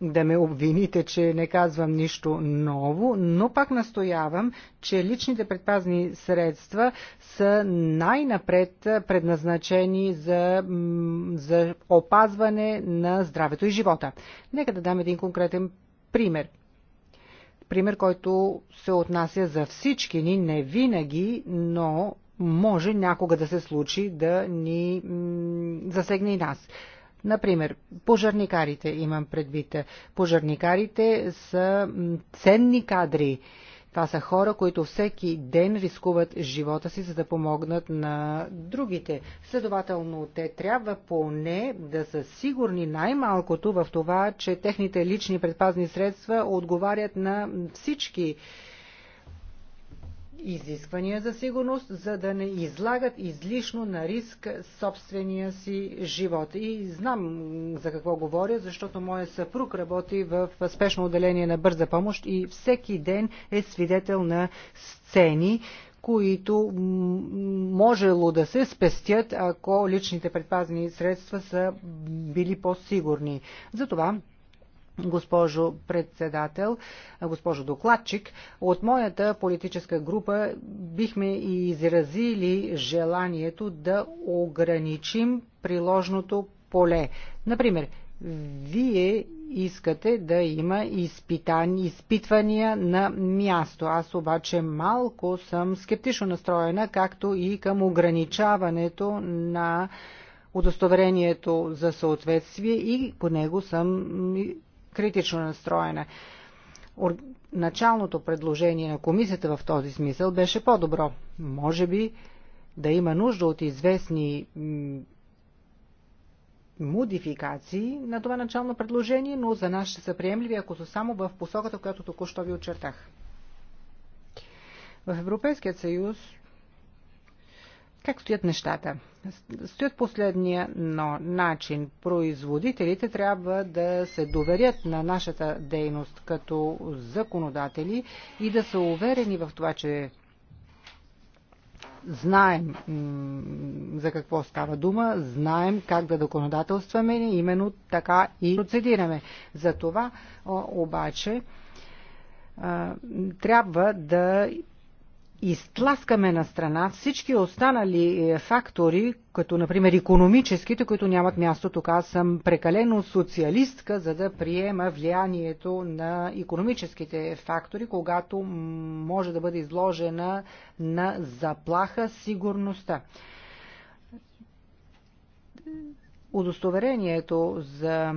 да ме обвините, че не казвам нищо ново, но пак настоявам, че личните предпазни средства са най-напред предназначени за, за опазване на здравето и живота. Нека да дам един конкретен пример. Пример, който се отнася за всички ни, не винаги, но може някога да се случи да ни засегне и нас. Например, пожарникарите имам предвид. Пожарникарите са ценни кадри. Това са хора, които всеки ден рискуват живота си, за да помогнат на другите. Следователно, те трябва поне да са сигурни най-малкото в това, че техните лични предпазни средства отговарят на всички изисквания за сигурност, за да не излагат излишно на риск собствения си живот. И знам за какво говоря, защото моя съпруг работи в спешно отделение на бърза помощ и всеки ден е свидетел на сцени, които можело да се спестят, ако личните предпазни средства са били по-сигурни. Затова госпожо председател, госпожо докладчик, от моята политическа група бихме и изразили желанието да ограничим приложното поле. Например, вие искате да има изпитан, изпитвания на място. Аз обаче малко съм скептично настроена, както и към ограничаването на удостоверението за съответствие и по него съм критично настроена. Началното предложение на комисията в този смисъл беше по-добро. Може би да има нужда от известни модификации на това начално предложение, но за нас ще са приемливи, ако са само в посоката, която току-що ви очертах. В Европейският съюз как стоят нещата? Стоят последния но, начин. Производителите трябва да се доверят на нашата дейност като законодатели и да са уверени в това, че знаем за какво става дума, знаем как да законодателстваме, именно така и процедираме. За това обаче трябва да изтласкаме на страна всички останали е, фактори, като например економическите, които нямат място тук. Аз съм прекалено социалистка, за да приема влиянието на економическите фактори, когато може да бъде изложена на заплаха сигурността. Удостоверението за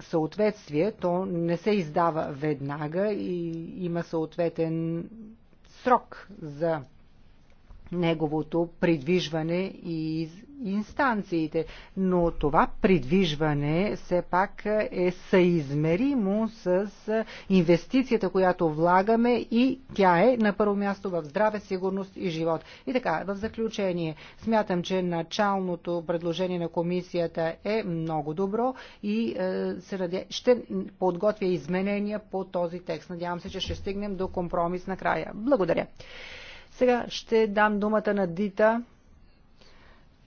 съответствие, то не се издава веднага и има съответен срок за неговото придвижване и инстанциите. Но това придвижване все пак е съизмеримо с инвестицията, която влагаме и тя е на първо място в здраве, сигурност и живот. И така, в заключение, смятам, че началното предложение на комисията е много добро и е, се раде... ще подготвя изменения по този текст. Надявам се, че ще стигнем до компромис накрая. Благодаря. Сега ще дам думата на Дита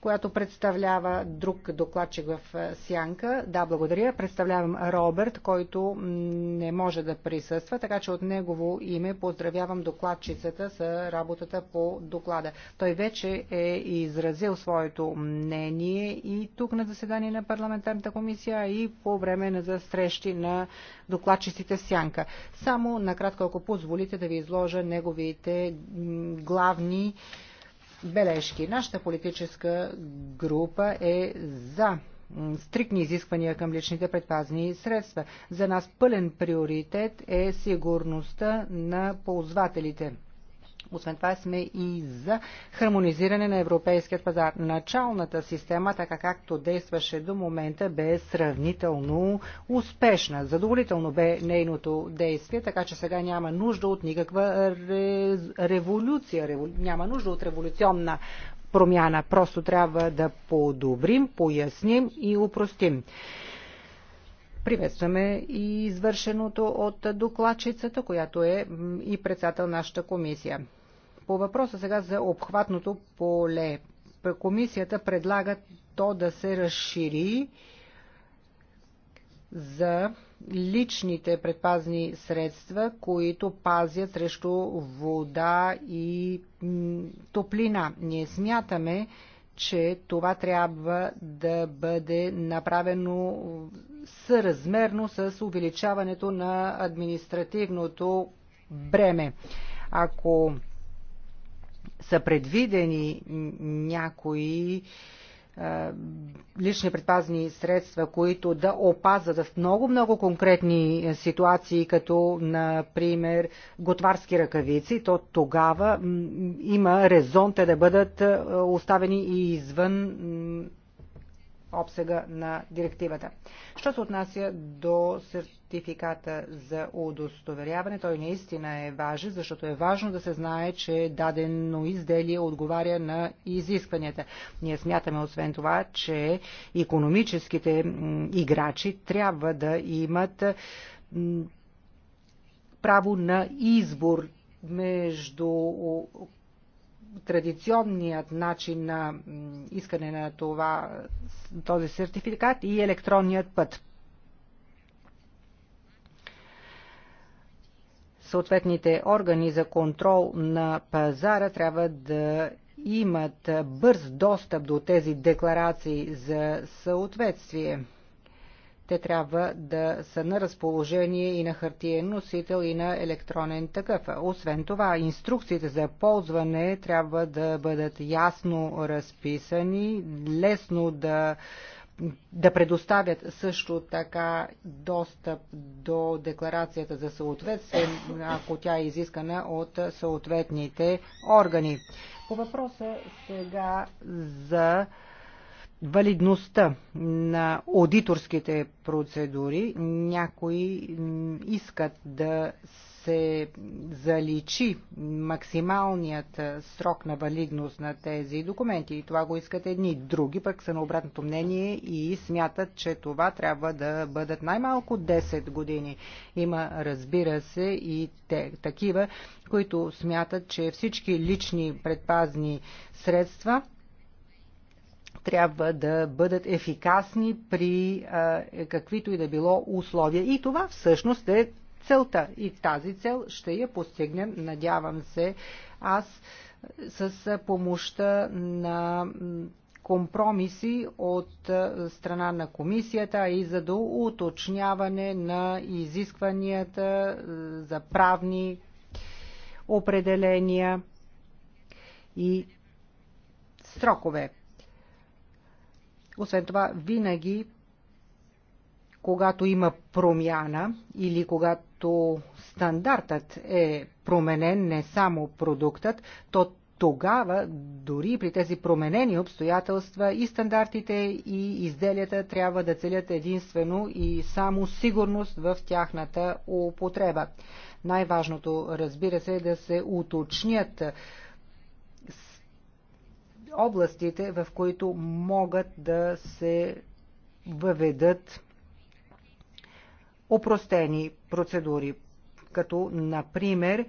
която представлява друг докладчик в е, Сянка. Да, благодаря. Представлявам Роберт, който не може да присъства, така че от негово име поздравявам докладчицата за работата по доклада. Той вече е изразил своето мнение и тук на заседание на парламентарната комисия и по време на срещи на докладчиците в Сянка. Само накратко, ако позволите да ви изложа неговите главни бележки. Нашата политическа група е за стрикни изисквания към личните предпазни средства. За нас пълен приоритет е сигурността на ползвателите. Освен това сме и за хармонизиране на европейският пазар. Началната система, така както действаше до момента, бе сравнително успешна. Задоволително бе нейното действие, така че сега няма нужда от никаква революция, няма нужда от революционна промяна. Просто трябва да подобрим, поясним и упростим. Приветстваме и извършеното от докладчицата, която е и председател нашата комисия. По въпроса сега за обхватното поле. Комисията предлага то да се разшири за личните предпазни средства, които пазят срещу вода и топлина. Ние смятаме, че това трябва да бъде направено съразмерно с увеличаването на административното бреме. Ако са предвидени някои лични предпазни средства, които да опазват в много-много конкретни ситуации, като, например, готварски ръкавици, то тогава има резон те да бъдат оставени и извън обсега на директивата. Що се отнася до сертификата за удостоверяване, той наистина е важен, защото е важно да се знае, че дадено изделие отговаря на изискванията. Ние смятаме освен това, че економическите играчи трябва да имат право на избор между традиционният начин на искане на това, този сертификат и електронният път. Съответните органи за контрол на пазара трябва да имат бърз достъп до тези декларации за съответствие. Те трябва да са на разположение и на хартиен носител, и на електронен такъв. Освен това, инструкциите за ползване трябва да бъдат ясно разписани, лесно да да предоставят също така достъп до декларацията за съответствие, ако тя е изискана от съответните органи. По въпроса сега за валидността на аудиторските процедури. Някои искат да се заличи максималният срок на валидност на тези документи. И това го искат едни. Други пък са на обратното мнение и смятат, че това трябва да бъдат най-малко 10 години. Има, разбира се, и те, такива, които смятат, че всички лични предпазни средства – трябва да бъдат ефикасни при а, каквито и да било условия. И това всъщност е целта. И тази цел ще я постигнем, надявам се, аз с помощта на компромиси от страна на комисията и за до уточняване на изискванията за правни определения и срокове. Освен това, винаги, когато има промяна или когато стандартът е променен, не само продуктът, то тогава, дори при тези променени обстоятелства, и стандартите, и изделията трябва да целят единствено и само сигурност в тяхната употреба. Най-важното, разбира се, е да се уточнят областите, в които могат да се въведат опростени процедури, като например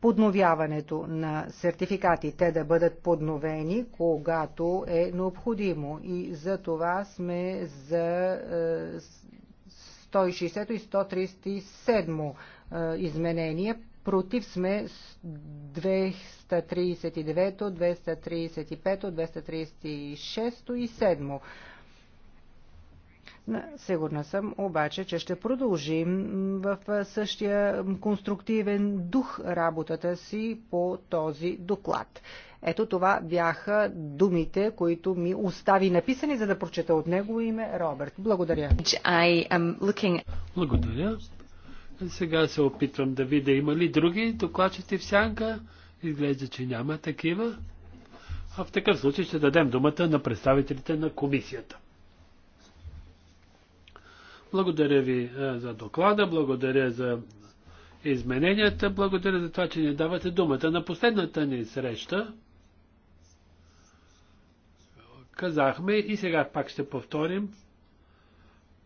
подновяването на сертификати, те да бъдат подновени, когато е необходимо. И за това сме за 160 е, и 137 е, изменения. Против сме 239, 235, 236 и 7. Сигурна съм обаче, че ще продължим в същия конструктивен дух работата си по този доклад. Ето това бяха думите, които ми остави написани, за да прочета от него име Роберт. Благодаря. Благодаря. Сега се опитвам да видя има ли други докладчици в сянка. Изглежда, че няма такива. А в такъв случай ще дадем думата на представителите на комисията. Благодаря ви за доклада, благодаря за измененията, благодаря за това, че ни давате думата. На последната ни среща казахме и сега пак ще повторим,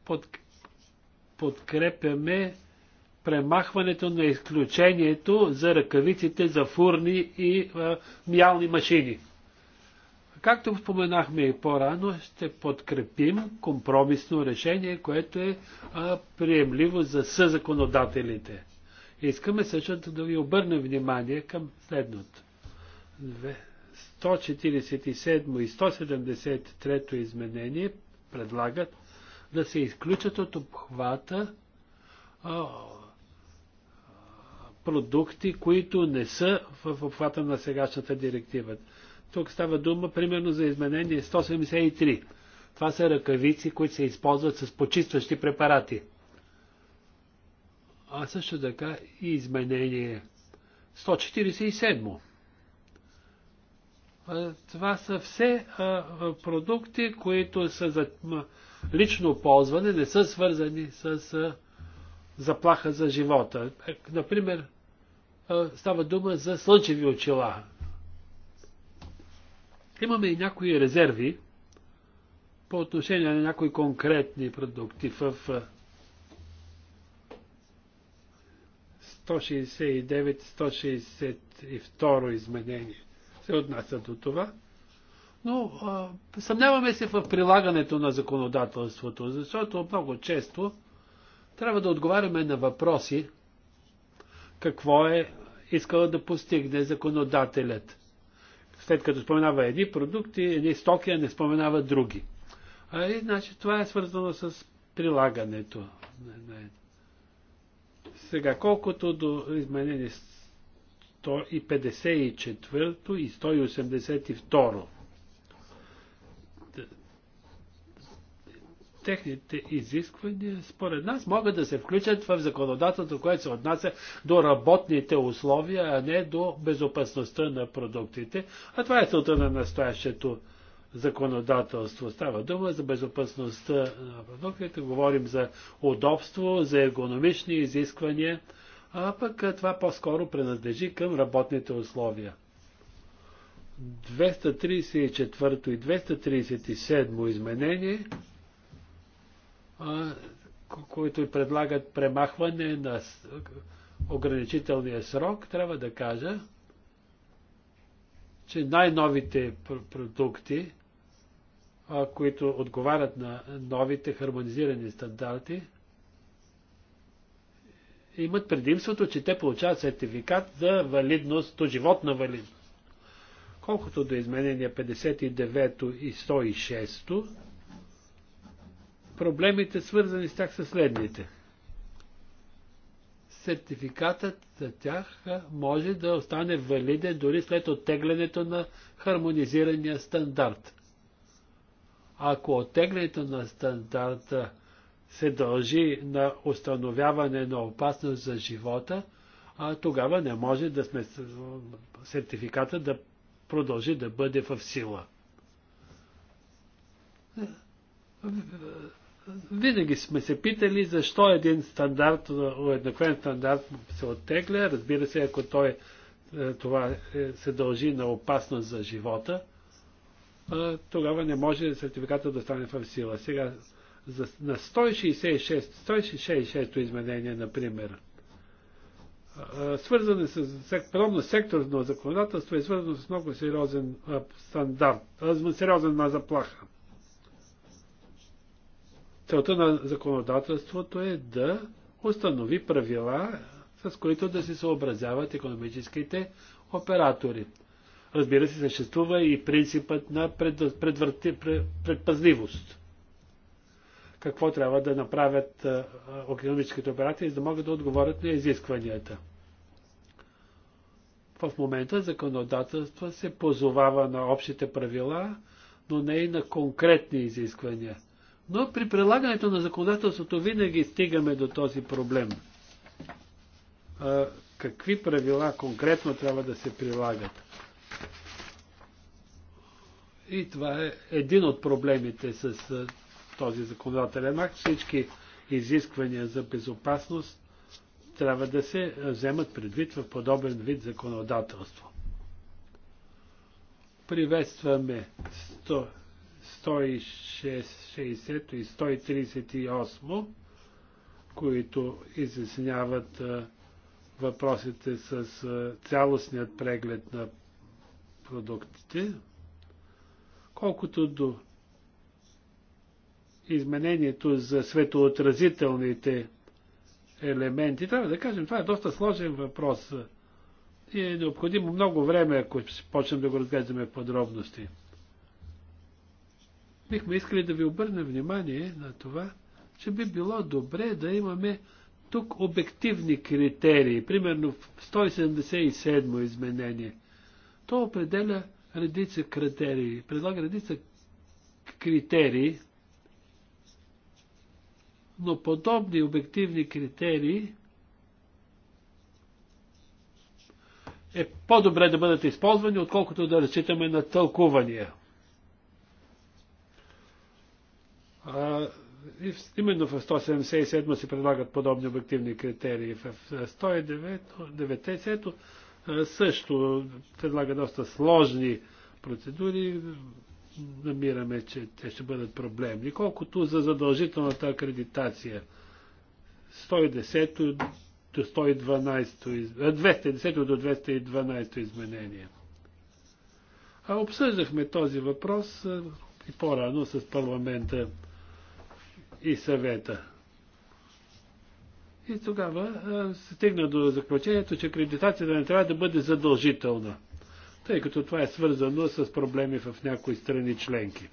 под, подкрепяме премахването на изключението за ръкавиците за фурни и а, мялни машини. Както споменахме и по-рано, ще подкрепим компромисно решение, което е а, приемливо за съзаконодателите. Искаме също да ви обърнем внимание към следното. 147 и 173 изменение предлагат да се изключат от обхвата а, продукти, които не са в обхвата на сегашната директива. Тук става дума примерно за изменение 173. Това са ръкавици, които се използват с почистващи препарати. А също така и изменение 147. Това са все продукти, които са за лично ползване, не са свързани с заплаха за живота. Например, става дума за слънчеви очила. Имаме и някои резерви по отношение на някои конкретни продукти в 169-162 изменение се отнася до това. Но а, съмняваме се в прилагането на законодателството, защото много често трябва да отговаряме на въпроси какво е искала да постигне законодателят. След като споменава едни продукти, едни стоки, а не споменава други. А и, значи, това е свързано с прилагането. Сега, колкото до изменени 154 и 182. техните изисквания, според нас, могат да се включат в законодателството, което се отнася до работните условия, а не до безопасността на продуктите. А това е целта на настоящето законодателство. Става дума за безопасността на продуктите, говорим за удобство, за економични изисквания, а пък това по-скоро принадлежи към работните условия. 234 и 237 изменение – които предлагат премахване на ограничителния срок, трябва да кажа, че най-новите продукти, които отговарят на новите хармонизирани стандарти, имат предимството, че те получават сертификат за валидност, то животна валидност. Колкото до изменения 59 и 106, проблемите свързани с тях са следните. Сертификатът за тях може да остане валиден дори след оттеглянето на хармонизирания стандарт. Ако оттеглянето на стандарта се дължи на установяване на опасност за живота, а тогава не може да сме сертификата да продължи да бъде в сила. Винаги сме се питали защо един стандарт, уеднаквен стандарт се оттегля. Разбира се, ако той е, това е, се дължи на опасност за живота, тогава не може сертификата да стане в сила. Сега за, на 166, то изменение, например, свързане с промно секторно законодателство е свързано с много сериозен стандарт, сериозен на заплаха. Целта на законодателството е да установи правила, с които да се съобразяват економическите оператори. Разбира се, съществува и принципът на предпазливост. Какво трябва да направят економическите оператори, за да могат да отговорят на изискванията. В момента законодателство се позовава на общите правила, но не и на конкретни изисквания – но при прилагането на законодателството винаги стигаме до този проблем. А, какви правила конкретно трябва да се прилагат? И това е един от проблемите с този законодателен акт. Всички изисквания за безопасност трябва да се вземат предвид в подобен вид законодателство. Приветстваме 160 и 138, които изясняват въпросите с цялостният преглед на продуктите, колкото до изменението за светоотразителните елементи. Трябва да кажем, това е доста сложен въпрос и е необходимо много време, ако почнем да го разглеждаме в подробности. Бихме искали да ви обърнем внимание на това, че би било добре да имаме тук обективни критерии. Примерно в 177 изменение. То определя редица критерии. Предлага редица критерии, но подобни обективни критерии е по-добре да бъдат използвани, отколкото да разчитаме на тълкувания. А, именно в 177 се предлагат подобни обективни критерии. В 190 също предлага доста сложни процедури. Намираме, че те ще бъдат проблемни. Колкото за задължителната акредитация. 110 до 112, 210 до 212 изменения. А обсъждахме този въпрос и по-рано с парламента и съвета. И тогава се стигна до заключението, че кредитацията не трябва да бъде задължителна, тъй като това е свързано с проблеми в някои страни членки.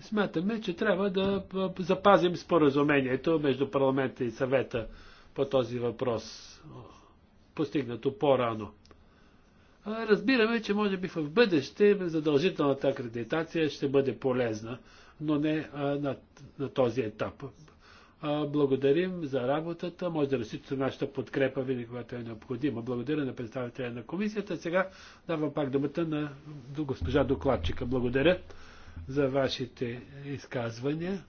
Смятаме, че трябва да запазим споразумението между парламента и съвета по този въпрос, постигнато по-рано. Разбираме, че може би в бъдеще задължителната акредитация ще бъде полезна, но не на, на този етап. Благодарим за работата. Може да разчитате нашата подкрепа винаги, когато е необходима. Благодаря на представителя на комисията. Сега давам пак думата на госпожа докладчика. Благодаря за вашите изказвания.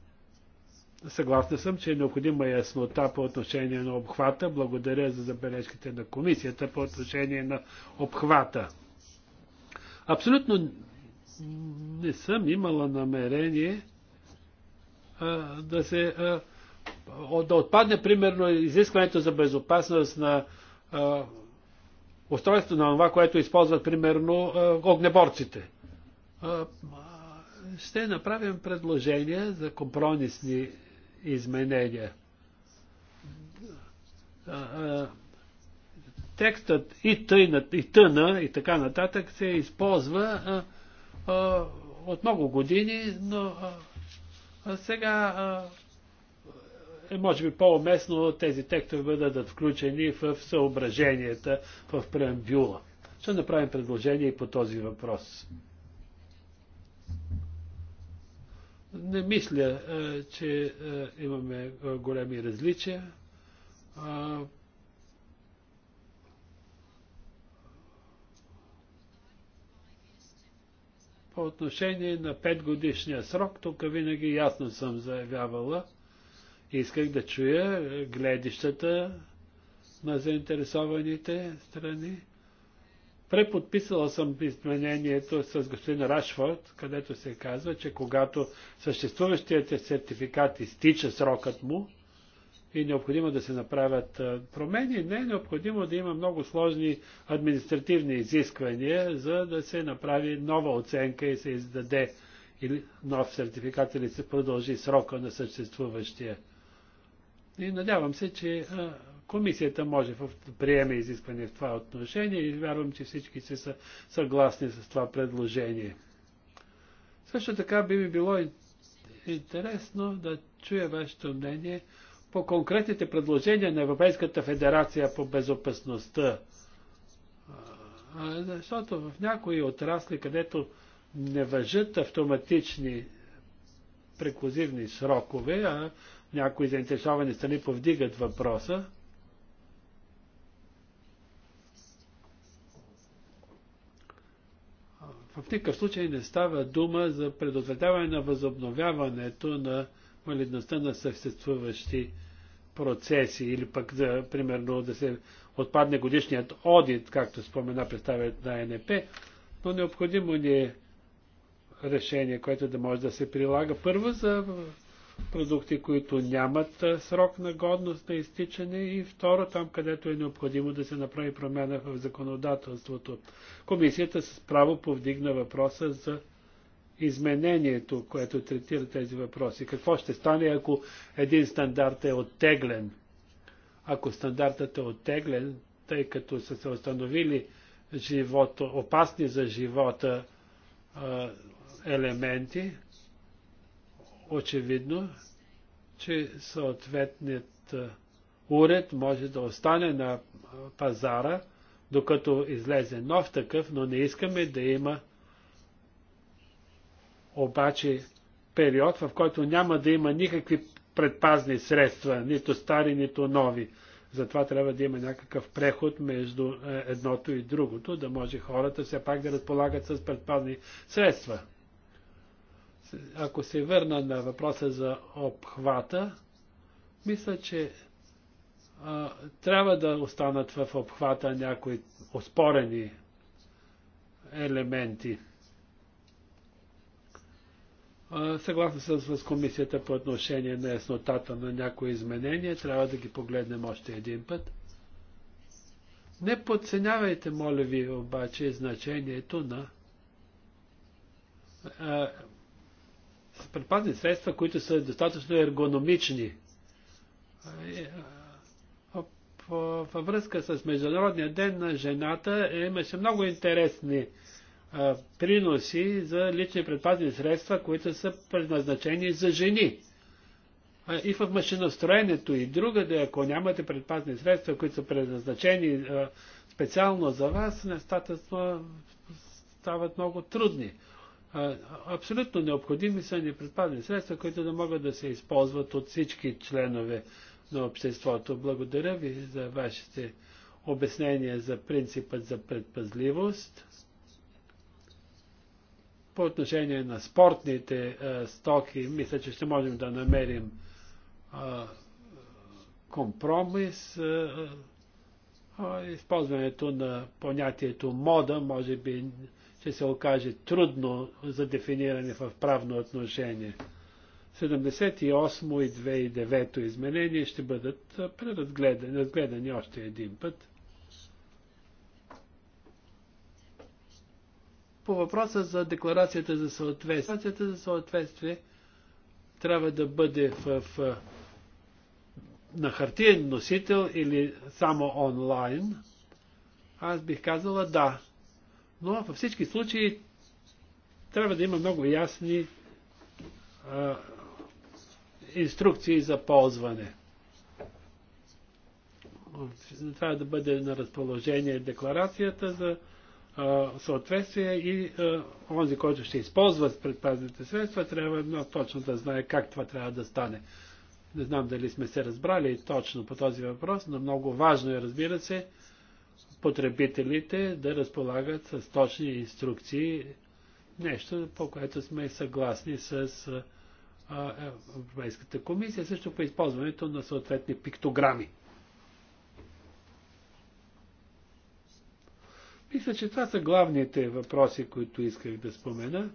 Съгласна съм, че е необходима яснота по отношение на обхвата. Благодаря за забележките на комисията по отношение на обхвата. Абсолютно не съм имала намерение а, да се. А, да отпадне, примерно, изискването за безопасност на а, устройство на това, което използват, примерно, а, огнеборците. А, ще направим предложения за компромисни изменения. Текстът и тъйна, и тъна, и така нататък се използва а, а, от много години, но а, сега е може би по-уместно тези текстове бъдат включени в съображенията, в преамбюла. Ще направим предложение и по този въпрос. Не мисля, че имаме големи различия. По отношение на 5 годишния срок, тук винаги ясно съм заявявала, исках да чуя гледищата на заинтересованите страни. Преподписала съм изменението с господин Рашфорд, където се казва, че когато съществуващият сертификат изтича срокът му и е необходимо да се направят промени, не е необходимо да има много сложни административни изисквания, за да се направи нова оценка и се издаде или нов сертификат или се продължи срока на съществуващия. И надявам се, че Комисията може да приеме изискване в това отношение и вярвам, че всички се са съгласни с това предложение. Също така би ми било интересно да чуя вашето мнение по конкретните предложения на Европейската федерация по безопасността. Защото в някои отрасли, където не въжат автоматични преклузивни срокове, а някои заинтересовани страни повдигат въпроса, В никакъв случай не става дума за предотвратяване на възобновяването на валидността на съществуващи процеси или пък, за, примерно, да се отпадне годишният одит, както спомена представят на НП, но необходимо ни е решение, което да може да се прилага първо за продукти, които нямат срок на годност на изтичане и второ, там където е необходимо да се направи промяна в законодателството. Комисията с право повдигна въпроса за изменението, което третира тези въпроси. Какво ще стане, ако един стандарт е оттеглен? Ако стандартът е оттеглен, тъй като са се установили живото, опасни за живота елементи, очевидно, че съответният уред може да остане на пазара, докато излезе нов такъв, но не искаме да има обаче период, в който няма да има никакви предпазни средства, нито стари, нито нови. Затова трябва да има някакъв преход между е, едното и другото, да може хората все пак да разполагат с предпазни средства ако се върна на въпроса за обхвата, мисля, че а, трябва да останат в обхвата някои оспорени елементи. съгласно с, с комисията по отношение на яснотата на някои изменения, трябва да ги погледнем още един път. Не подценявайте, моля ви, обаче, значението на предпазни средства, които са достатъчно ергономични. Във връзка с Международния ден на жената имаше много интересни приноси за лични предпазни средства, които са предназначени за жени. и в машиностроенето и другаде, ако нямате предпазни средства, които са предназначени специално за вас, нещата стават много трудни абсолютно необходими са ни предпазни средства, които да могат да се използват от всички членове на обществото. Благодаря ви за вашите обяснения за принципът за предпазливост. По отношение на спортните а, стоки, мисля, че ще можем да намерим а, компромис. А, а, използването на понятието мода може би ще се окаже трудно за дефиниране в правно отношение. 78 и 2009 изменение ще бъдат преразгледани разгледани още един път. По въпроса за декларацията за съответствие. Декларацията за съответствие трябва да бъде в, в на хартиен носител или само онлайн. Аз бих казала да. Но във всички случаи трябва да има много ясни а, инструкции за ползване. Трябва да бъде на разположение декларацията за а, съответствие и а, онзи, който ще използва предпазните средства, трябва много точно да знае как това трябва да стане. Не знам дали сме се разбрали точно по този въпрос, но много важно е, разбира се, потребителите да разполагат с точни инструкции, нещо по което сме съгласни с Европейската комисия, също по използването на съответни пиктограми. Мисля, че това са главните въпроси, които исках да спомена.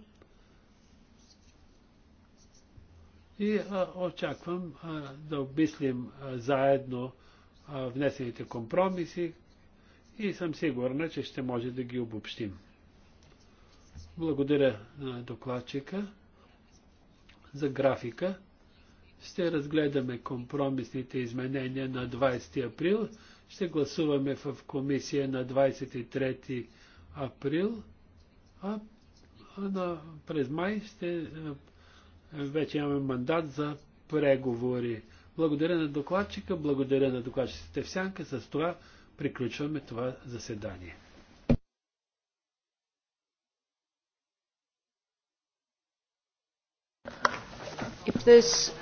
И а, очаквам а, да обмислим а, заедно а, внесените компромиси, и съм сигурна, че ще може да ги обобщим. Благодаря на докладчика за графика. Ще разгледаме компромисните изменения на 20 април. Ще гласуваме в комисия на 23 април. А, на, през май ще вече имаме мандат за преговори. Благодаря на докладчика, благодаря на докладчиците в сянка. С това приключваме това заседание. Business...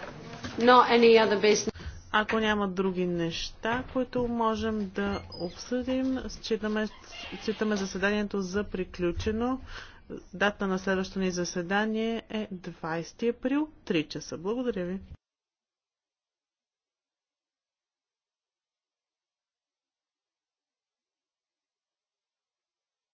Ако няма други неща, които можем да обсъдим, считаме, считаме заседанието за приключено. Дата на следващото ни заседание е 20 април, 3 часа. Благодаря ви.